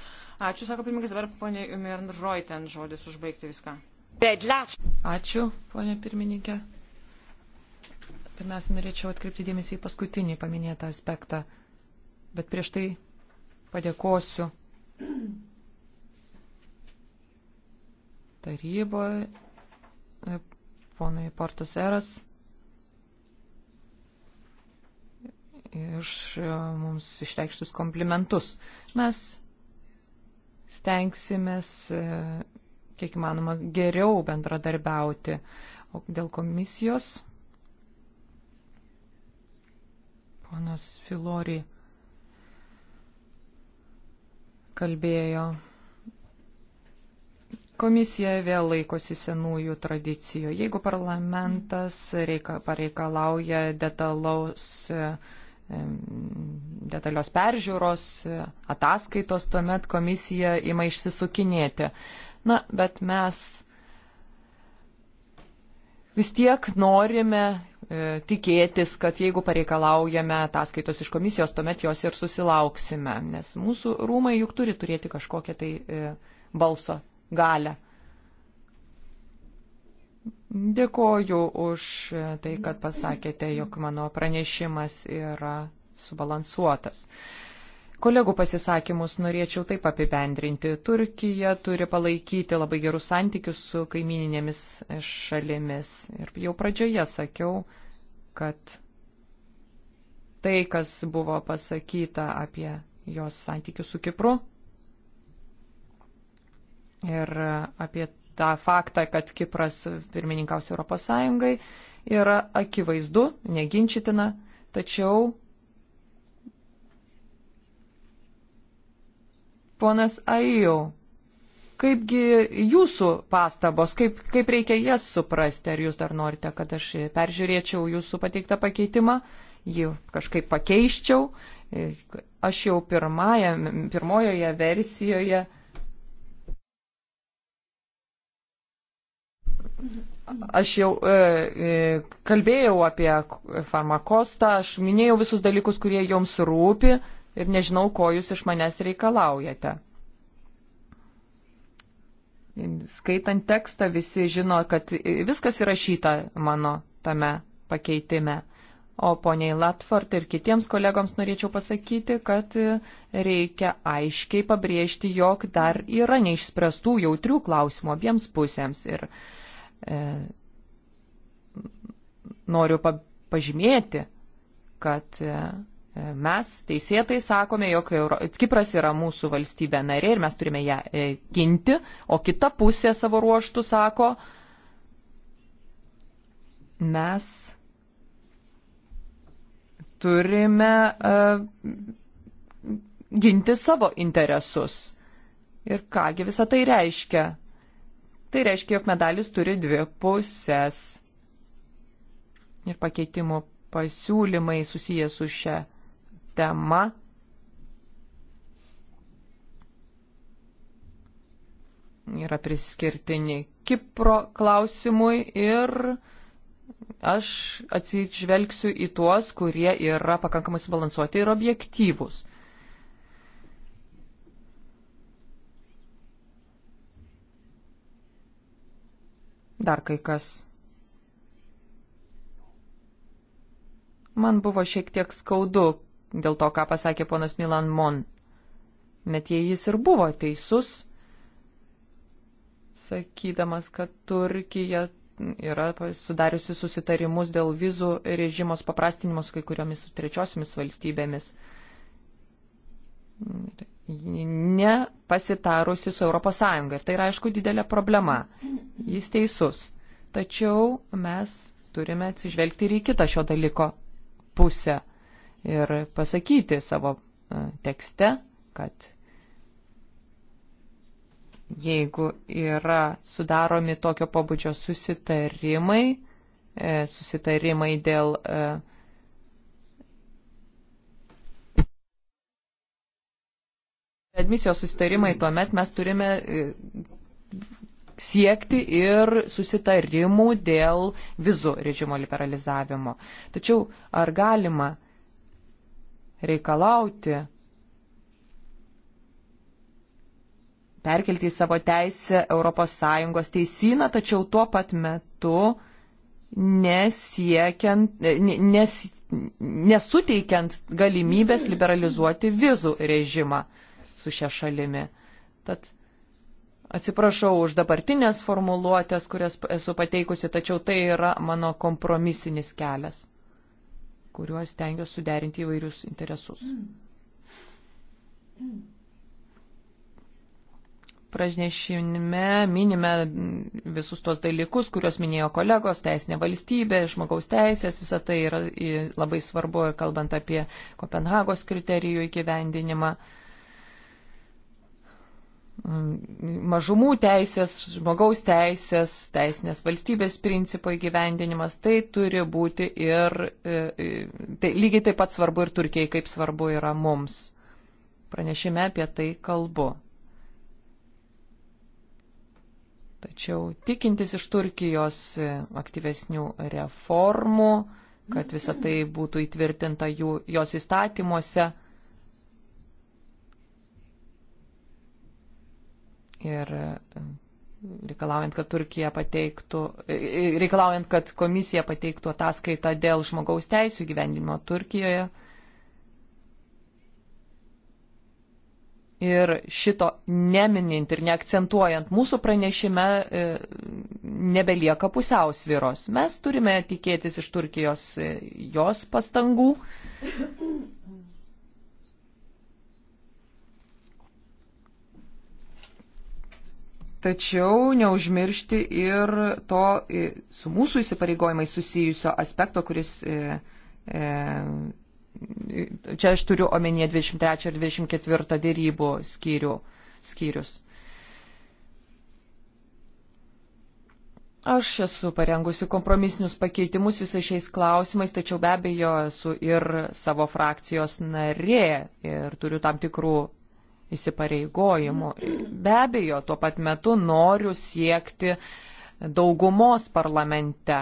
Ačiū, sako pirmininkas, dabar ponė Mirn Reuten žodis užbaigti viską. Ačiū, ponė pirmininkė. Pirmiausia, norėčiau atkreipti dėmesį į paskutinį paminėtą aspektą, bet prieš tai padėkosiu taryboje, ponui Portuseras iš e, mums išreikštus komplimentus. Mes stengsimės e, kiek įmanoma geriau bendradarbiauti. O dėl komisijos, ponas Filori kalbėjo Komisija vėl laikosi senųjų tradicijų. Jeigu parlamentas reika, pareikalauja detalaus, detalios peržiūros, ataskaitos, tuomet komisija ima išsisukinėti. Na, bet mes vis tiek norime e, tikėtis, kad jeigu pareikalaujame ataskaitos iš komisijos, tuomet jos ir susilauksime, nes mūsų rūmai juk turi turėti kažkokią tai e, balso galę. Dėkoju už tai, kad pasakėte, jog mano pranešimas yra subalansuotas. Kolegų pasisakymus norėčiau taip apibendrinti. Turkija turi palaikyti labai gerus santykius su kaimininėmis šalimis. Ir jau pradžioje sakiau, kad tai, kas buvo pasakyta apie jos santykius su Kipru, ir e, apie tą faktą, kad Kipras pirmininkaus Europos Sąjungai yra akivaizdu, neginčitina, tačiau ponas Aijau, kaipgi jūsų pastabos, kaip, kaip reikia jas suprasti, ar jūs dar norite, kad aš peržiūrėčiau jūsų pateiktą pakeitimą, jį kažkaip pakeiščiau. E, aš jau pirmąją, pirmojoje versijoje Aš jau e, e, kalbėjau apie farmakostą, aš minėjau visus dalykus, kurie jums rūpi ir nežinau, ko jūs iš manęs reikalaujate. Skaitant tekstą visi žino, kad viskas įrašyta mano tame pakeitime. O poniai Latford ir kitiems kolegoms norėčiau pasakyti, kad reikia aiškiai pabrėžti, jog dar yra neišspręstų jautrių klausimų abiems pusėms. Ir uh, E, noriu pažymėti, kad e, mes teisėtai sakome, jog Euro... Kipras yra mūsų valstybė narė ir mes turime ją e, ginti, o kita pusė savo ruoštų sako, mes turime uh, ginti savo interesus. Ir kągi visą tai reiškia? Tai reiškia, jog medalis turi dvi pusės. Ir pakeitimų pasiūlymai susiję su šia tema. Yra priskirtini Kipro klausimui ir aš atsižvelgsiu į tuos, kurie yra pakankamai subalansuoti ir objektyvūs. Dar kai kas. Man buvo šiek tiek skaudu dėl to, ką pasakė ponas Milan Mon. Net jei jis ir buvo teisus, sakydamas, kad Turkija yra sudariusi susitarimus dėl vizų režimos paprastinimo su kai kuriomis trečiosiomis valstybėmis nepasitarusi su ES. Ir tai yra, aišku, didelė problema. Jis teisus. Tačiau mes turime atsižvelgti ir į kitą šio dalyko pusę ir pasakyti savo e, tekste, kad jeigu yra sudaromi tokio pobūdžio susitarimai, e, susitarimai dėl uh, admisijos susitarimai, tuomet mes turime e, siekti ir susitarimų dėl vizų režimo liberalizavimo. Tačiau ar galima reikalauti perkelti į savo teisę ES teisyną, tačiau tuo pat metu nesiekiant, e, nes, nesuteikiant galimybės liberalizuoti vizų režimą su šia šalimi. Tad atsiprašau už dabartinės formuluotės, kurias esu pateikusi, tačiau tai yra mano kompromisinis kelias, kuriuos tengiuosi suderinti įvairius interesus. Pražnešime minime visus tos dalykus, kuriuos minėjo kolegos, teisinė valstybė, žmogaus teisės, visa tai yra labai svarbu, kalbant apie Kopenhagos kriterijų įgyvendinimą. Mm, mažumų teisės, žmogaus teisės, teisinės valstybės principo įgyvendinimas, tai turi būti ir e, e, tai lygiai taip pat svarbu ir Turkijai, kaip svarbu yra mums. Pranešime apie tai kalbu. Tačiau tikintis iš Turkijos e, aktyvesnių reformų, kad visa tai būtų įtvirtinta jų, jos įstatymuose, ir e, reikalaujant, kad Turkija pateiktų, e, e, reikalaujant, kad komisija pateiktų ataskaitą dėl žmogaus teisų gyvendimo Turkijoje. Ir šito neminint ir neakcentuojant mūsų pranešime nebelieka pusiausviros. Mes turime tikėtis iš Turkijos jos pastangų tačiau neužmiršti ir to su mūsų įsipareigojimais susijusio aspekto, kuris. E, e, čia aš turiu omenyje 23 ir 24 dėrybų skyrių, skyrius. Aš esu parengusi kompromisinius pakeitimus visais šiais klausimais, tačiau be abejo esu ir savo frakcijos narė ir turiu tam tikrų įsipareigojimų. Be abejo, tuo pat metu noriu siekti daugumos parlamente,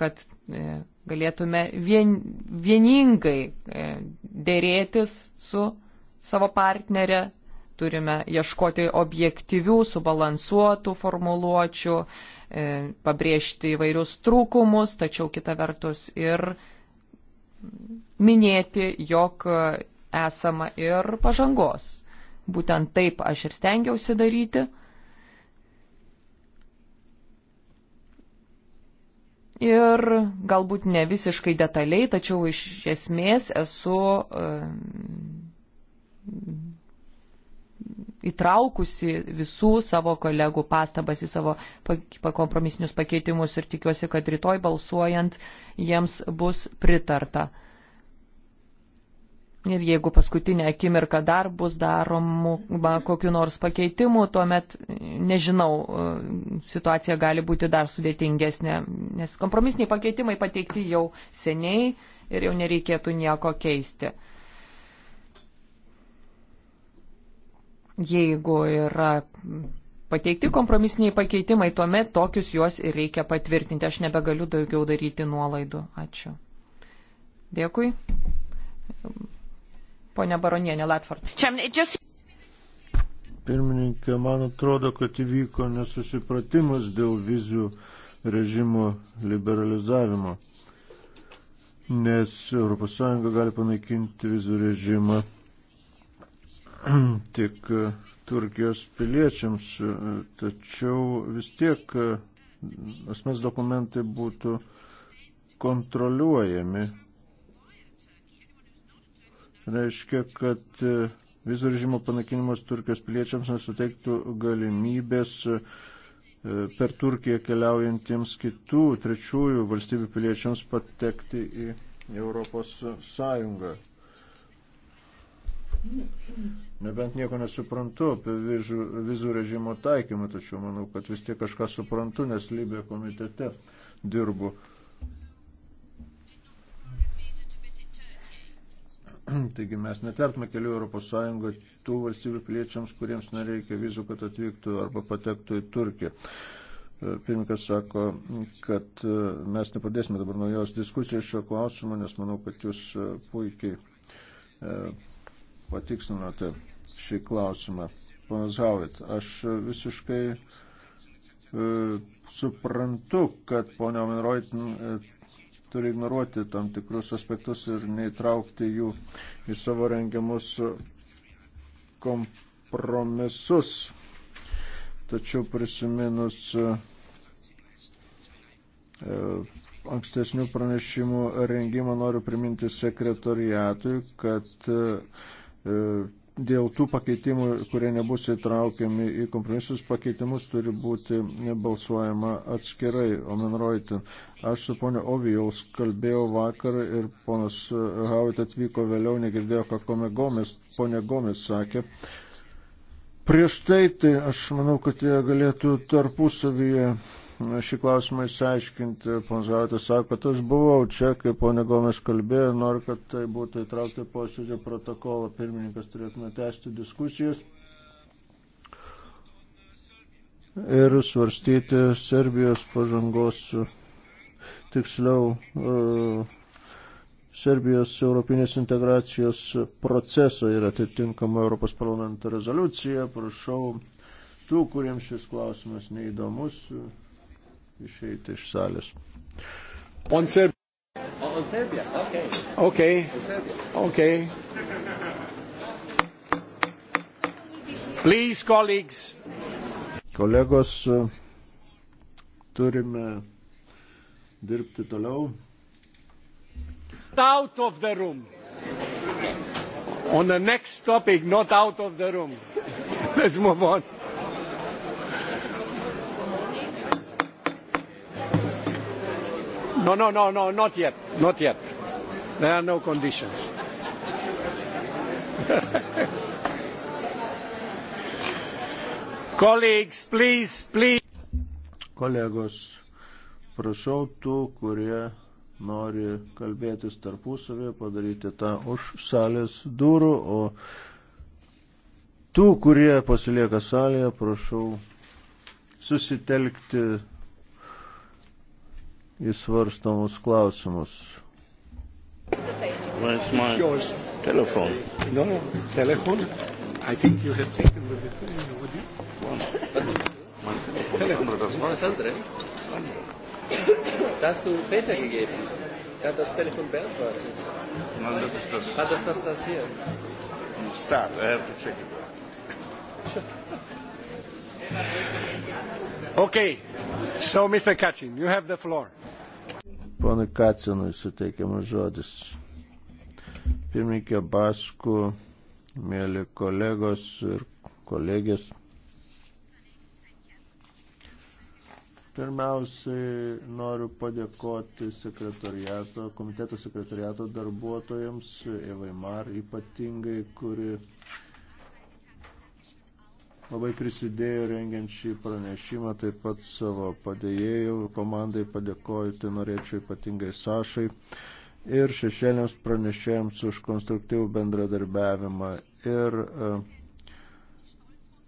kad e, galėtume vien, vieningai e, dėrėtis su savo partnerė, turime ieškoti objektyvių, subalansuotų formuluočių, e, pabrėžti įvairius trūkumus, tačiau kita vertus ir minėti, jog esama ir pažangos. Būtent taip aš ir stengiausi daryti. ir galbūt ne visiškai detaliai, tačiau iš esmės esu įtraukusi visų savo kolegų pastabas į savo kompromisinius pakeitimus ir tikiuosi, kad rytoj balsuojant jiems bus pritarta. Ir jeigu paskutinę akimirką dar bus daromų kokiu nors pakeitimu, tuomet, nežinau, e, situacija gali būti dar sudėtingesnė, nes kompromisiniai pakeitimai pateikti jau seniai ir jau nereikėtų nieko keisti. Jeigu yra pateikti kompromisiniai pakeitimai, tuomet tokius juos ir reikia patvirtinti. Aš nebegaliu daugiau daryti nuolaidų. Ačiū. Dėkui. Pone Baronienė, Latvart. Pirmininkė, man atrodo, kad įvyko nesusipratimas dėl vizijų režimo liberalizavimo, nes ES gali panaikinti vizų režimą tik e, Turkijos piliečiams, e, tačiau vis tiek e, asmens dokumentai būtų kontroliuojami reiškia, kad e, vizų režimo panakinimas Turkijos piliečiams nesuteiktų galimybės e, per Turkiją keliaujantiems kitų trečiųjų valstybių piliečiams patekti į Europos Sąjungą. Nebent nieko nesuprantu apie vizų, vizų režimo taikymą, tačiau manau, kad vis tiek kažką suprantu, nes Libė komitete dirbu. Taigi mes netvertume kelių Europos Sąjungo tų valstybių piliečiams, kuriems nereikia vizų, kad atvyktų arba patektų į Turkiją. E, pirmininkas sako, kad e, mes nepradėsime dabar naujos diskusijos šio klausimo, nes manau, kad jūs e, puikiai patiksinote šį klausimą. Panas Havit, aš visiškai suprantu, kad ponia Omenroitin turi ignoruoti tam tikrus aspektus ir neįtraukti jų į savo rengiamus kompromisus. Tačiau prisiminus e, ankstesnių pranešimų rengimą noriu priminti sekretoriatui, kad e, dėl tų pakeitimų, kurie nebus įtraukiami į kompromisus pakeitimus, turi būti balsuojama atskirai. Omenroitin, aš su ponio Ovijaus kalbėjau vakar ir ponas Hauit atvyko vėliau, negirdėjo, ką ponė Gomis, ponė Gomis sakė. Prieš tai, tai aš manau, kad jie galėtų tarpusavyje šį klausimą išsiaiškinti. Ponzavėtas sako, kad aš buvau čia, kai ponė Gomes kalbėjo, noriu, kad tai būtų įtraukta posėdžio protokolą. Pirmininkas turėtume tęsti diskusijas ir svarstyti Serbijos pažangos, tiksliau, e, Serbijos Europinės integracijos proceso ir atitinkama Europos parlamento rezoliucija. Prašau tų, kuriems šis klausimas neįdomus, išeiti iš salės. On Serbia. Oh, on Serbia. Okay. Okay. Okay. Please, colleagues. Kolegos, turime dirbti toliau. Out of the room. On the next topic, not out of the room. Let's move on. No, no, no, no, not yet. Not yet. There are no conditions. Colleagues, please, please. Kolegos, prašau tų, kurie nori kalbėtis tarpusavį, padaryti tą už salės durų, o tų, kurie pasilieka salėje, prašau susitelkti įsvarstomus klausimus. Where's my It's yours. telephone? No, no, telephone. I think you have taken the telephone with you. One. Mein Telefon, das war's. Das andere? Das hast du Peter gegeben. Der hat das Telefon beantwortet. Nein, das ist das. Hat das das, das hier? Start, I have to check it out. Okay. So, Mr. Kacin, you have the floor. Pana Kacinui suteikiamas žodis. Pirmininkė Basku, mėly kolegos ir kolegės. Pirmiausiai noriu padėkoti sekretariato, komiteto sekretariato darbuotojams, Evai Mar ypatingai, kuri labai prisidėjo rengiant šį pranešimą, taip pat savo padėjėjų komandai padėkoju, tai norėčiau ypatingai Sašai ir šešėliams pranešėjams už konstruktyvų bendradarbiavimą ir e,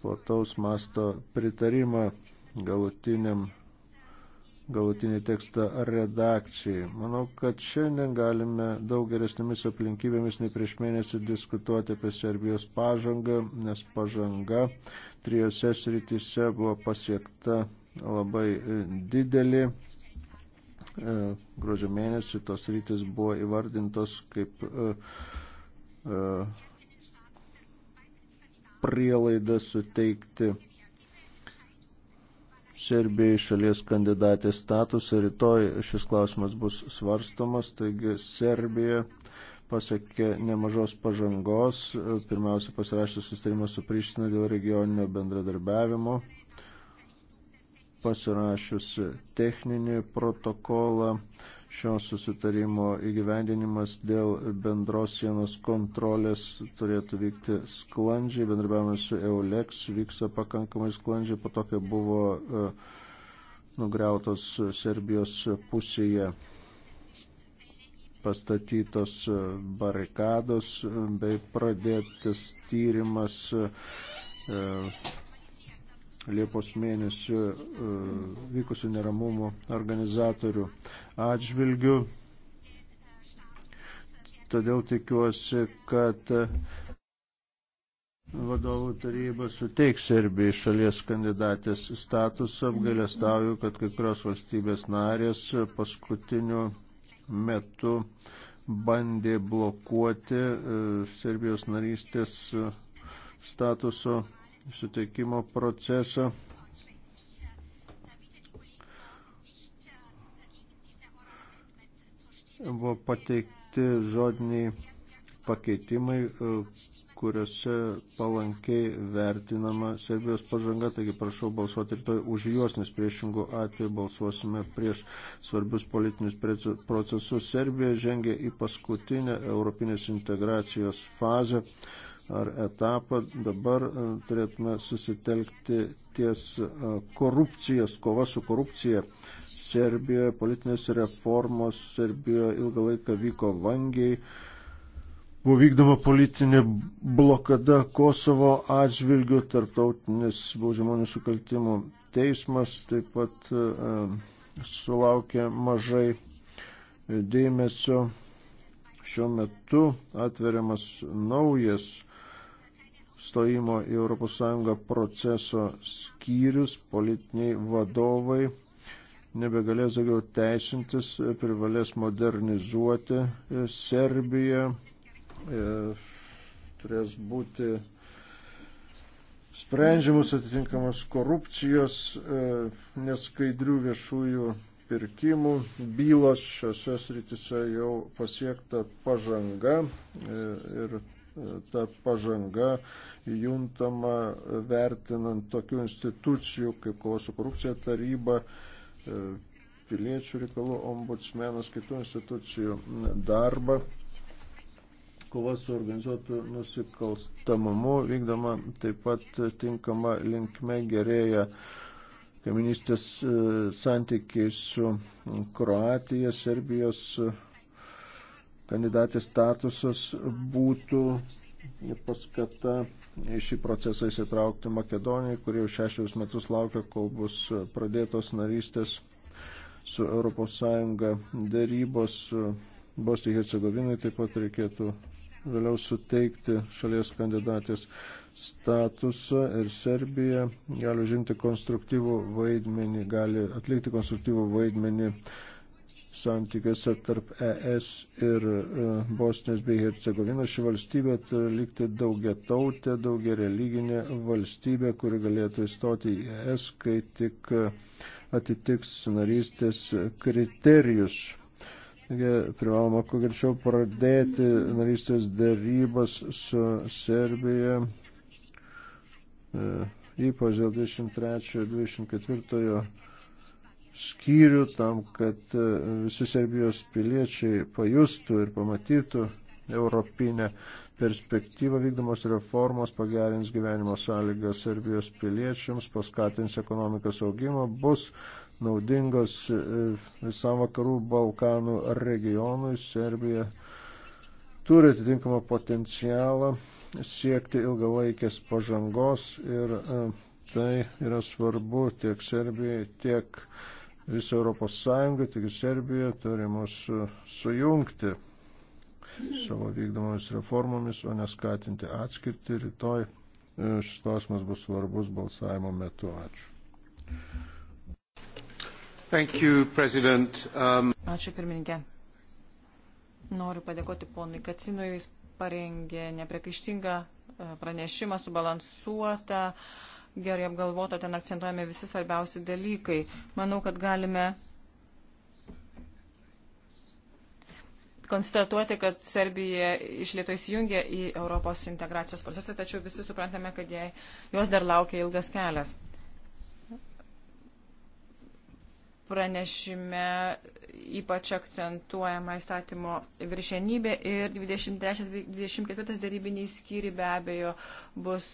plataus masto pritarimą galutiniam galutinį tekstą redakcijai. Manau, kad šiandien galime daug geresnėmis aplinkybėmis nei prieš mėnesį diskutuoti apie Serbijos pažangą, nes pažanga trijose srityse buvo pasiekta labai e, didelį. E, gruodžio mėnesį tos rytis buvo įvardintos kaip e, prielaidą suteikti Serbijai šalies kandidatės statusą. Rytoj šis klausimas bus svarstomas, taigi Serbija pasiekė nemažos pažangos, pirmiausia pasirašė sustarimą su Priština dėl regioninio bendradarbiavimo, pasirašius techninį protokolą šio susitarimo įgyvendinimas dėl bendros sienos kontrolės turėtų vykti sklandžiai, bendrabiavimas su EULEX vyksta pakankamai sklandžiai, po to, kai buvo e, nugriautos Serbijos pusėje pastatytos barikados e, bei pradėtas tyrimas e, Liepos mėnesį e, vykusių neramumų organizatorių atžvilgių. Todėl tikiuosi, kad vadovų taryba suteiks Serbijai šalies kandidatės statusą. Apgalėstauju, kad kai kurios valstybės narės paskutiniu metu bandė blokuoti e, Serbijos narystės e, statuso suteikimo procesą. Buvo pateikti žodiniai pakeitimai, e, kuriuose palankiai vertinama Serbijos pažanga, taigi prašau balsuoti rytoj už juos, nes priešingų atveju balsuosime prieš svarbius politinius procesus. Serbija žengia į paskutinę Europinės integracijos fazę ar etapą. Dabar e, turėtume susitelkti ties e, korupcijos, kova su korupcija. Serbijoje politinės reformos Serbijoje ilgą laiką vyko vangiai. Buvo vykdoma politinė blokada Kosovo atžvilgių, tarptautinis baudžiamų nusikaltimų teismas taip pat e, sulaukė mažai dėmesio. Šiuo metu atveriamas naujas stojimo į ES proceso skyrius, politiniai vadovai nebegalės daugiau teisintis, privalės modernizuoti e, Serbiją, e, turės būti sprendžiamus atitinkamas korupcijos, e, neskaidrių viešųjų pirkimų bylos šiose srityse jau pasiekta pažanga ir ta pažanga juntama vertinant tokių institucijų kaip kovos su korupcija taryba, e, piliečių reikalų ombudsmenas, kitų institucijų darbą. Kova su organizuotu nusikalstamumu vykdoma taip pat tinkama linkme gerėja kaiminystės e, santykiai su Kroatija, Serbijos kandidatės statusas būtų paskata šį procesą įsitraukti Makedonijai, kurie jau šešius metus laukia, kol bus pradėtos narystės su ES darybos. Bosnijai Hercegovinai taip pat reikėtų vėliau suteikti šalies kandidatės statusą ir Serbija gali žimti konstruktyvų vaidmenį, gali atlikti konstruktyvų vaidmenį santykiuose tarp ES ir e, Bosnijos bei Hercegovinos. Ši valstybė turi likti daugia tautė, daugia religinė valstybė, kuri galėtų įstoti į ES, kai tik e, atitiks narystės kriterijus. Taigi privaloma kuo greičiau pradėti narystės dėrybas su Serbija, e, ypač dėl 23 ir 24 skyrių tam, kad e, visi Serbijos piliečiai pajustų ir pamatytų europinę perspektyvą vykdomos reformos pagerins gyvenimo sąlygas Serbijos piliečiams, paskatins ekonomikos augimą, bus naudingos e, visam vakarų Balkanų regionui. Serbija turi atitinkamą potencialą siekti ilgalaikės pažangos ir e, tai yra svarbu tiek Serbijai, tiek visą Europos Sąjungą, tik Serbiją turi mus e, sujungti savo vykdomomis reformomis, o neskatinti atskirti rytoj. E, šis klausimas bus svarbus balsavimo metu. Ačiū. Thank you, President. Um... Ačiū pirmininkė. Noriu padėkoti ponui Kacinui, jis parengė nepriekaištingą e, pranešimą, subalansuotą. Uh, gerai apgalvota, ten akcentuojami visi svarbiausi dalykai. Manau, kad galime konstatuoti, kad Serbija išlėto įsijungia į Europos integracijos procesą, tačiau visi suprantame, kad jai, jos dar laukia ilgas kelias. pranešime ypač akcentuojama įstatymo viršenybė ir 23-24 darybiniai skyri be abejo bus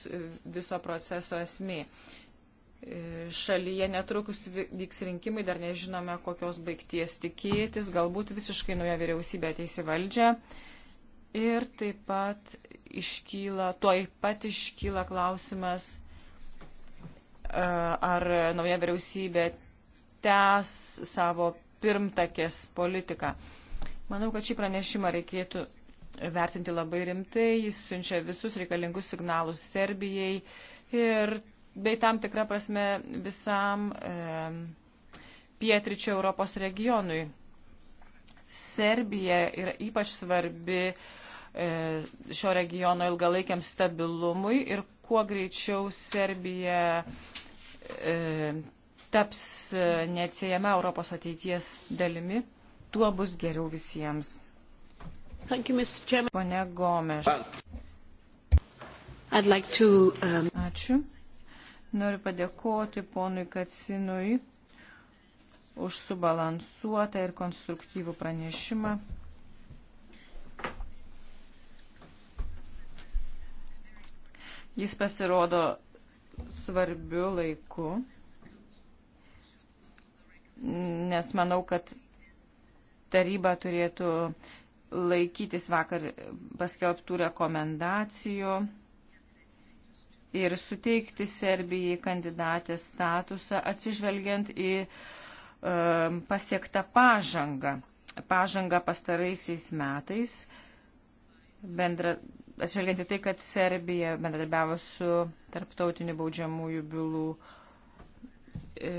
viso proceso esmė. E, šalyje netrukus vyks rinkimai, dar nežinome, kokios baigties tikėtis, galbūt visiškai nauja vyriausybė ateis į valdžią. Ir taip pat iškyla, tuoj pat iškyla klausimas, e, ar nauja vyriausybė tęs savo pirmtakės politiką. Manau, kad šį pranešimą reikėtų vertinti labai rimtai, jis siunčia visus reikalingus signalus Serbijai ir bei tam tikrą prasme visam e, pietričio Europos regionui. Serbija yra ypač svarbi e, šio regiono ilgalaikiam stabilumui ir kuo greičiau Serbija e, taps e, neatsiejama Europos ateities dalimi, tuo bus geriau visiems. You, Pone Gomeš. Like to, um... Ačiū. Noriu padėkoti ponui Kacinui už subalansuotą ir konstruktyvų pranešimą. Jis pasirodo svarbiu laiku nes manau, kad taryba turėtų laikytis vakar paskelbtų rekomendacijų ir suteikti Serbijai kandidatės statusą atsižvelgiant į e, pasiektą pažangą. Pažanga pastaraisiais metais, bendra, atsižvelgiant į tai, kad Serbija bendradarbiavo su tarptautiniu baudžiamųjų bylų E,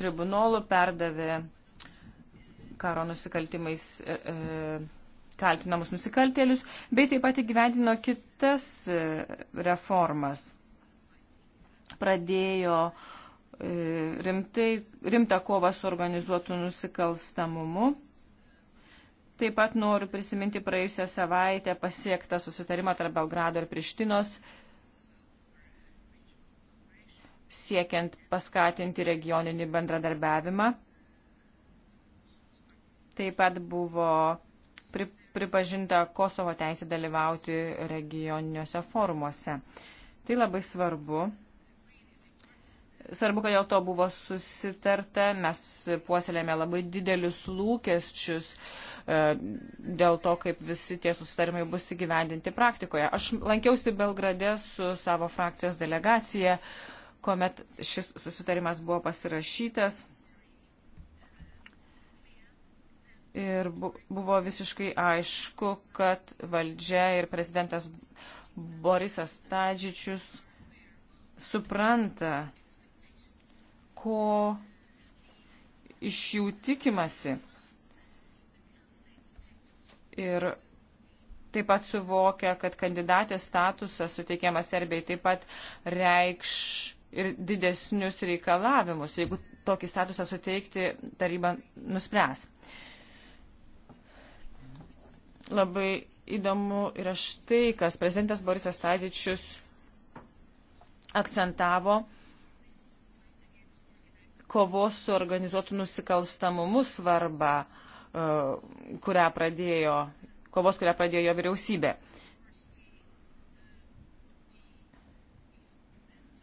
tribunolų perdavė karo nusikaltimais e, e, kaltinamus nusikaltėlius, bei taip pat įgyvendino kitas reformas. Pradėjo rimtai, rimtą kovą su organizuotu nusikalstamumu. Taip pat noriu prisiminti praėjusią savaitę pasiektą susitarimą tarp Belgrado ir Prištinos siekiant paskatinti regioninį bendradarbiavimą. Taip pat buvo pri, pripažinta Kosovo teisė dalyvauti regioniniuose forumuose. Tai labai svarbu. Svarbu, kad dėl to buvo susitarta, mes puoselėme labai didelius lūkesčius e, dėl to, kaip visi tie susitarimai bus įgyvendinti praktikoje. Aš lankiausi Belgrade su savo frakcijos delegacija, kuomet šis susitarimas buvo pasirašytas. Ir buvo visiškai aišku, kad valdžia ir prezidentas Borisas Tadžičius supranta, ko iš jų tikimasi. Ir taip pat suvokia, kad kandidatės statusas suteikiamas Serbijai taip pat reikš ir didesnius reikalavimus, jeigu tokį statusą suteikti taryba nuspręs. Labai įdomu yra štai, kas prezidentas Borisas Tadičius akcentavo kovos su organizuotų nusikalstamumu svarbą, e, kurią pradėjo, kovos, kurią pradėjo jo vyriausybė.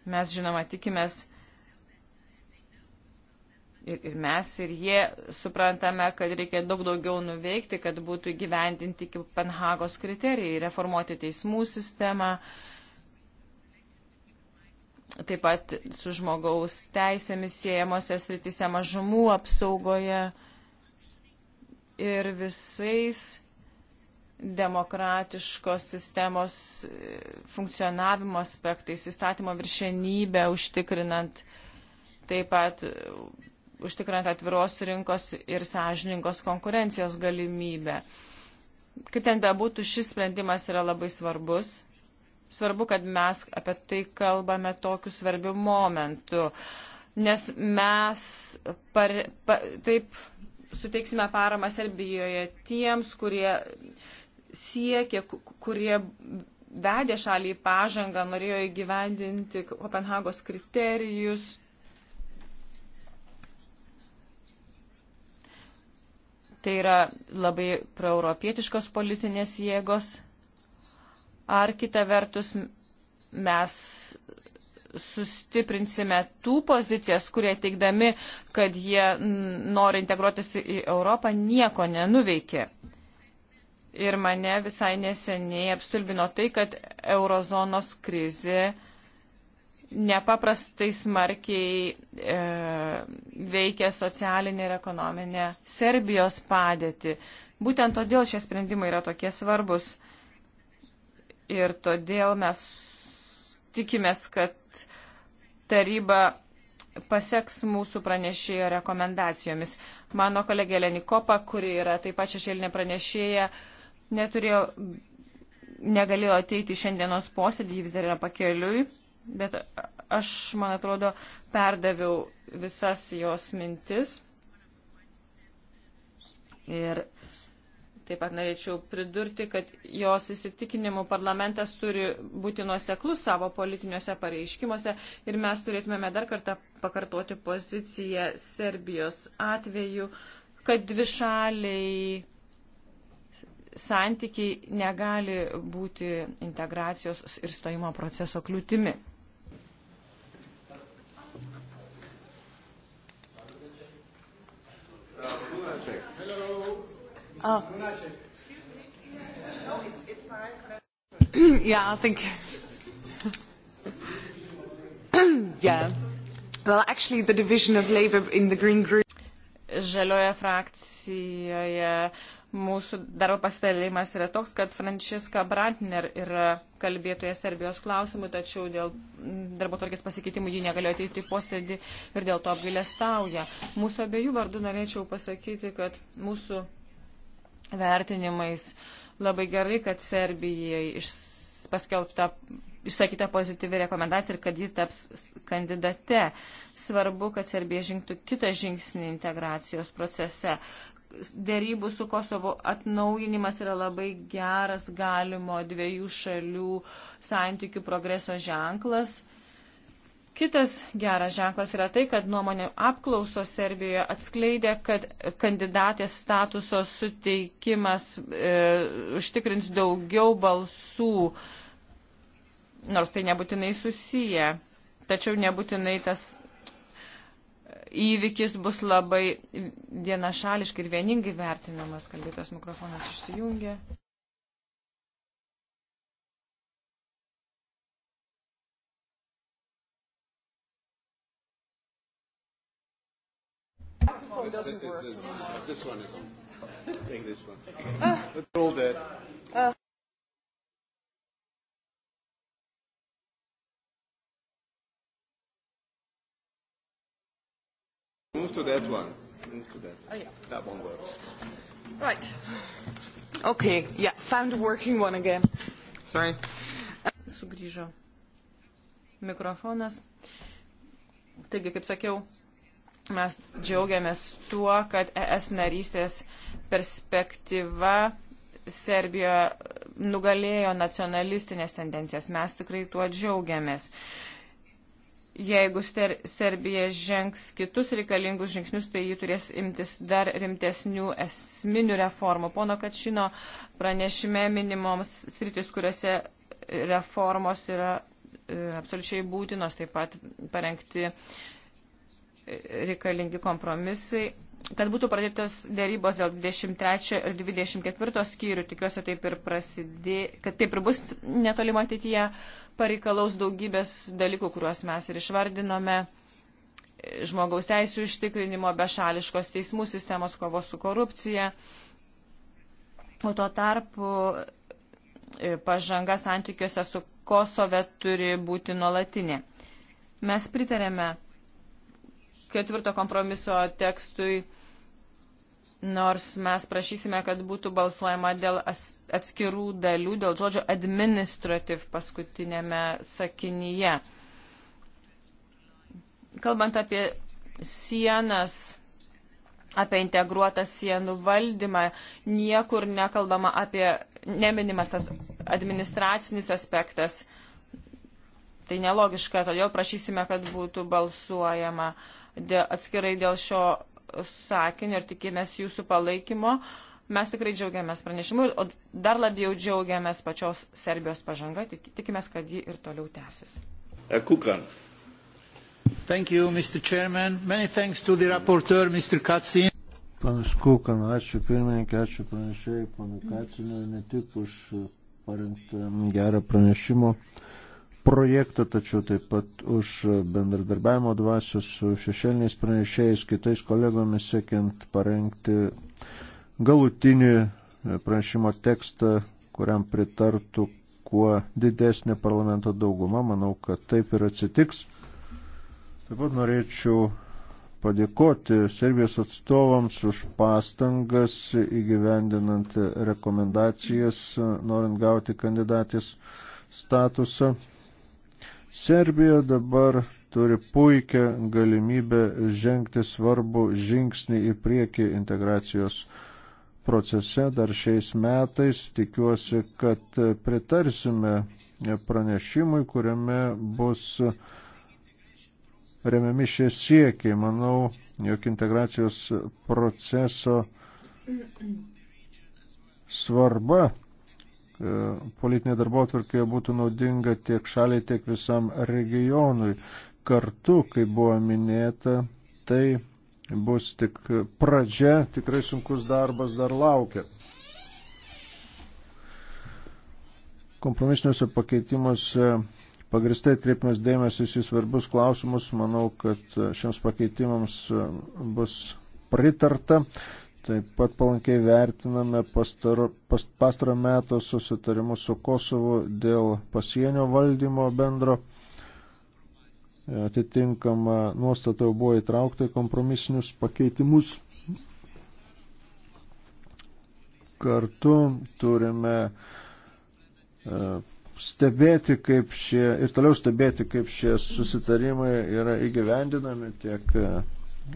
Mes, žinoma, tikimės ir, ir mes, ir jie suprantame, kad reikia daug daugiau nuveikti, kad būtų gyvendinti iki Penhagos kriterijai, reformuoti teismų sistemą, taip pat su žmogaus teisėmis siejamose sritise mažumų apsaugoje ir visais demokratiškos sistemos e, funkcionavimo aspektais, įstatymo viršenybę užtikrinant, taip pat e, užtikrinant atviros rinkos ir sąžininkos konkurencijos galimybę. Kaip ten bebūtų, šis sprendimas yra labai svarbus. Svarbu, kad mes apie tai kalbame tokiu svarbiu momentu, nes mes par, pa, taip suteiksime paramą Serbijoje tiems, kurie siekė, kurie vedė šalį į pažangą, norėjo įgyvendinti Kopenhagos kriterijus. Tai yra labai proeuropietiškos politinės jėgos. Ar kita vertus mes sustiprinsime tų pozicijas, kurie teikdami, kad jie nori integruotis į Europą, nieko nenuveikė. Ir mane visai neseniai apstulbino tai, kad eurozonos krizė nepaprastai smarkiai e, veikia socialinė ir ekonominė Serbijos padėti. Būtent todėl šie sprendimai yra tokie svarbus ir todėl mes tikimės, kad taryba paseks mūsų pranešėjo rekomendacijomis. Mano kolegė Lenikopa, kuri yra taip pat šešėlinė pranešėja, e, neturėjo, negalėjo ateiti šiandienos posėdį, vis dar yra pakeliui, bet aš, man atrodo, perdaviau visas jos mintis. Ir Taip pat norėčiau pridurti, kad jos įsitikinimų parlamentas turi būti nuoseklus savo politiniuose pareiškimuose ir mes turėtumėme dar kartą pakartoti poziciją Serbijos atveju, kad dvi šaliai santykiai negali būti integracijos ir stojimo proceso kliūtimi. Oh. yeah, I think. yeah. Well, actually, the division of labor in the Green Group žalioje frakcijoje mūsų darbo pasidalimas yra toks, kad Frančiska Brantner yra kalbėtoje Serbijos klausimų, tačiau dėl darbo tvarkės pasikeitimų ji negalėjo ateiti į posėdį ir dėl to apgailę stauja. Mūsų abiejų vardų norėčiau pasakyti, kad mūsų vertinimais labai gerai, kad Serbijai paskelbta išsakyta pozityvi rekomendacija ir kad ji taps kandidate. Svarbu, kad Serbija žingtų kitą žingsnį integracijos procese. Dėrybų su Kosovu atnaujinimas yra labai geras galimo dviejų šalių santykių progreso ženklas. Kitas geras ženklas yra tai, kad nuomonių apklausos Serbijoje atskleidė, kad kandidatės statuso suteikimas e, užtikrins daugiau balsų e, nors tai nebūtinai susiję. Tačiau nebūtinai tas įvykis bus labai vienašališkai ir vieningai vertinamas. Kalbėtos mikrofonas išsijungia. Oh, it doesn't work. This one is on. Take this one. Ah. They're all dead. Ah. Move to that one. Move to that. Oh, yeah. That one works. Right. Okay. Yeah. Found a working one again. Sorry. Sugrįžo mikrofonas. Taigi, kaip sakiau, mes džiaugiamės tuo, kad ES narystės perspektyva Serbijoje nugalėjo nacionalistinės tendencijas. Mes tikrai tuo džiaugiamės. Uh, jeigu Ser Serbija žengs kitus reikalingus žingsnius, tai ji turės imtis dar rimtesnių esminių reformų. Pono Kačino pranešime minimoms sritis, kuriuose reformos yra e, absoliučiai būtinos, taip pat parengti e, reikalingi kompromisai kad būtų pradėtos dėrybos dėl 23 ir 24 skyrių, tikiuosi taip ir prasidė, kad taip ir bus netolimo ateityje, pareikalaus daugybės dalykų, kuriuos mes ir išvardinome žmogaus teisų ištikrinimo, bešališkos teismų sistemos kovos su korupcija. O tuo tarpu e, pažanga santykiuose su Kosove turi būti nuolatinė. Mes pritarėme ketvirto kompromiso tekstui, nors mes prašysime, kad būtų balsuojama dėl atskirų dalių, dėl žodžio administrative paskutinėme sakinyje. Kalbant apie sienas, apie integruotą sienų valdymą, niekur nekalbama apie, neminimas tas administracinis aspektas. Tai nelogiška, todėl prašysime, kad būtų balsuojama. Uh, dėl, atskirai dėl šio sakinio ir tikimės jūsų palaikymo. Mes tikrai džiaugiamės pranešimu, o dar labiau džiaugiamės pačios Serbijos pažanga, tik, tikimės, kad ji ir toliau tęsis. E, Kukan. Thank you, Mr. Chairman. Many thanks to the rapporteur, Mr. Katsin. Panas Kukan, ačiū pirmininkė, ačiū pranešėjai, panu Katsinui, ne tik už parengtą gerą pranešimą projektą, tačiau taip pat už bendradarbiavimo dvasią su šešėliniais pranešėjais, kitais kolegomis siekiant parengti galutinį pranešimo tekstą, kuriam pritartų kuo didesnė parlamento dauguma. Manau, kad taip ir atsitiks. Taip pat norėčiau padėkoti Serbijos atstovams už pastangas įgyvendinant rekomendacijas, norint gauti kandidatės statusą. Serbija dabar turi puikią galimybę žengti svarbų žingsnį į priekį integracijos procese dar šiais metais. Tikiuosi, kad pritarsime pranešimui, kuriame bus remiami šie siekiai. Manau, jog integracijos proceso svarba E, politinė darbo atvarkė būtų naudinga tiek šaliai, tiek visam regionui. Kartu, kaip buvo minėta, tai bus tik pradžia, tikrai sunkus darbas dar laukia. Kompromisiniuose pakeitimuose pagristai atkreipimas dėmesys į svarbius klausimus. Manau, kad šiems pakeitimams bus pritarta. Taip pat palankiai vertiname pastaro, past, pastaro meto susitarimus su Kosovu dėl pasienio valdymo bendro. Atitinkama nuostata buvo įtraukta į kompromisinius pakeitimus. Kartu turime e, stebėti, kaip šie, ir toliau stebėti, kaip šie susitarimai yra įgyvendinami tiek e,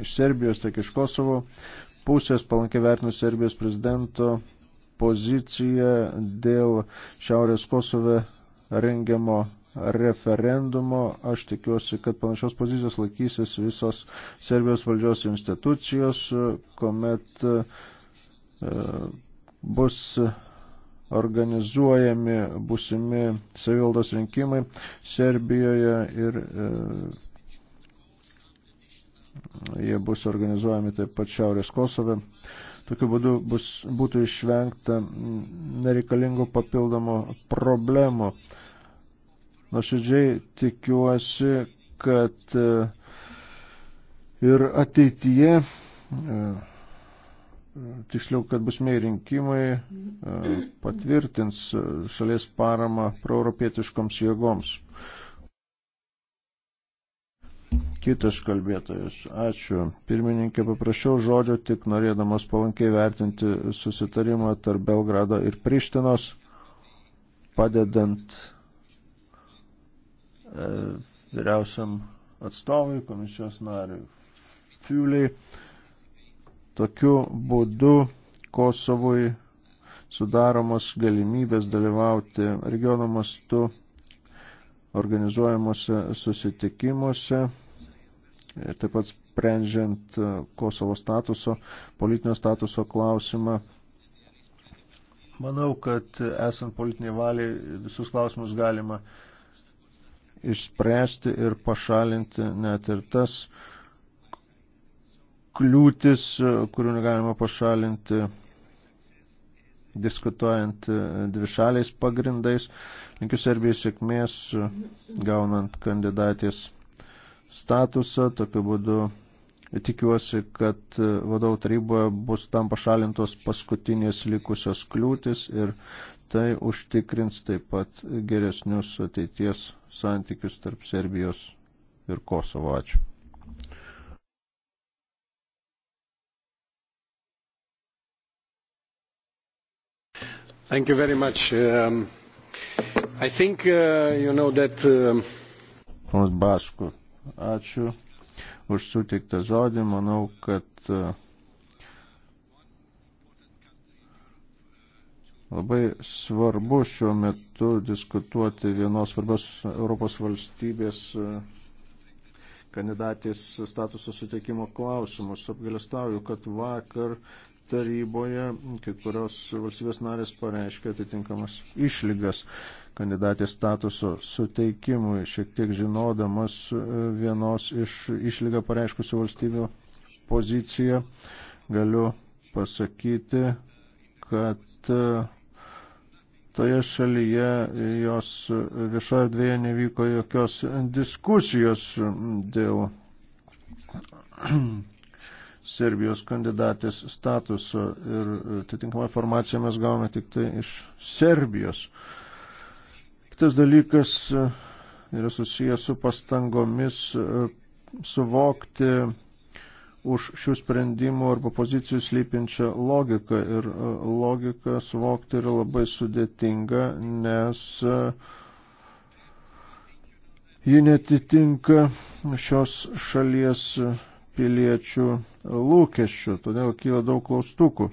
iš Serbijos, tiek iš Kosovo pusės palankiai vertina Serbijos prezidento poziciją dėl Šiaurės Kosove rengiamo referendumo. Aš tikiuosi, kad panašios pozicijos laikysis visos Serbijos valdžios institucijos, kuomet e, bus organizuojami būsimi savivaldos rinkimai Serbijoje ir e, Jie bus organizuojami taip pat Šiaurės Kosove. Tokiu būdu bus, būtų išvengta nereikalingų papildomų problemų. Nuoširdžiai tikiuosi, kad e, ir ateityje, e, tiksliau, kad busmei rinkimai e, patvirtins šalies paramą proeuropietiškoms jėgoms. Kitas kalbėtojas. Ačiū. Pirmininkė, paprašiau žodžio tik norėdamas palankiai vertinti susitarimą tarp Belgrado ir Prištinos, padedant e, vyriausiam atstovui, komisijos nariui Fiuliai. Tokiu būdu Kosovui sudaromos galimybės dalyvauti regiono mastu organizuojamuose susitikimuose ir taip pat sprendžiant e, Kosovo statuso, politinio statuso klausimą. Manau, kad esant politiniai valiai visus klausimus galima išspręsti ir pašalinti net ir tas kliūtis, e, kurių negalima pašalinti diskutuojant e, dvišaliais pagrindais. Linkiu Serbijai sėkmės, gaunant kandidatės statusą. Tokiu būdu tikiuosi, kad vadovų taryboje bus tam pašalintos paskutinės likusios kliūtis ir tai užtikrins taip pat geresnius ateities santykius tarp Serbijos ir Kosovo. Ačiū. Thank you very much. Um, I think uh, you know that. Um, Ponas Basku, Ačiū už suteiktą žodį. Manau, kad e, labai svarbu šiuo metu diskutuoti vienos svarbios Europos valstybės e, kandidatės statuso suteikimo klausimus. Apgalestauju, kad vakar taryboje kai kurios valstybės narės pareiškia atitinkamas išlygas kandidatės statuso suteikimui, šiek tiek žinodamas e, vienos iš išlygą pareiškusių valstybių poziciją, galiu pasakyti, kad e, toje šalyje jos viešoje dvieje nevyko jokios diskusijos dėl Serbijos kandidatės statuso ir atitinkamą informaciją mes gavome tik tai iš Serbijos. Uh, Kitas dalykas e, yra susijęs su pastangomis e, suvokti už šių sprendimų arba pozicijų slypinčią logiką. Ir e, logiką suvokti yra labai sudėtinga, nes ji netitinka šios šalies piliečių lūkesčių, todėl kyla daug klaustukų.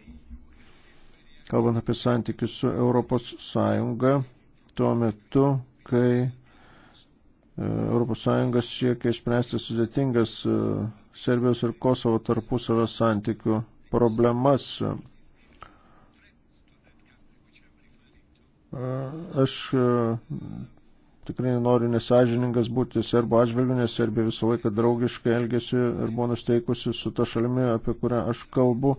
Kalbant apie santykius su Europos Sąjunga, tuo metu, kai ES siekia išspręsti sudėtingas e, Serbijos ir Kosovo tarpusavio santykių problemas. E, aš e, tikrai noriu nesažiningas būti serbo atžvilgiu, nes Serbija visą laiką draugiškai elgesi ir buvo nusteikusi su ta šalimi, apie kurią aš kalbu.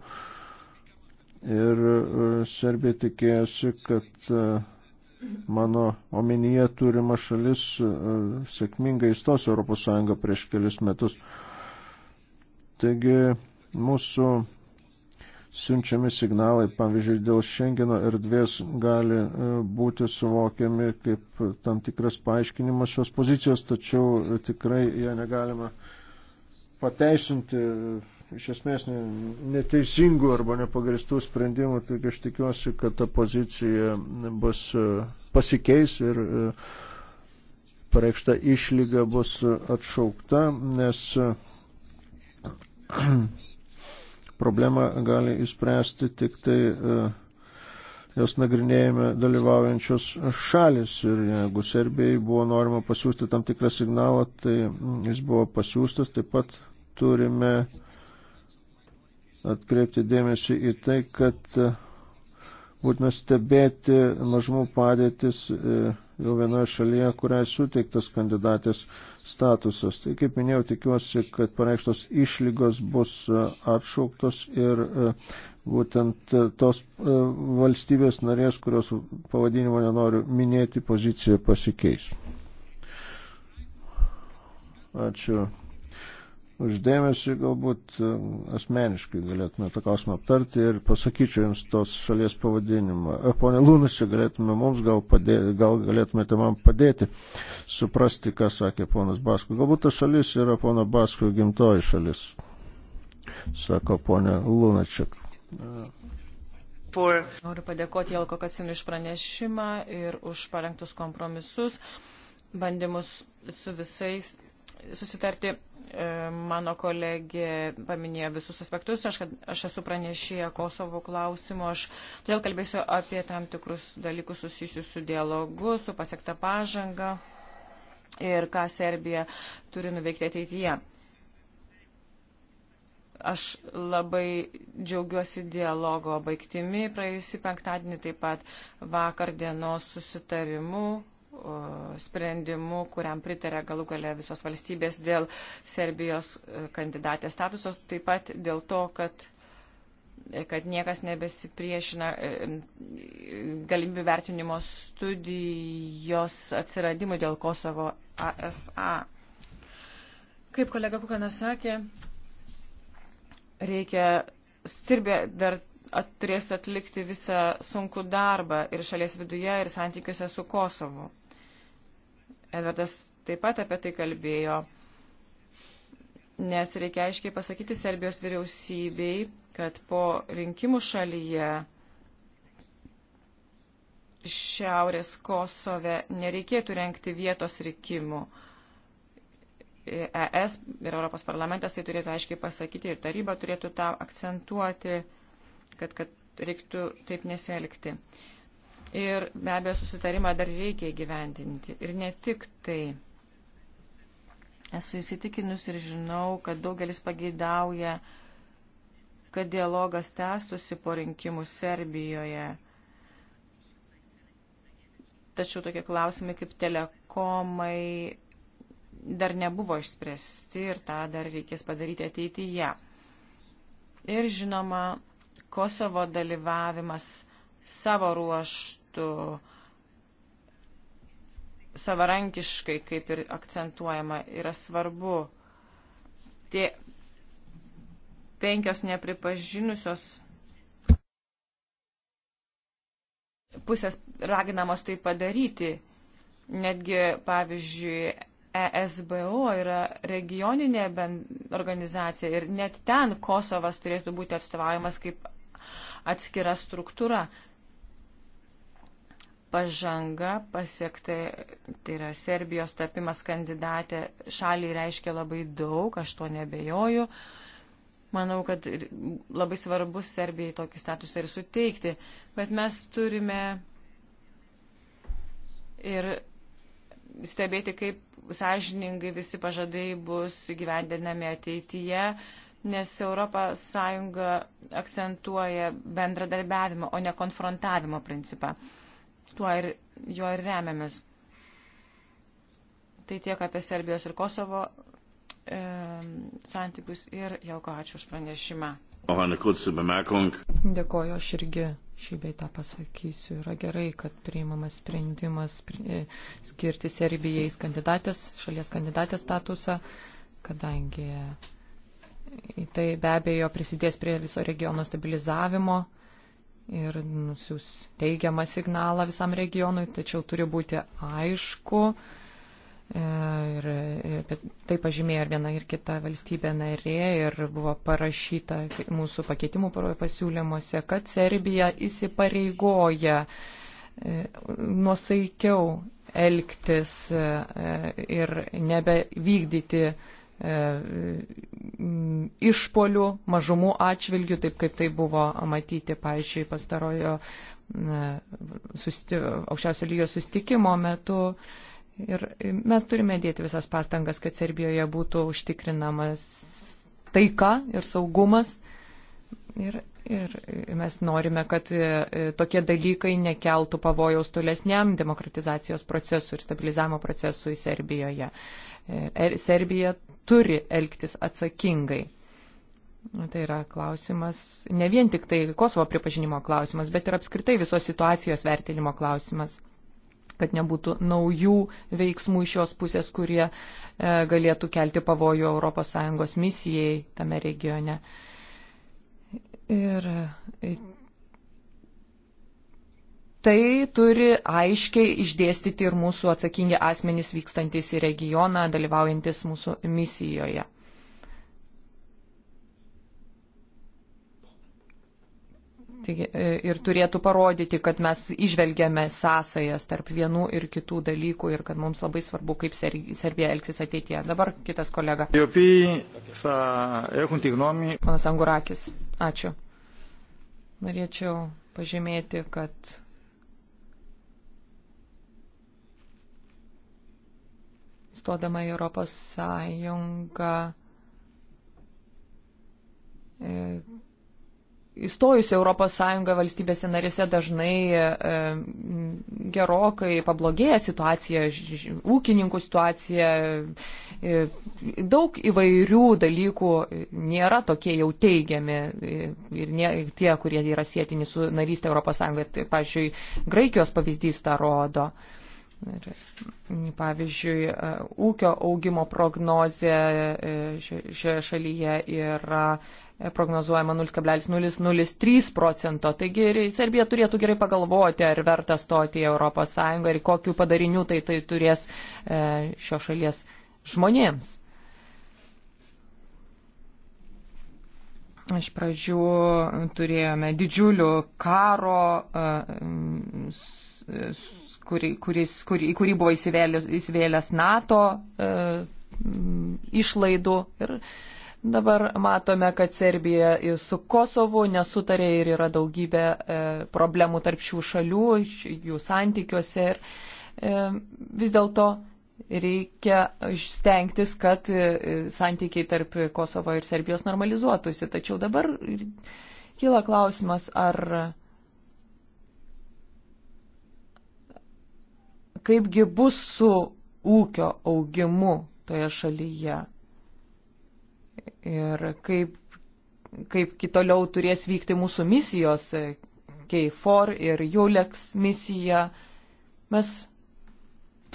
Ir Serbija tikėjosi, kad mano omenyje turima šalis e, sėkmingai įstos Europos Sąjungą prieš kelis metus. Taigi mūsų siunčiami signalai, pavyzdžiui, dėl Šengeno erdvės gali e, būti suvokiami kaip tam tikras paaiškinimas šios pozicijos, tačiau e, tikrai ją negalima pateisinti iš esmės neteisingų arba nepagristų sprendimų, tik aš tikiuosi, kad ta pozicija bus e, pasikeis ir e, pareikšta išlyga bus atšaukta, nes e, problemą gali įspręsti tik tai jos nagrinėjime dalyvaujančios šalis. Ir jeigu Serbijai buvo norima pasiūsti tam tikrą signalą, tai jis buvo pasiūstas. Taip pat turime uh, atkreipti dėmesį į tai, kad e, būtina stebėti mažumų padėtis e, jau vienoje šalyje, kuriai suteiktas kandidatės statusas. Tai kaip minėjau, tikiuosi, kad pareikštos išlygos bus e, atšauktos ir būtent tos valstybės narės, kurios pavadinimo nenoriu minėti, pozicija pasikeis. Ačiū uždėmesi, galbūt e, asmeniškai galėtume tą klausimą aptarti ir pasakyčiau Jums tos šalies pavadinimą. E, pone Lūnas, čia galėtume mums gal, padė, gal galėtumėte man padėti suprasti, ką sakė ponas Baskų. Galbūt ta šalis yra pono Baskų gimtoji šalis, sako ponė Lūnačiak. Noriu padėkoti Jelko Kacinui iš pranešimą ir už parengtus kompromisus, bandymus su visais susitarti E, mano kolegė paminėjo visus aspektus, aš, kad, aš esu pranešėja Kosovo klausimu, aš todėl kalbėsiu apie tam tikrus dalykus susijusius su dialogu, su pasiekta pažanga ir ką Serbija turi nuveikti ateityje. Aš labai džiaugiuosi dialogo baigtimi praėjusį penktadienį, taip pat vakar dienos susitarimu sprendimu, kuriam pritarė galų gale visos valstybės dėl Serbijos e, kandidatės statusos, taip pat dėl to, kad e, kad niekas nebesipriešina e, galimybių vertinimo studijos atsiradimui dėl Kosovo ASA. Kaip kolega Kukanas sakė, reikia, Sirbija dar at, turės atlikti visą sunkų darbą ir šalies viduje, ir santykiuose su Kosovu. Edvardas taip pat apie tai kalbėjo, nes reikia aiškiai pasakyti Serbijos vyriausybei, kad po rinkimų šalyje Šiaurės Kosove nereikėtų renkti vietos rinkimų. ES e ir Europos parlamentas tai turėtų aiškiai pasakyti ir taryba turėtų tą akcentuoti, kad, kad reiktų taip nesielgti. Uh, Ir be abejo, susitarimą dar reikia įgyvendinti. Ir ne tik tai. Esu įsitikinus ir žinau, kad daugelis pageidauja, kad dialogas tęstusi po rinkimų Serbijoje. Tačiau tokie klausimai kaip telekomai dar nebuvo išspręsti ir tą dar reikės padaryti ateityje. Ir žinoma, Kosovo dalyvavimas savo ruoštų būtų savarankiškai, kaip ir akcentuojama, yra svarbu. Tie penkios nepripažinusios pusės raginamos tai padaryti. Netgi, pavyzdžiui, ESBO yra regioninė organizacija ir net ten Kosovas turėtų būti atstovaujamas kaip atskira struktūra pažanga pasiekta, tai yra Serbijos tapimas kandidatė šaliai reiškia labai daug, aš to nebejoju. Manau, kad labai svarbus Serbijai tokį statusą ir suteikti, bet mes turime ir stebėti, kaip sąžiningai visi pažadai bus gyvendinami ateityje, nes ES akcentuoja bendradarbiavimo, o ne konfrontavimo principą tuo ir juo ir remiamės. Tai tiek apie Serbijos ir Kosovo e, santykius ir jau ką ačiū už pranešimą. Dėkoju, aš irgi šį beitą pasakysiu. Yra gerai, kad priimamas sprendimas e, skirti Serbijai kandidatės, šalies kandidatės statusą, kadangi tai be abejo prisidės prie viso regiono stabilizavimo ir nusiūs teigiamą signalą visam regionui, tačiau turi būti aišku. E, ir, ir tai pažymėjo ir viena ir kita valstybė narė ir buvo parašyta mūsų pakeitimų pasiūlymuose, kad Serbija įsipareigoja e, nuosaikiau elgtis e, ir nebevykdyti E, išpolių mažumų atžvilgių, taip kaip tai buvo matyti, paaiškiai, pastarojo e, susti, aukščiausio lygio sustikimo metu. Ir mes turime dėti visas pastangas, kad Serbijoje būtų užtikrinamas taika ir saugumas. Ir, ir mes norime, kad e, tokie dalykai nekeltų pavojaus tolesniam demokratizacijos procesui ir stabilizavimo procesui Serbijoje. Er, Serbija turi elgtis atsakingai. Tai yra klausimas, ne vien tik tai Kosovo pripažinimo klausimas, bet ir apskritai visos situacijos vertinimo klausimas, kad nebūtų naujų veiksmų iš jos pusės, kurie e, galėtų kelti pavojų ES misijai tame regione. Ir e, tai turi aiškiai išdėstyti ir mūsų atsakingi asmenys vykstantis į regioną, dalyvaujantis mūsų misijoje. Taigi, e, ir turėtų parodyti, kad mes išvelgiame sąsajas tarp vienų ir kitų dalykų ir kad mums labai svarbu, kaip Serbija elgsis ateityje. Dabar kitas kolega. Panas Angurakis, ačiū. Norėčiau pažymėti, kad stodama į Europos Sąjungą, e, įstojus Europos Sąjungą valstybėse narėse dažnai e, gerokai pablogėja situacija, ūkininkų situacija, e, daug įvairių dalykų nėra tokie jau teigiami ir ne, tie, kurie yra sėtini su narystė Europos Sąjungoje, tai, pažiūrėjau, Graikijos pavyzdys tą rodo. E, Ir, mm, pavyzdžiui, e, ūkio augimo prognozė e, šioje šalyje yra e, prognozuojama 0,003 procento. Taigi Serbija turėtų gerai pagalvoti, ar verta stoti į ES ir kokiu padariniu tai, tai turės šio šalies žmonėms. Iš pradžių turėjome didžiulių karo kuri, kuris, kuri, į kurį buvo įsivėlęs, įsivėlęs NATO e, išlaidų. Ir dabar matome, kad Serbija su Kosovu nesutarė ir yra daugybė e, problemų tarp šių šalių, jų santykiuose. Ir, e, vis dėlto reikia stengtis, kad e, santykiai tarp Kosovo ir Serbijos normalizuotųsi. Tačiau dabar kyla klausimas, ar kaipgi bus su ūkio augimu toje šalyje ir kaip, kaip toliau turės vykti mūsų misijos, e, KFOR ir JULEX misija. Mes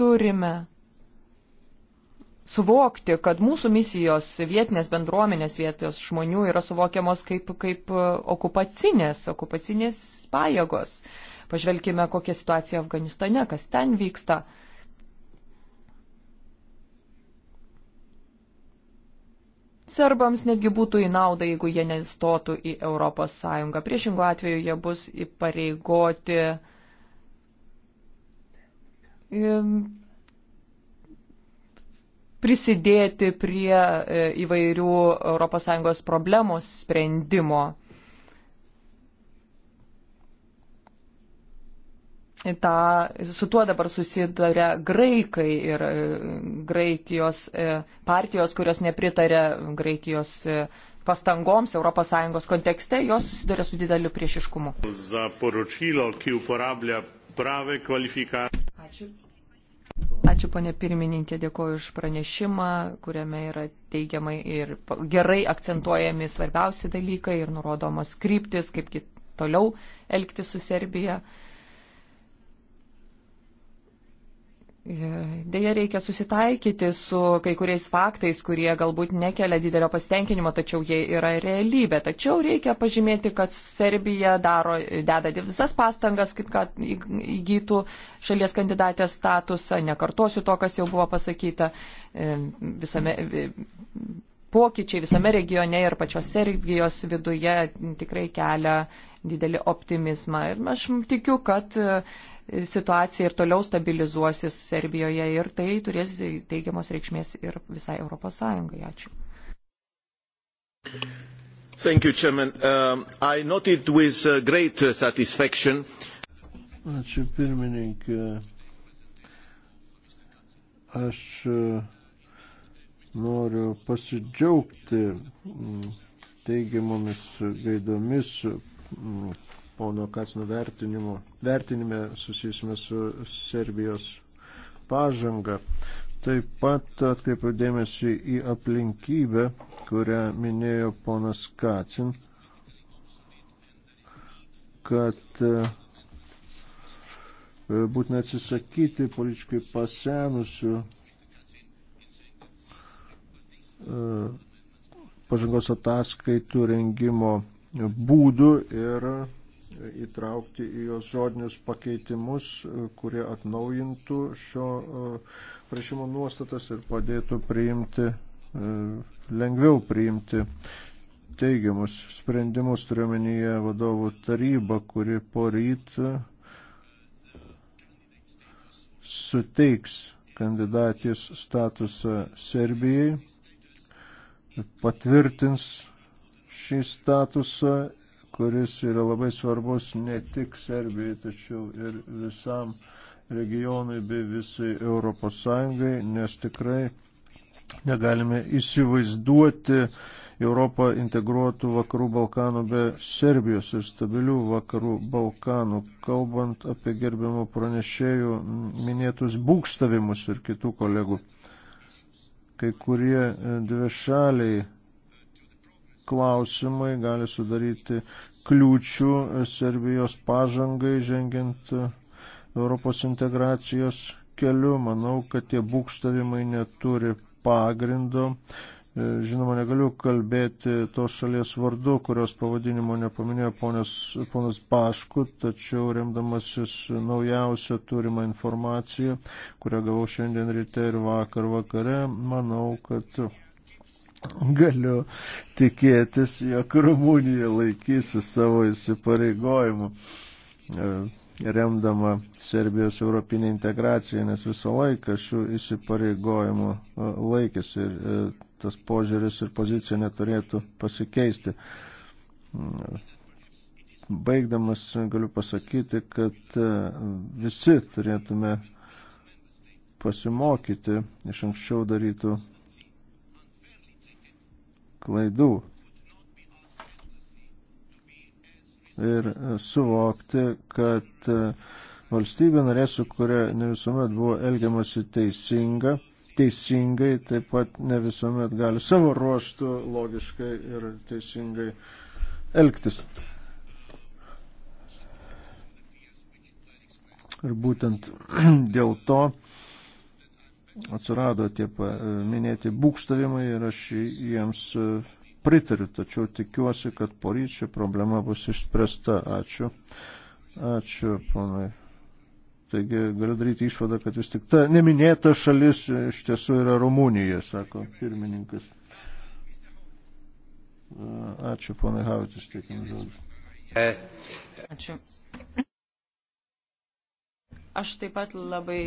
turime suvokti, kad mūsų misijos vietinės bendruomenės vietos žmonių yra suvokiamos kaip, kaip okupacinės, okupacinės pajėgos. Uh, Pažvelkime, kokia situacija Afganistane, kas ten vyksta. Serbams netgi būtų į naudą, jeigu jie nestotų į ES. Priešingų atveju jie bus įpareigoti prisidėti prie e, įvairių ES problemos sprendimo. Ta, su tuo dabar susiduria graikai ir e, graikijos e, partijos, kurios nepritarė graikijos e, pastangoms ES kontekste, jos susiduria su dideliu priešiškumu. Za poročilo, ki uporablja prave kvalifikacije. Ačiū. Ačiū, ponė pirmininkė, dėkoju už pranešimą, kuriame yra teigiamai ir gerai akcentuojami svarbiausi dalykai ir nurodomos kryptis, kaip toliau elgti su Serbija. Uh, Deja, reikia susitaikyti su kai kuriais faktais, kurie galbūt nekelia didelio pasitenkinimo, tačiau jie yra realybė. Tačiau reikia pažymėti, kad Serbija daro, deda visas pastangas, kaip kad įgytų šalies kandidatės statusą. Nekartosiu to, kas jau buvo pasakyta e, visame. E, pokyčiai visame regione ir pačios Serbijos viduje tikrai kelia didelį optimizmą. Ir aš tikiu, kad situacija ir toliau stabilizuosis Serbijoje ir tai turės teigiamos reikšmės ir visai Europos Sąjungai. Ačiū. Thank you, Chairman. Um, I noted with uh, great uh, satisfaction. Ačiū pirmininkė. Aš uh, noriu pasidžiaugti mm, teigiamomis gaidomis mm, pono Kacino vertinime susijusime su Serbijos pažanga. Taip pat atkreipiu dėmesį į aplinkybę, kurią minėjo ponas Kacin, kad e, būtina atsisakyti politiškai pasenusių e, pažangos ataskaitų rengimo būdų ir įtraukti į jos žodinius pakeitimus, kurie atnaujintų šio e, prašymo nuostatas ir padėtų priimti, e, lengviau priimti teigiamus sprendimus, turiuomenyje vadovų taryba, kuri poryt e, suteiks kandidatės statusą Serbijai, patvirtins šį statusą kuris yra labai svarbus ne tik Serbijai, tačiau ir visam regionui bei visai Europos Sąjungai, nes tikrai negalime įsivaizduoti Europą integruotų vakarų Balkanų be Serbijos ir stabilių vakarų Balkanų, kalbant apie gerbiamų pranešėjų minėtus būkstavimus ir kitų kolegų. Kai kurie dvišaliai klausimai gali sudaryti kliūčių Serbijos pažangai žengiant e, Europos integracijos keliu. Manau, kad tie būkštavimai neturi pagrindo. E, žinoma, negaliu kalbėti tos šalies vardu, kurios pavadinimo nepaminėjo ponas, ponas Pašku, tačiau remdamasis naujausią turimą informaciją, kurią gavau šiandien ryte ir vakar vakare, manau, kad galiu tikėtis, jog Rumunija laikysi savo įsipareigojimų e, remdama Serbijos europinę integraciją, nes visą laiką šių įsipareigojimų e, laikėsi ir e, tas požiūris ir pozicija neturėtų pasikeisti. Mm, baigdamas galiu pasakyti, kad visi turėtume pasimokyti iš anksčiau darytų klaidų ir e, suvokti, kad e, valstybė narė, su kuria ne visuomet buvo elgiamasi teisinga, teisingai taip pat ne visuomet gali savo ruoštų logiškai ir teisingai elgtis. Ir būtent dėl to atsirado tie e, minėti būkštavimai ir aš jiems e, pritariu, tačiau tikiuosi, kad poryčio problema bus išspręsta. Ačiū. Ačiū, ponai. Taigi galiu daryti išvadą, kad vis tik ta neminėta šalis iš tiesų yra Rumunija, sako pirmininkas. E, ačiū, ponai Hautis, teikim žodžiu. Ačiū. Aš taip pat labai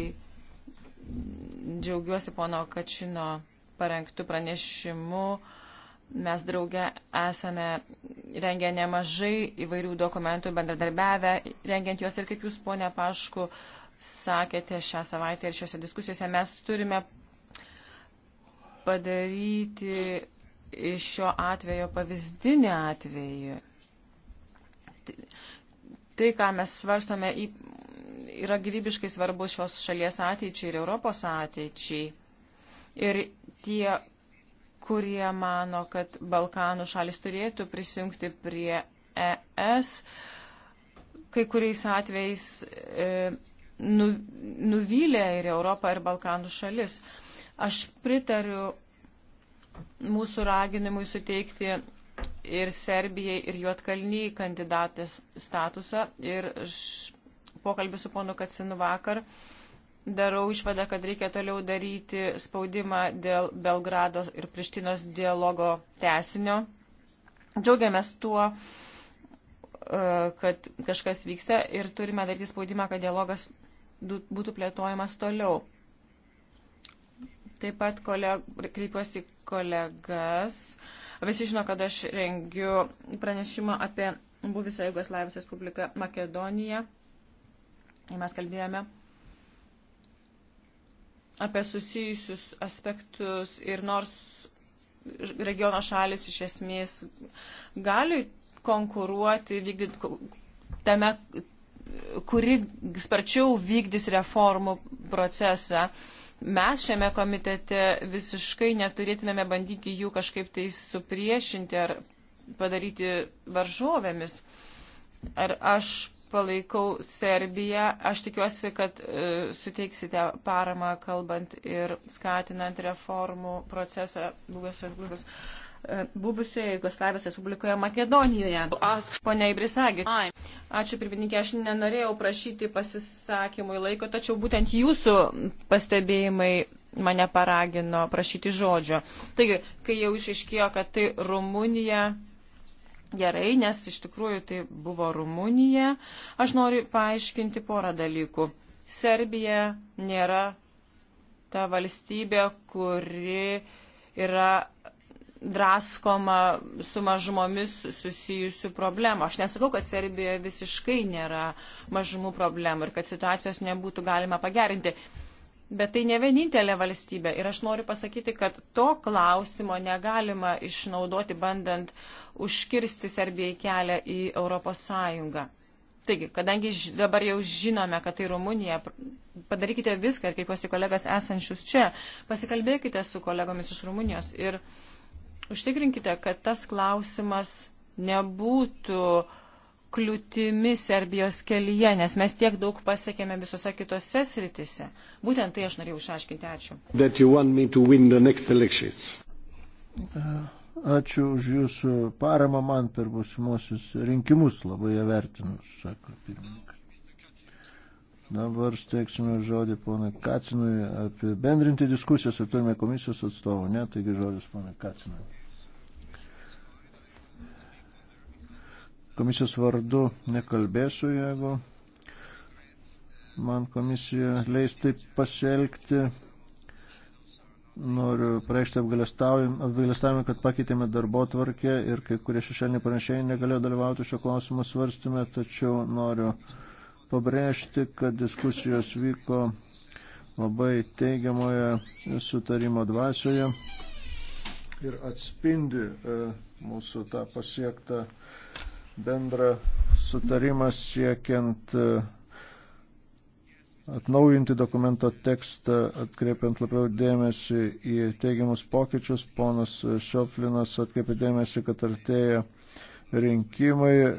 džiaugiuosi pono Kačino parengtų pranešimų. Mes drauge esame rengę nemažai įvairių dokumentų, bendradarbiavę, rengiant juos ir kaip jūs, ponė Pašku, sakėte šią savaitę ir šiuose diskusijose, mes turime padaryti iš šio atvejo pavyzdinį atvejį. Tai, ką mes svarstome, yra gyvybiškai svarbus šios šalies ateičiai ir Europos ateičiai. Ir tie, kurie mano, kad Balkanų šalis turėtų prisijungti prie ES, kai kuriais atvejais e, nu, nuvylė ir Europą, ir Balkanų šalis. Aš pritariu mūsų raginimui suteikti ir Serbijai, ir Juotkalnyje kandidatės statusą ir pokalbį su ponu Katsinu vakar, darau išvadą, kad reikia toliau daryti spaudimą dėl Belgrado ir Prištinos dialogo tesinio. Džiaugiamės tuo, e, kad kažkas vyksta ir turime daryti spaudimą, kad dialogas būtų plėtojamas toliau. Taip pat koleg... kreipiuosi kolegas. Visi žino, kad aš rengiu pranešimą apie buvusią Jugoslavijos Respubliką Makedoniją. Mes kalbėjome apie susijusius aspektus ir nors regiono šalis iš esmės gali konkuruoti, vykdyti tame, kuri sparčiau vykdys reformų procesą. Mes šiame komitete visiškai neturėtumėme bandyti jų kažkaip tai supriešinti ar padaryti varžovėmis. Ar aš palaikau Serbiją. Aš tikiuosi, kad e, suteiksite paramą, kalbant ir skatinant reformų procesą Bulgarijos e, buvusioje Jugoslavijos Respublikoje Makedonijoje. Pone Ibrisagi, ačiū pirmininkė, aš nenorėjau prašyti pasisakymui laiko, tačiau būtent jūsų pastebėjimai mane paragino prašyti žodžio. Taigi, kai jau išaiškėjo, kad tai Rumunija gerai, nes iš tikrųjų tai buvo Rumunija. Aš noriu paaiškinti porą dalykų. Serbija nėra ta valstybė, kuri yra draskoma su mažumomis susijusių problemų. Aš nesakau, kad Serbijoje visiškai nėra mažumų problemų ir kad situacijos nebūtų galima pagerinti. Bet tai ne vienintelė valstybė. Ir aš noriu pasakyti, kad to klausimo negalima išnaudoti, bandant užkirsti Serbijai kelią į Europos Sąjungą. Taigi, kadangi dabar jau žinome, kad tai Rumunija, padarykite viską ir kreipiuosi kolegas esančius čia, pasikalbėkite su kolegomis iš Rumunijos ir užtikrinkite, kad tas klausimas nebūtų uh, kliūtimi Serbijos kelyje, nes mes tiek daug pasiekėme visose kitose sritise. Būtent tai aš norėjau išaiškinti. Ačiū. Uh, ačiū už jūsų paramą man per būsimosius rinkimus, labai ją vertinu, sako pirmininkas. Dabar steiksime žodį ponui Kacinui apibendrinti diskusijas, ar turime komisijos atstovų, ne, taigi žodis ponui Kacinui. komisijos vardu nekalbėsiu, jeigu man komisija leis taip pasielgti. Noriu praeikšti apgailestavimą, kad pakeitėme darbo tvarkę ir kai kurie šešėliniai pranešėjai negalėjo dalyvauti šio klausimo svarstymė, tačiau noriu pabrėžti, kad diskusijos vyko labai teigiamoje sutarimo dvasioje ir atspindi e, mūsų tą pasiektą bendrą sutarimą siekiant e, atnaujinti dokumento tekstą, atkreipiant labiau dėmesį į teigiamus pokyčius. Ponas Šioflinas atkreipė dėmesį, kad artėja rinkimai e,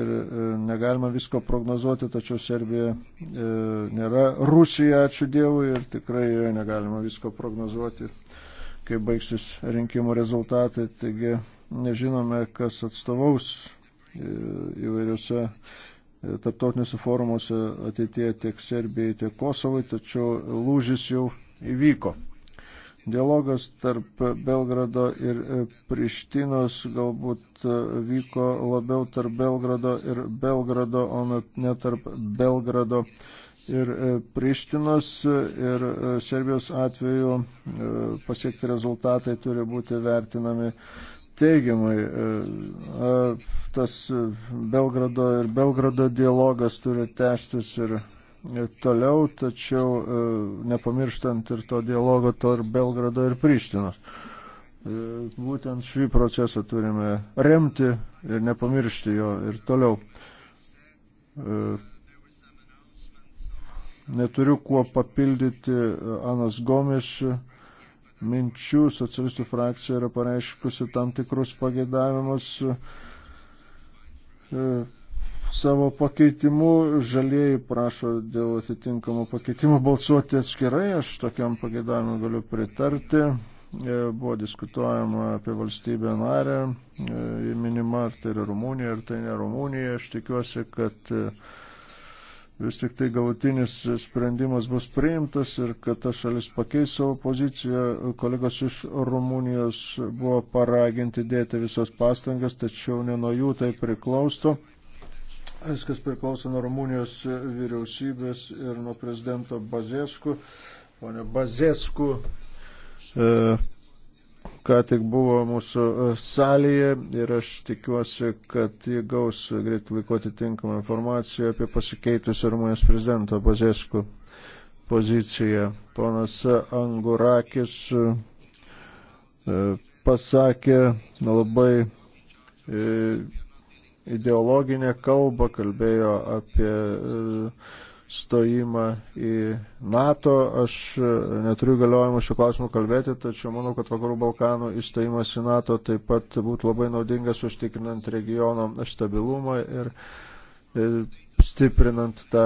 ir e, negalima visko prognozuoti, tačiau Serbija nėra Rusija, ačiū Dievui, ir tikrai negalima visko prognozuoti, kai baigsis rinkimų rezultatai. Taigi nežinome, kas atstovaus įvairiose e, tarptautinėse forumuose ateitie tiek Serbijai, tiek Kosovai, tačiau lūžis jau įvyko. Dialogas tarp Belgrado ir e, Prištinos galbūt e, vyko labiau tarp Belgrado ir Belgrado, o ne tarp Belgrado ir Prištinos. Ir Serbijos atveju pasiekti rezultatai turi būti vertinami teigiamai. E, tas Belgrado ir Belgrado dialogas turi tęstis ir toliau, tačiau e, nepamirštant ir to dialogo tarp Belgrado ir Prištinos. E, būtent šį procesą turime remti ir nepamiršti jo ir toliau. Neturiu kuo papildyti Anas Gomiš minčių. Socialistų frakcija yra pareiškusi tam tikrus pagėdavimus e, savo pakeitimu. Žalieji prašo dėl atitinkamų pakeitimų balsuoti atskirai. Aš tokiam pagėdavimui galiu pritarti. E, buvo diskutuojama apie valstybę narę, e, minima ar tai yra Rumunija, ar tai ne Rumunija. Aš tikiuosi, kad vis tik tai galutinis sprendimas bus priimtas ir kad ta šalis pakeis savo poziciją. Kolegos iš Rumunijos buvo paraginti dėti visas pastangas, tačiau ne nuo jų tai priklausto. Viskas priklauso nuo Rumunijos vyriausybės ir nuo prezidento Bazėskų. Pone Bazėskų e, ką tik buvo mūsų e, salėje ir aš tikiuosi, kad jie gaus greit laiku atitinkamą informaciją apie pasikeitusią Rumunijos prezidento Bazėskų poziciją. Ponas Angurakis e, pasakė labai e, ideologinę kalbą, kalbėjo apie stojimą į NATO. Aš e, neturiu galiojimų šio klausimu kalbėti, tačiau manau, kad Vakarų Balkanų įstojimas į NATO taip pat būtų labai naudingas užtikrinant regiono stabilumą ir e, stiprinant tą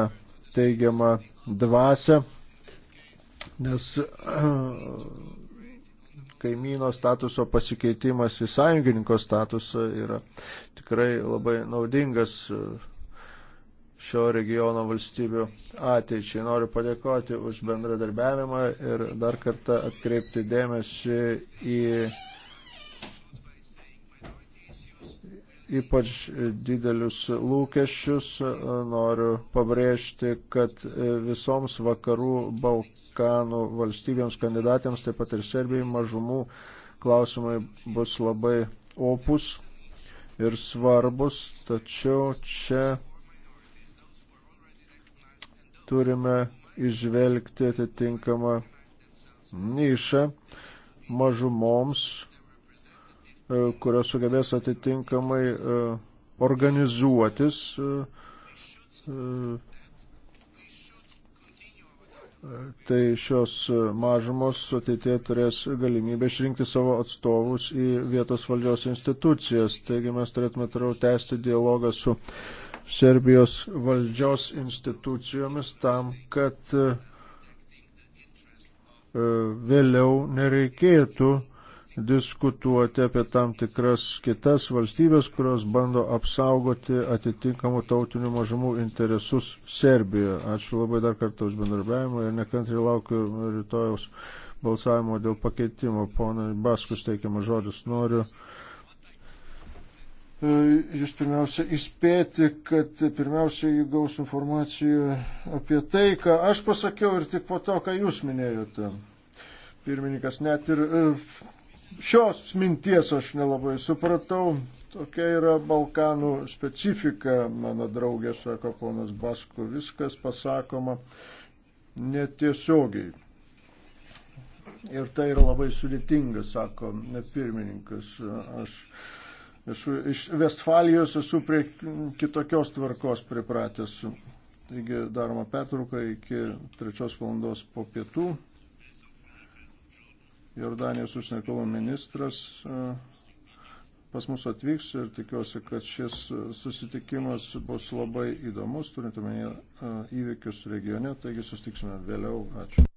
teigiamą dvasę, nes kaimyno statuso pasikeitimas į sąjungininko statusą yra tikrai labai naudingas e, šio regiono valstybių ateičiai. Noriu padėkoti už bendradarbiavimą ir dar kartą atkreipti dėmesį į ypač didelius lūkesčius. Noriu pabrėžti, kad visoms vakarų Balkanų valstybėms kandidatėms, taip pat ir Serbijai, mažumų klausimai bus labai opus ir svarbus, tačiau čia turime išvelgti atitinkamą nišą mažumoms, e, kurios sugebės atitinkamai e, organizuotis e, tai šios mažumos ateitie turės galimybę išrinkti savo atstovus į vietos valdžios institucijas. Taigi mes turėtume toliau tęsti dialogą su Serbijos valdžios institucijomis tam, kad e, e, vėliau nereikėtų diskutuoti apie tam tikras kitas valstybės, kurios bando apsaugoti atitinkamų tautinių mažumų interesus Serbijoje. Ačiū labai dar kartą už bendarbiavimą ir nekantriai laukiu rytojaus balsavimo dėl pakeitimo. Pone Baskus teikiamas žodis noriu. E, jūs pirmiausia įspėti, kad pirmiausia įgaus informaciją apie tai, ką aš pasakiau ir tik po to, ką jūs minėjote. Pirmininkas, net ir e, šios minties aš nelabai supratau. Tokia yra Balkanų specifika, mano draugė, sako ponas Basko, viskas pasakoma netiesiogiai. Ir tai yra labai sudėtinga, sako pirmininkas. Aš esu, iš Vestfalijos esu prie kitokios tvarkos pripratęs. Taigi daroma pertrauka iki trečios valandos po pietų. Jordanijos užsienio ministras e, pas mus atvyks ir tikiuosi, kad šis susitikimas bus labai įdomus, turint omenyje e, įvykius regione, taigi susitiksime vėliau. Ačiū.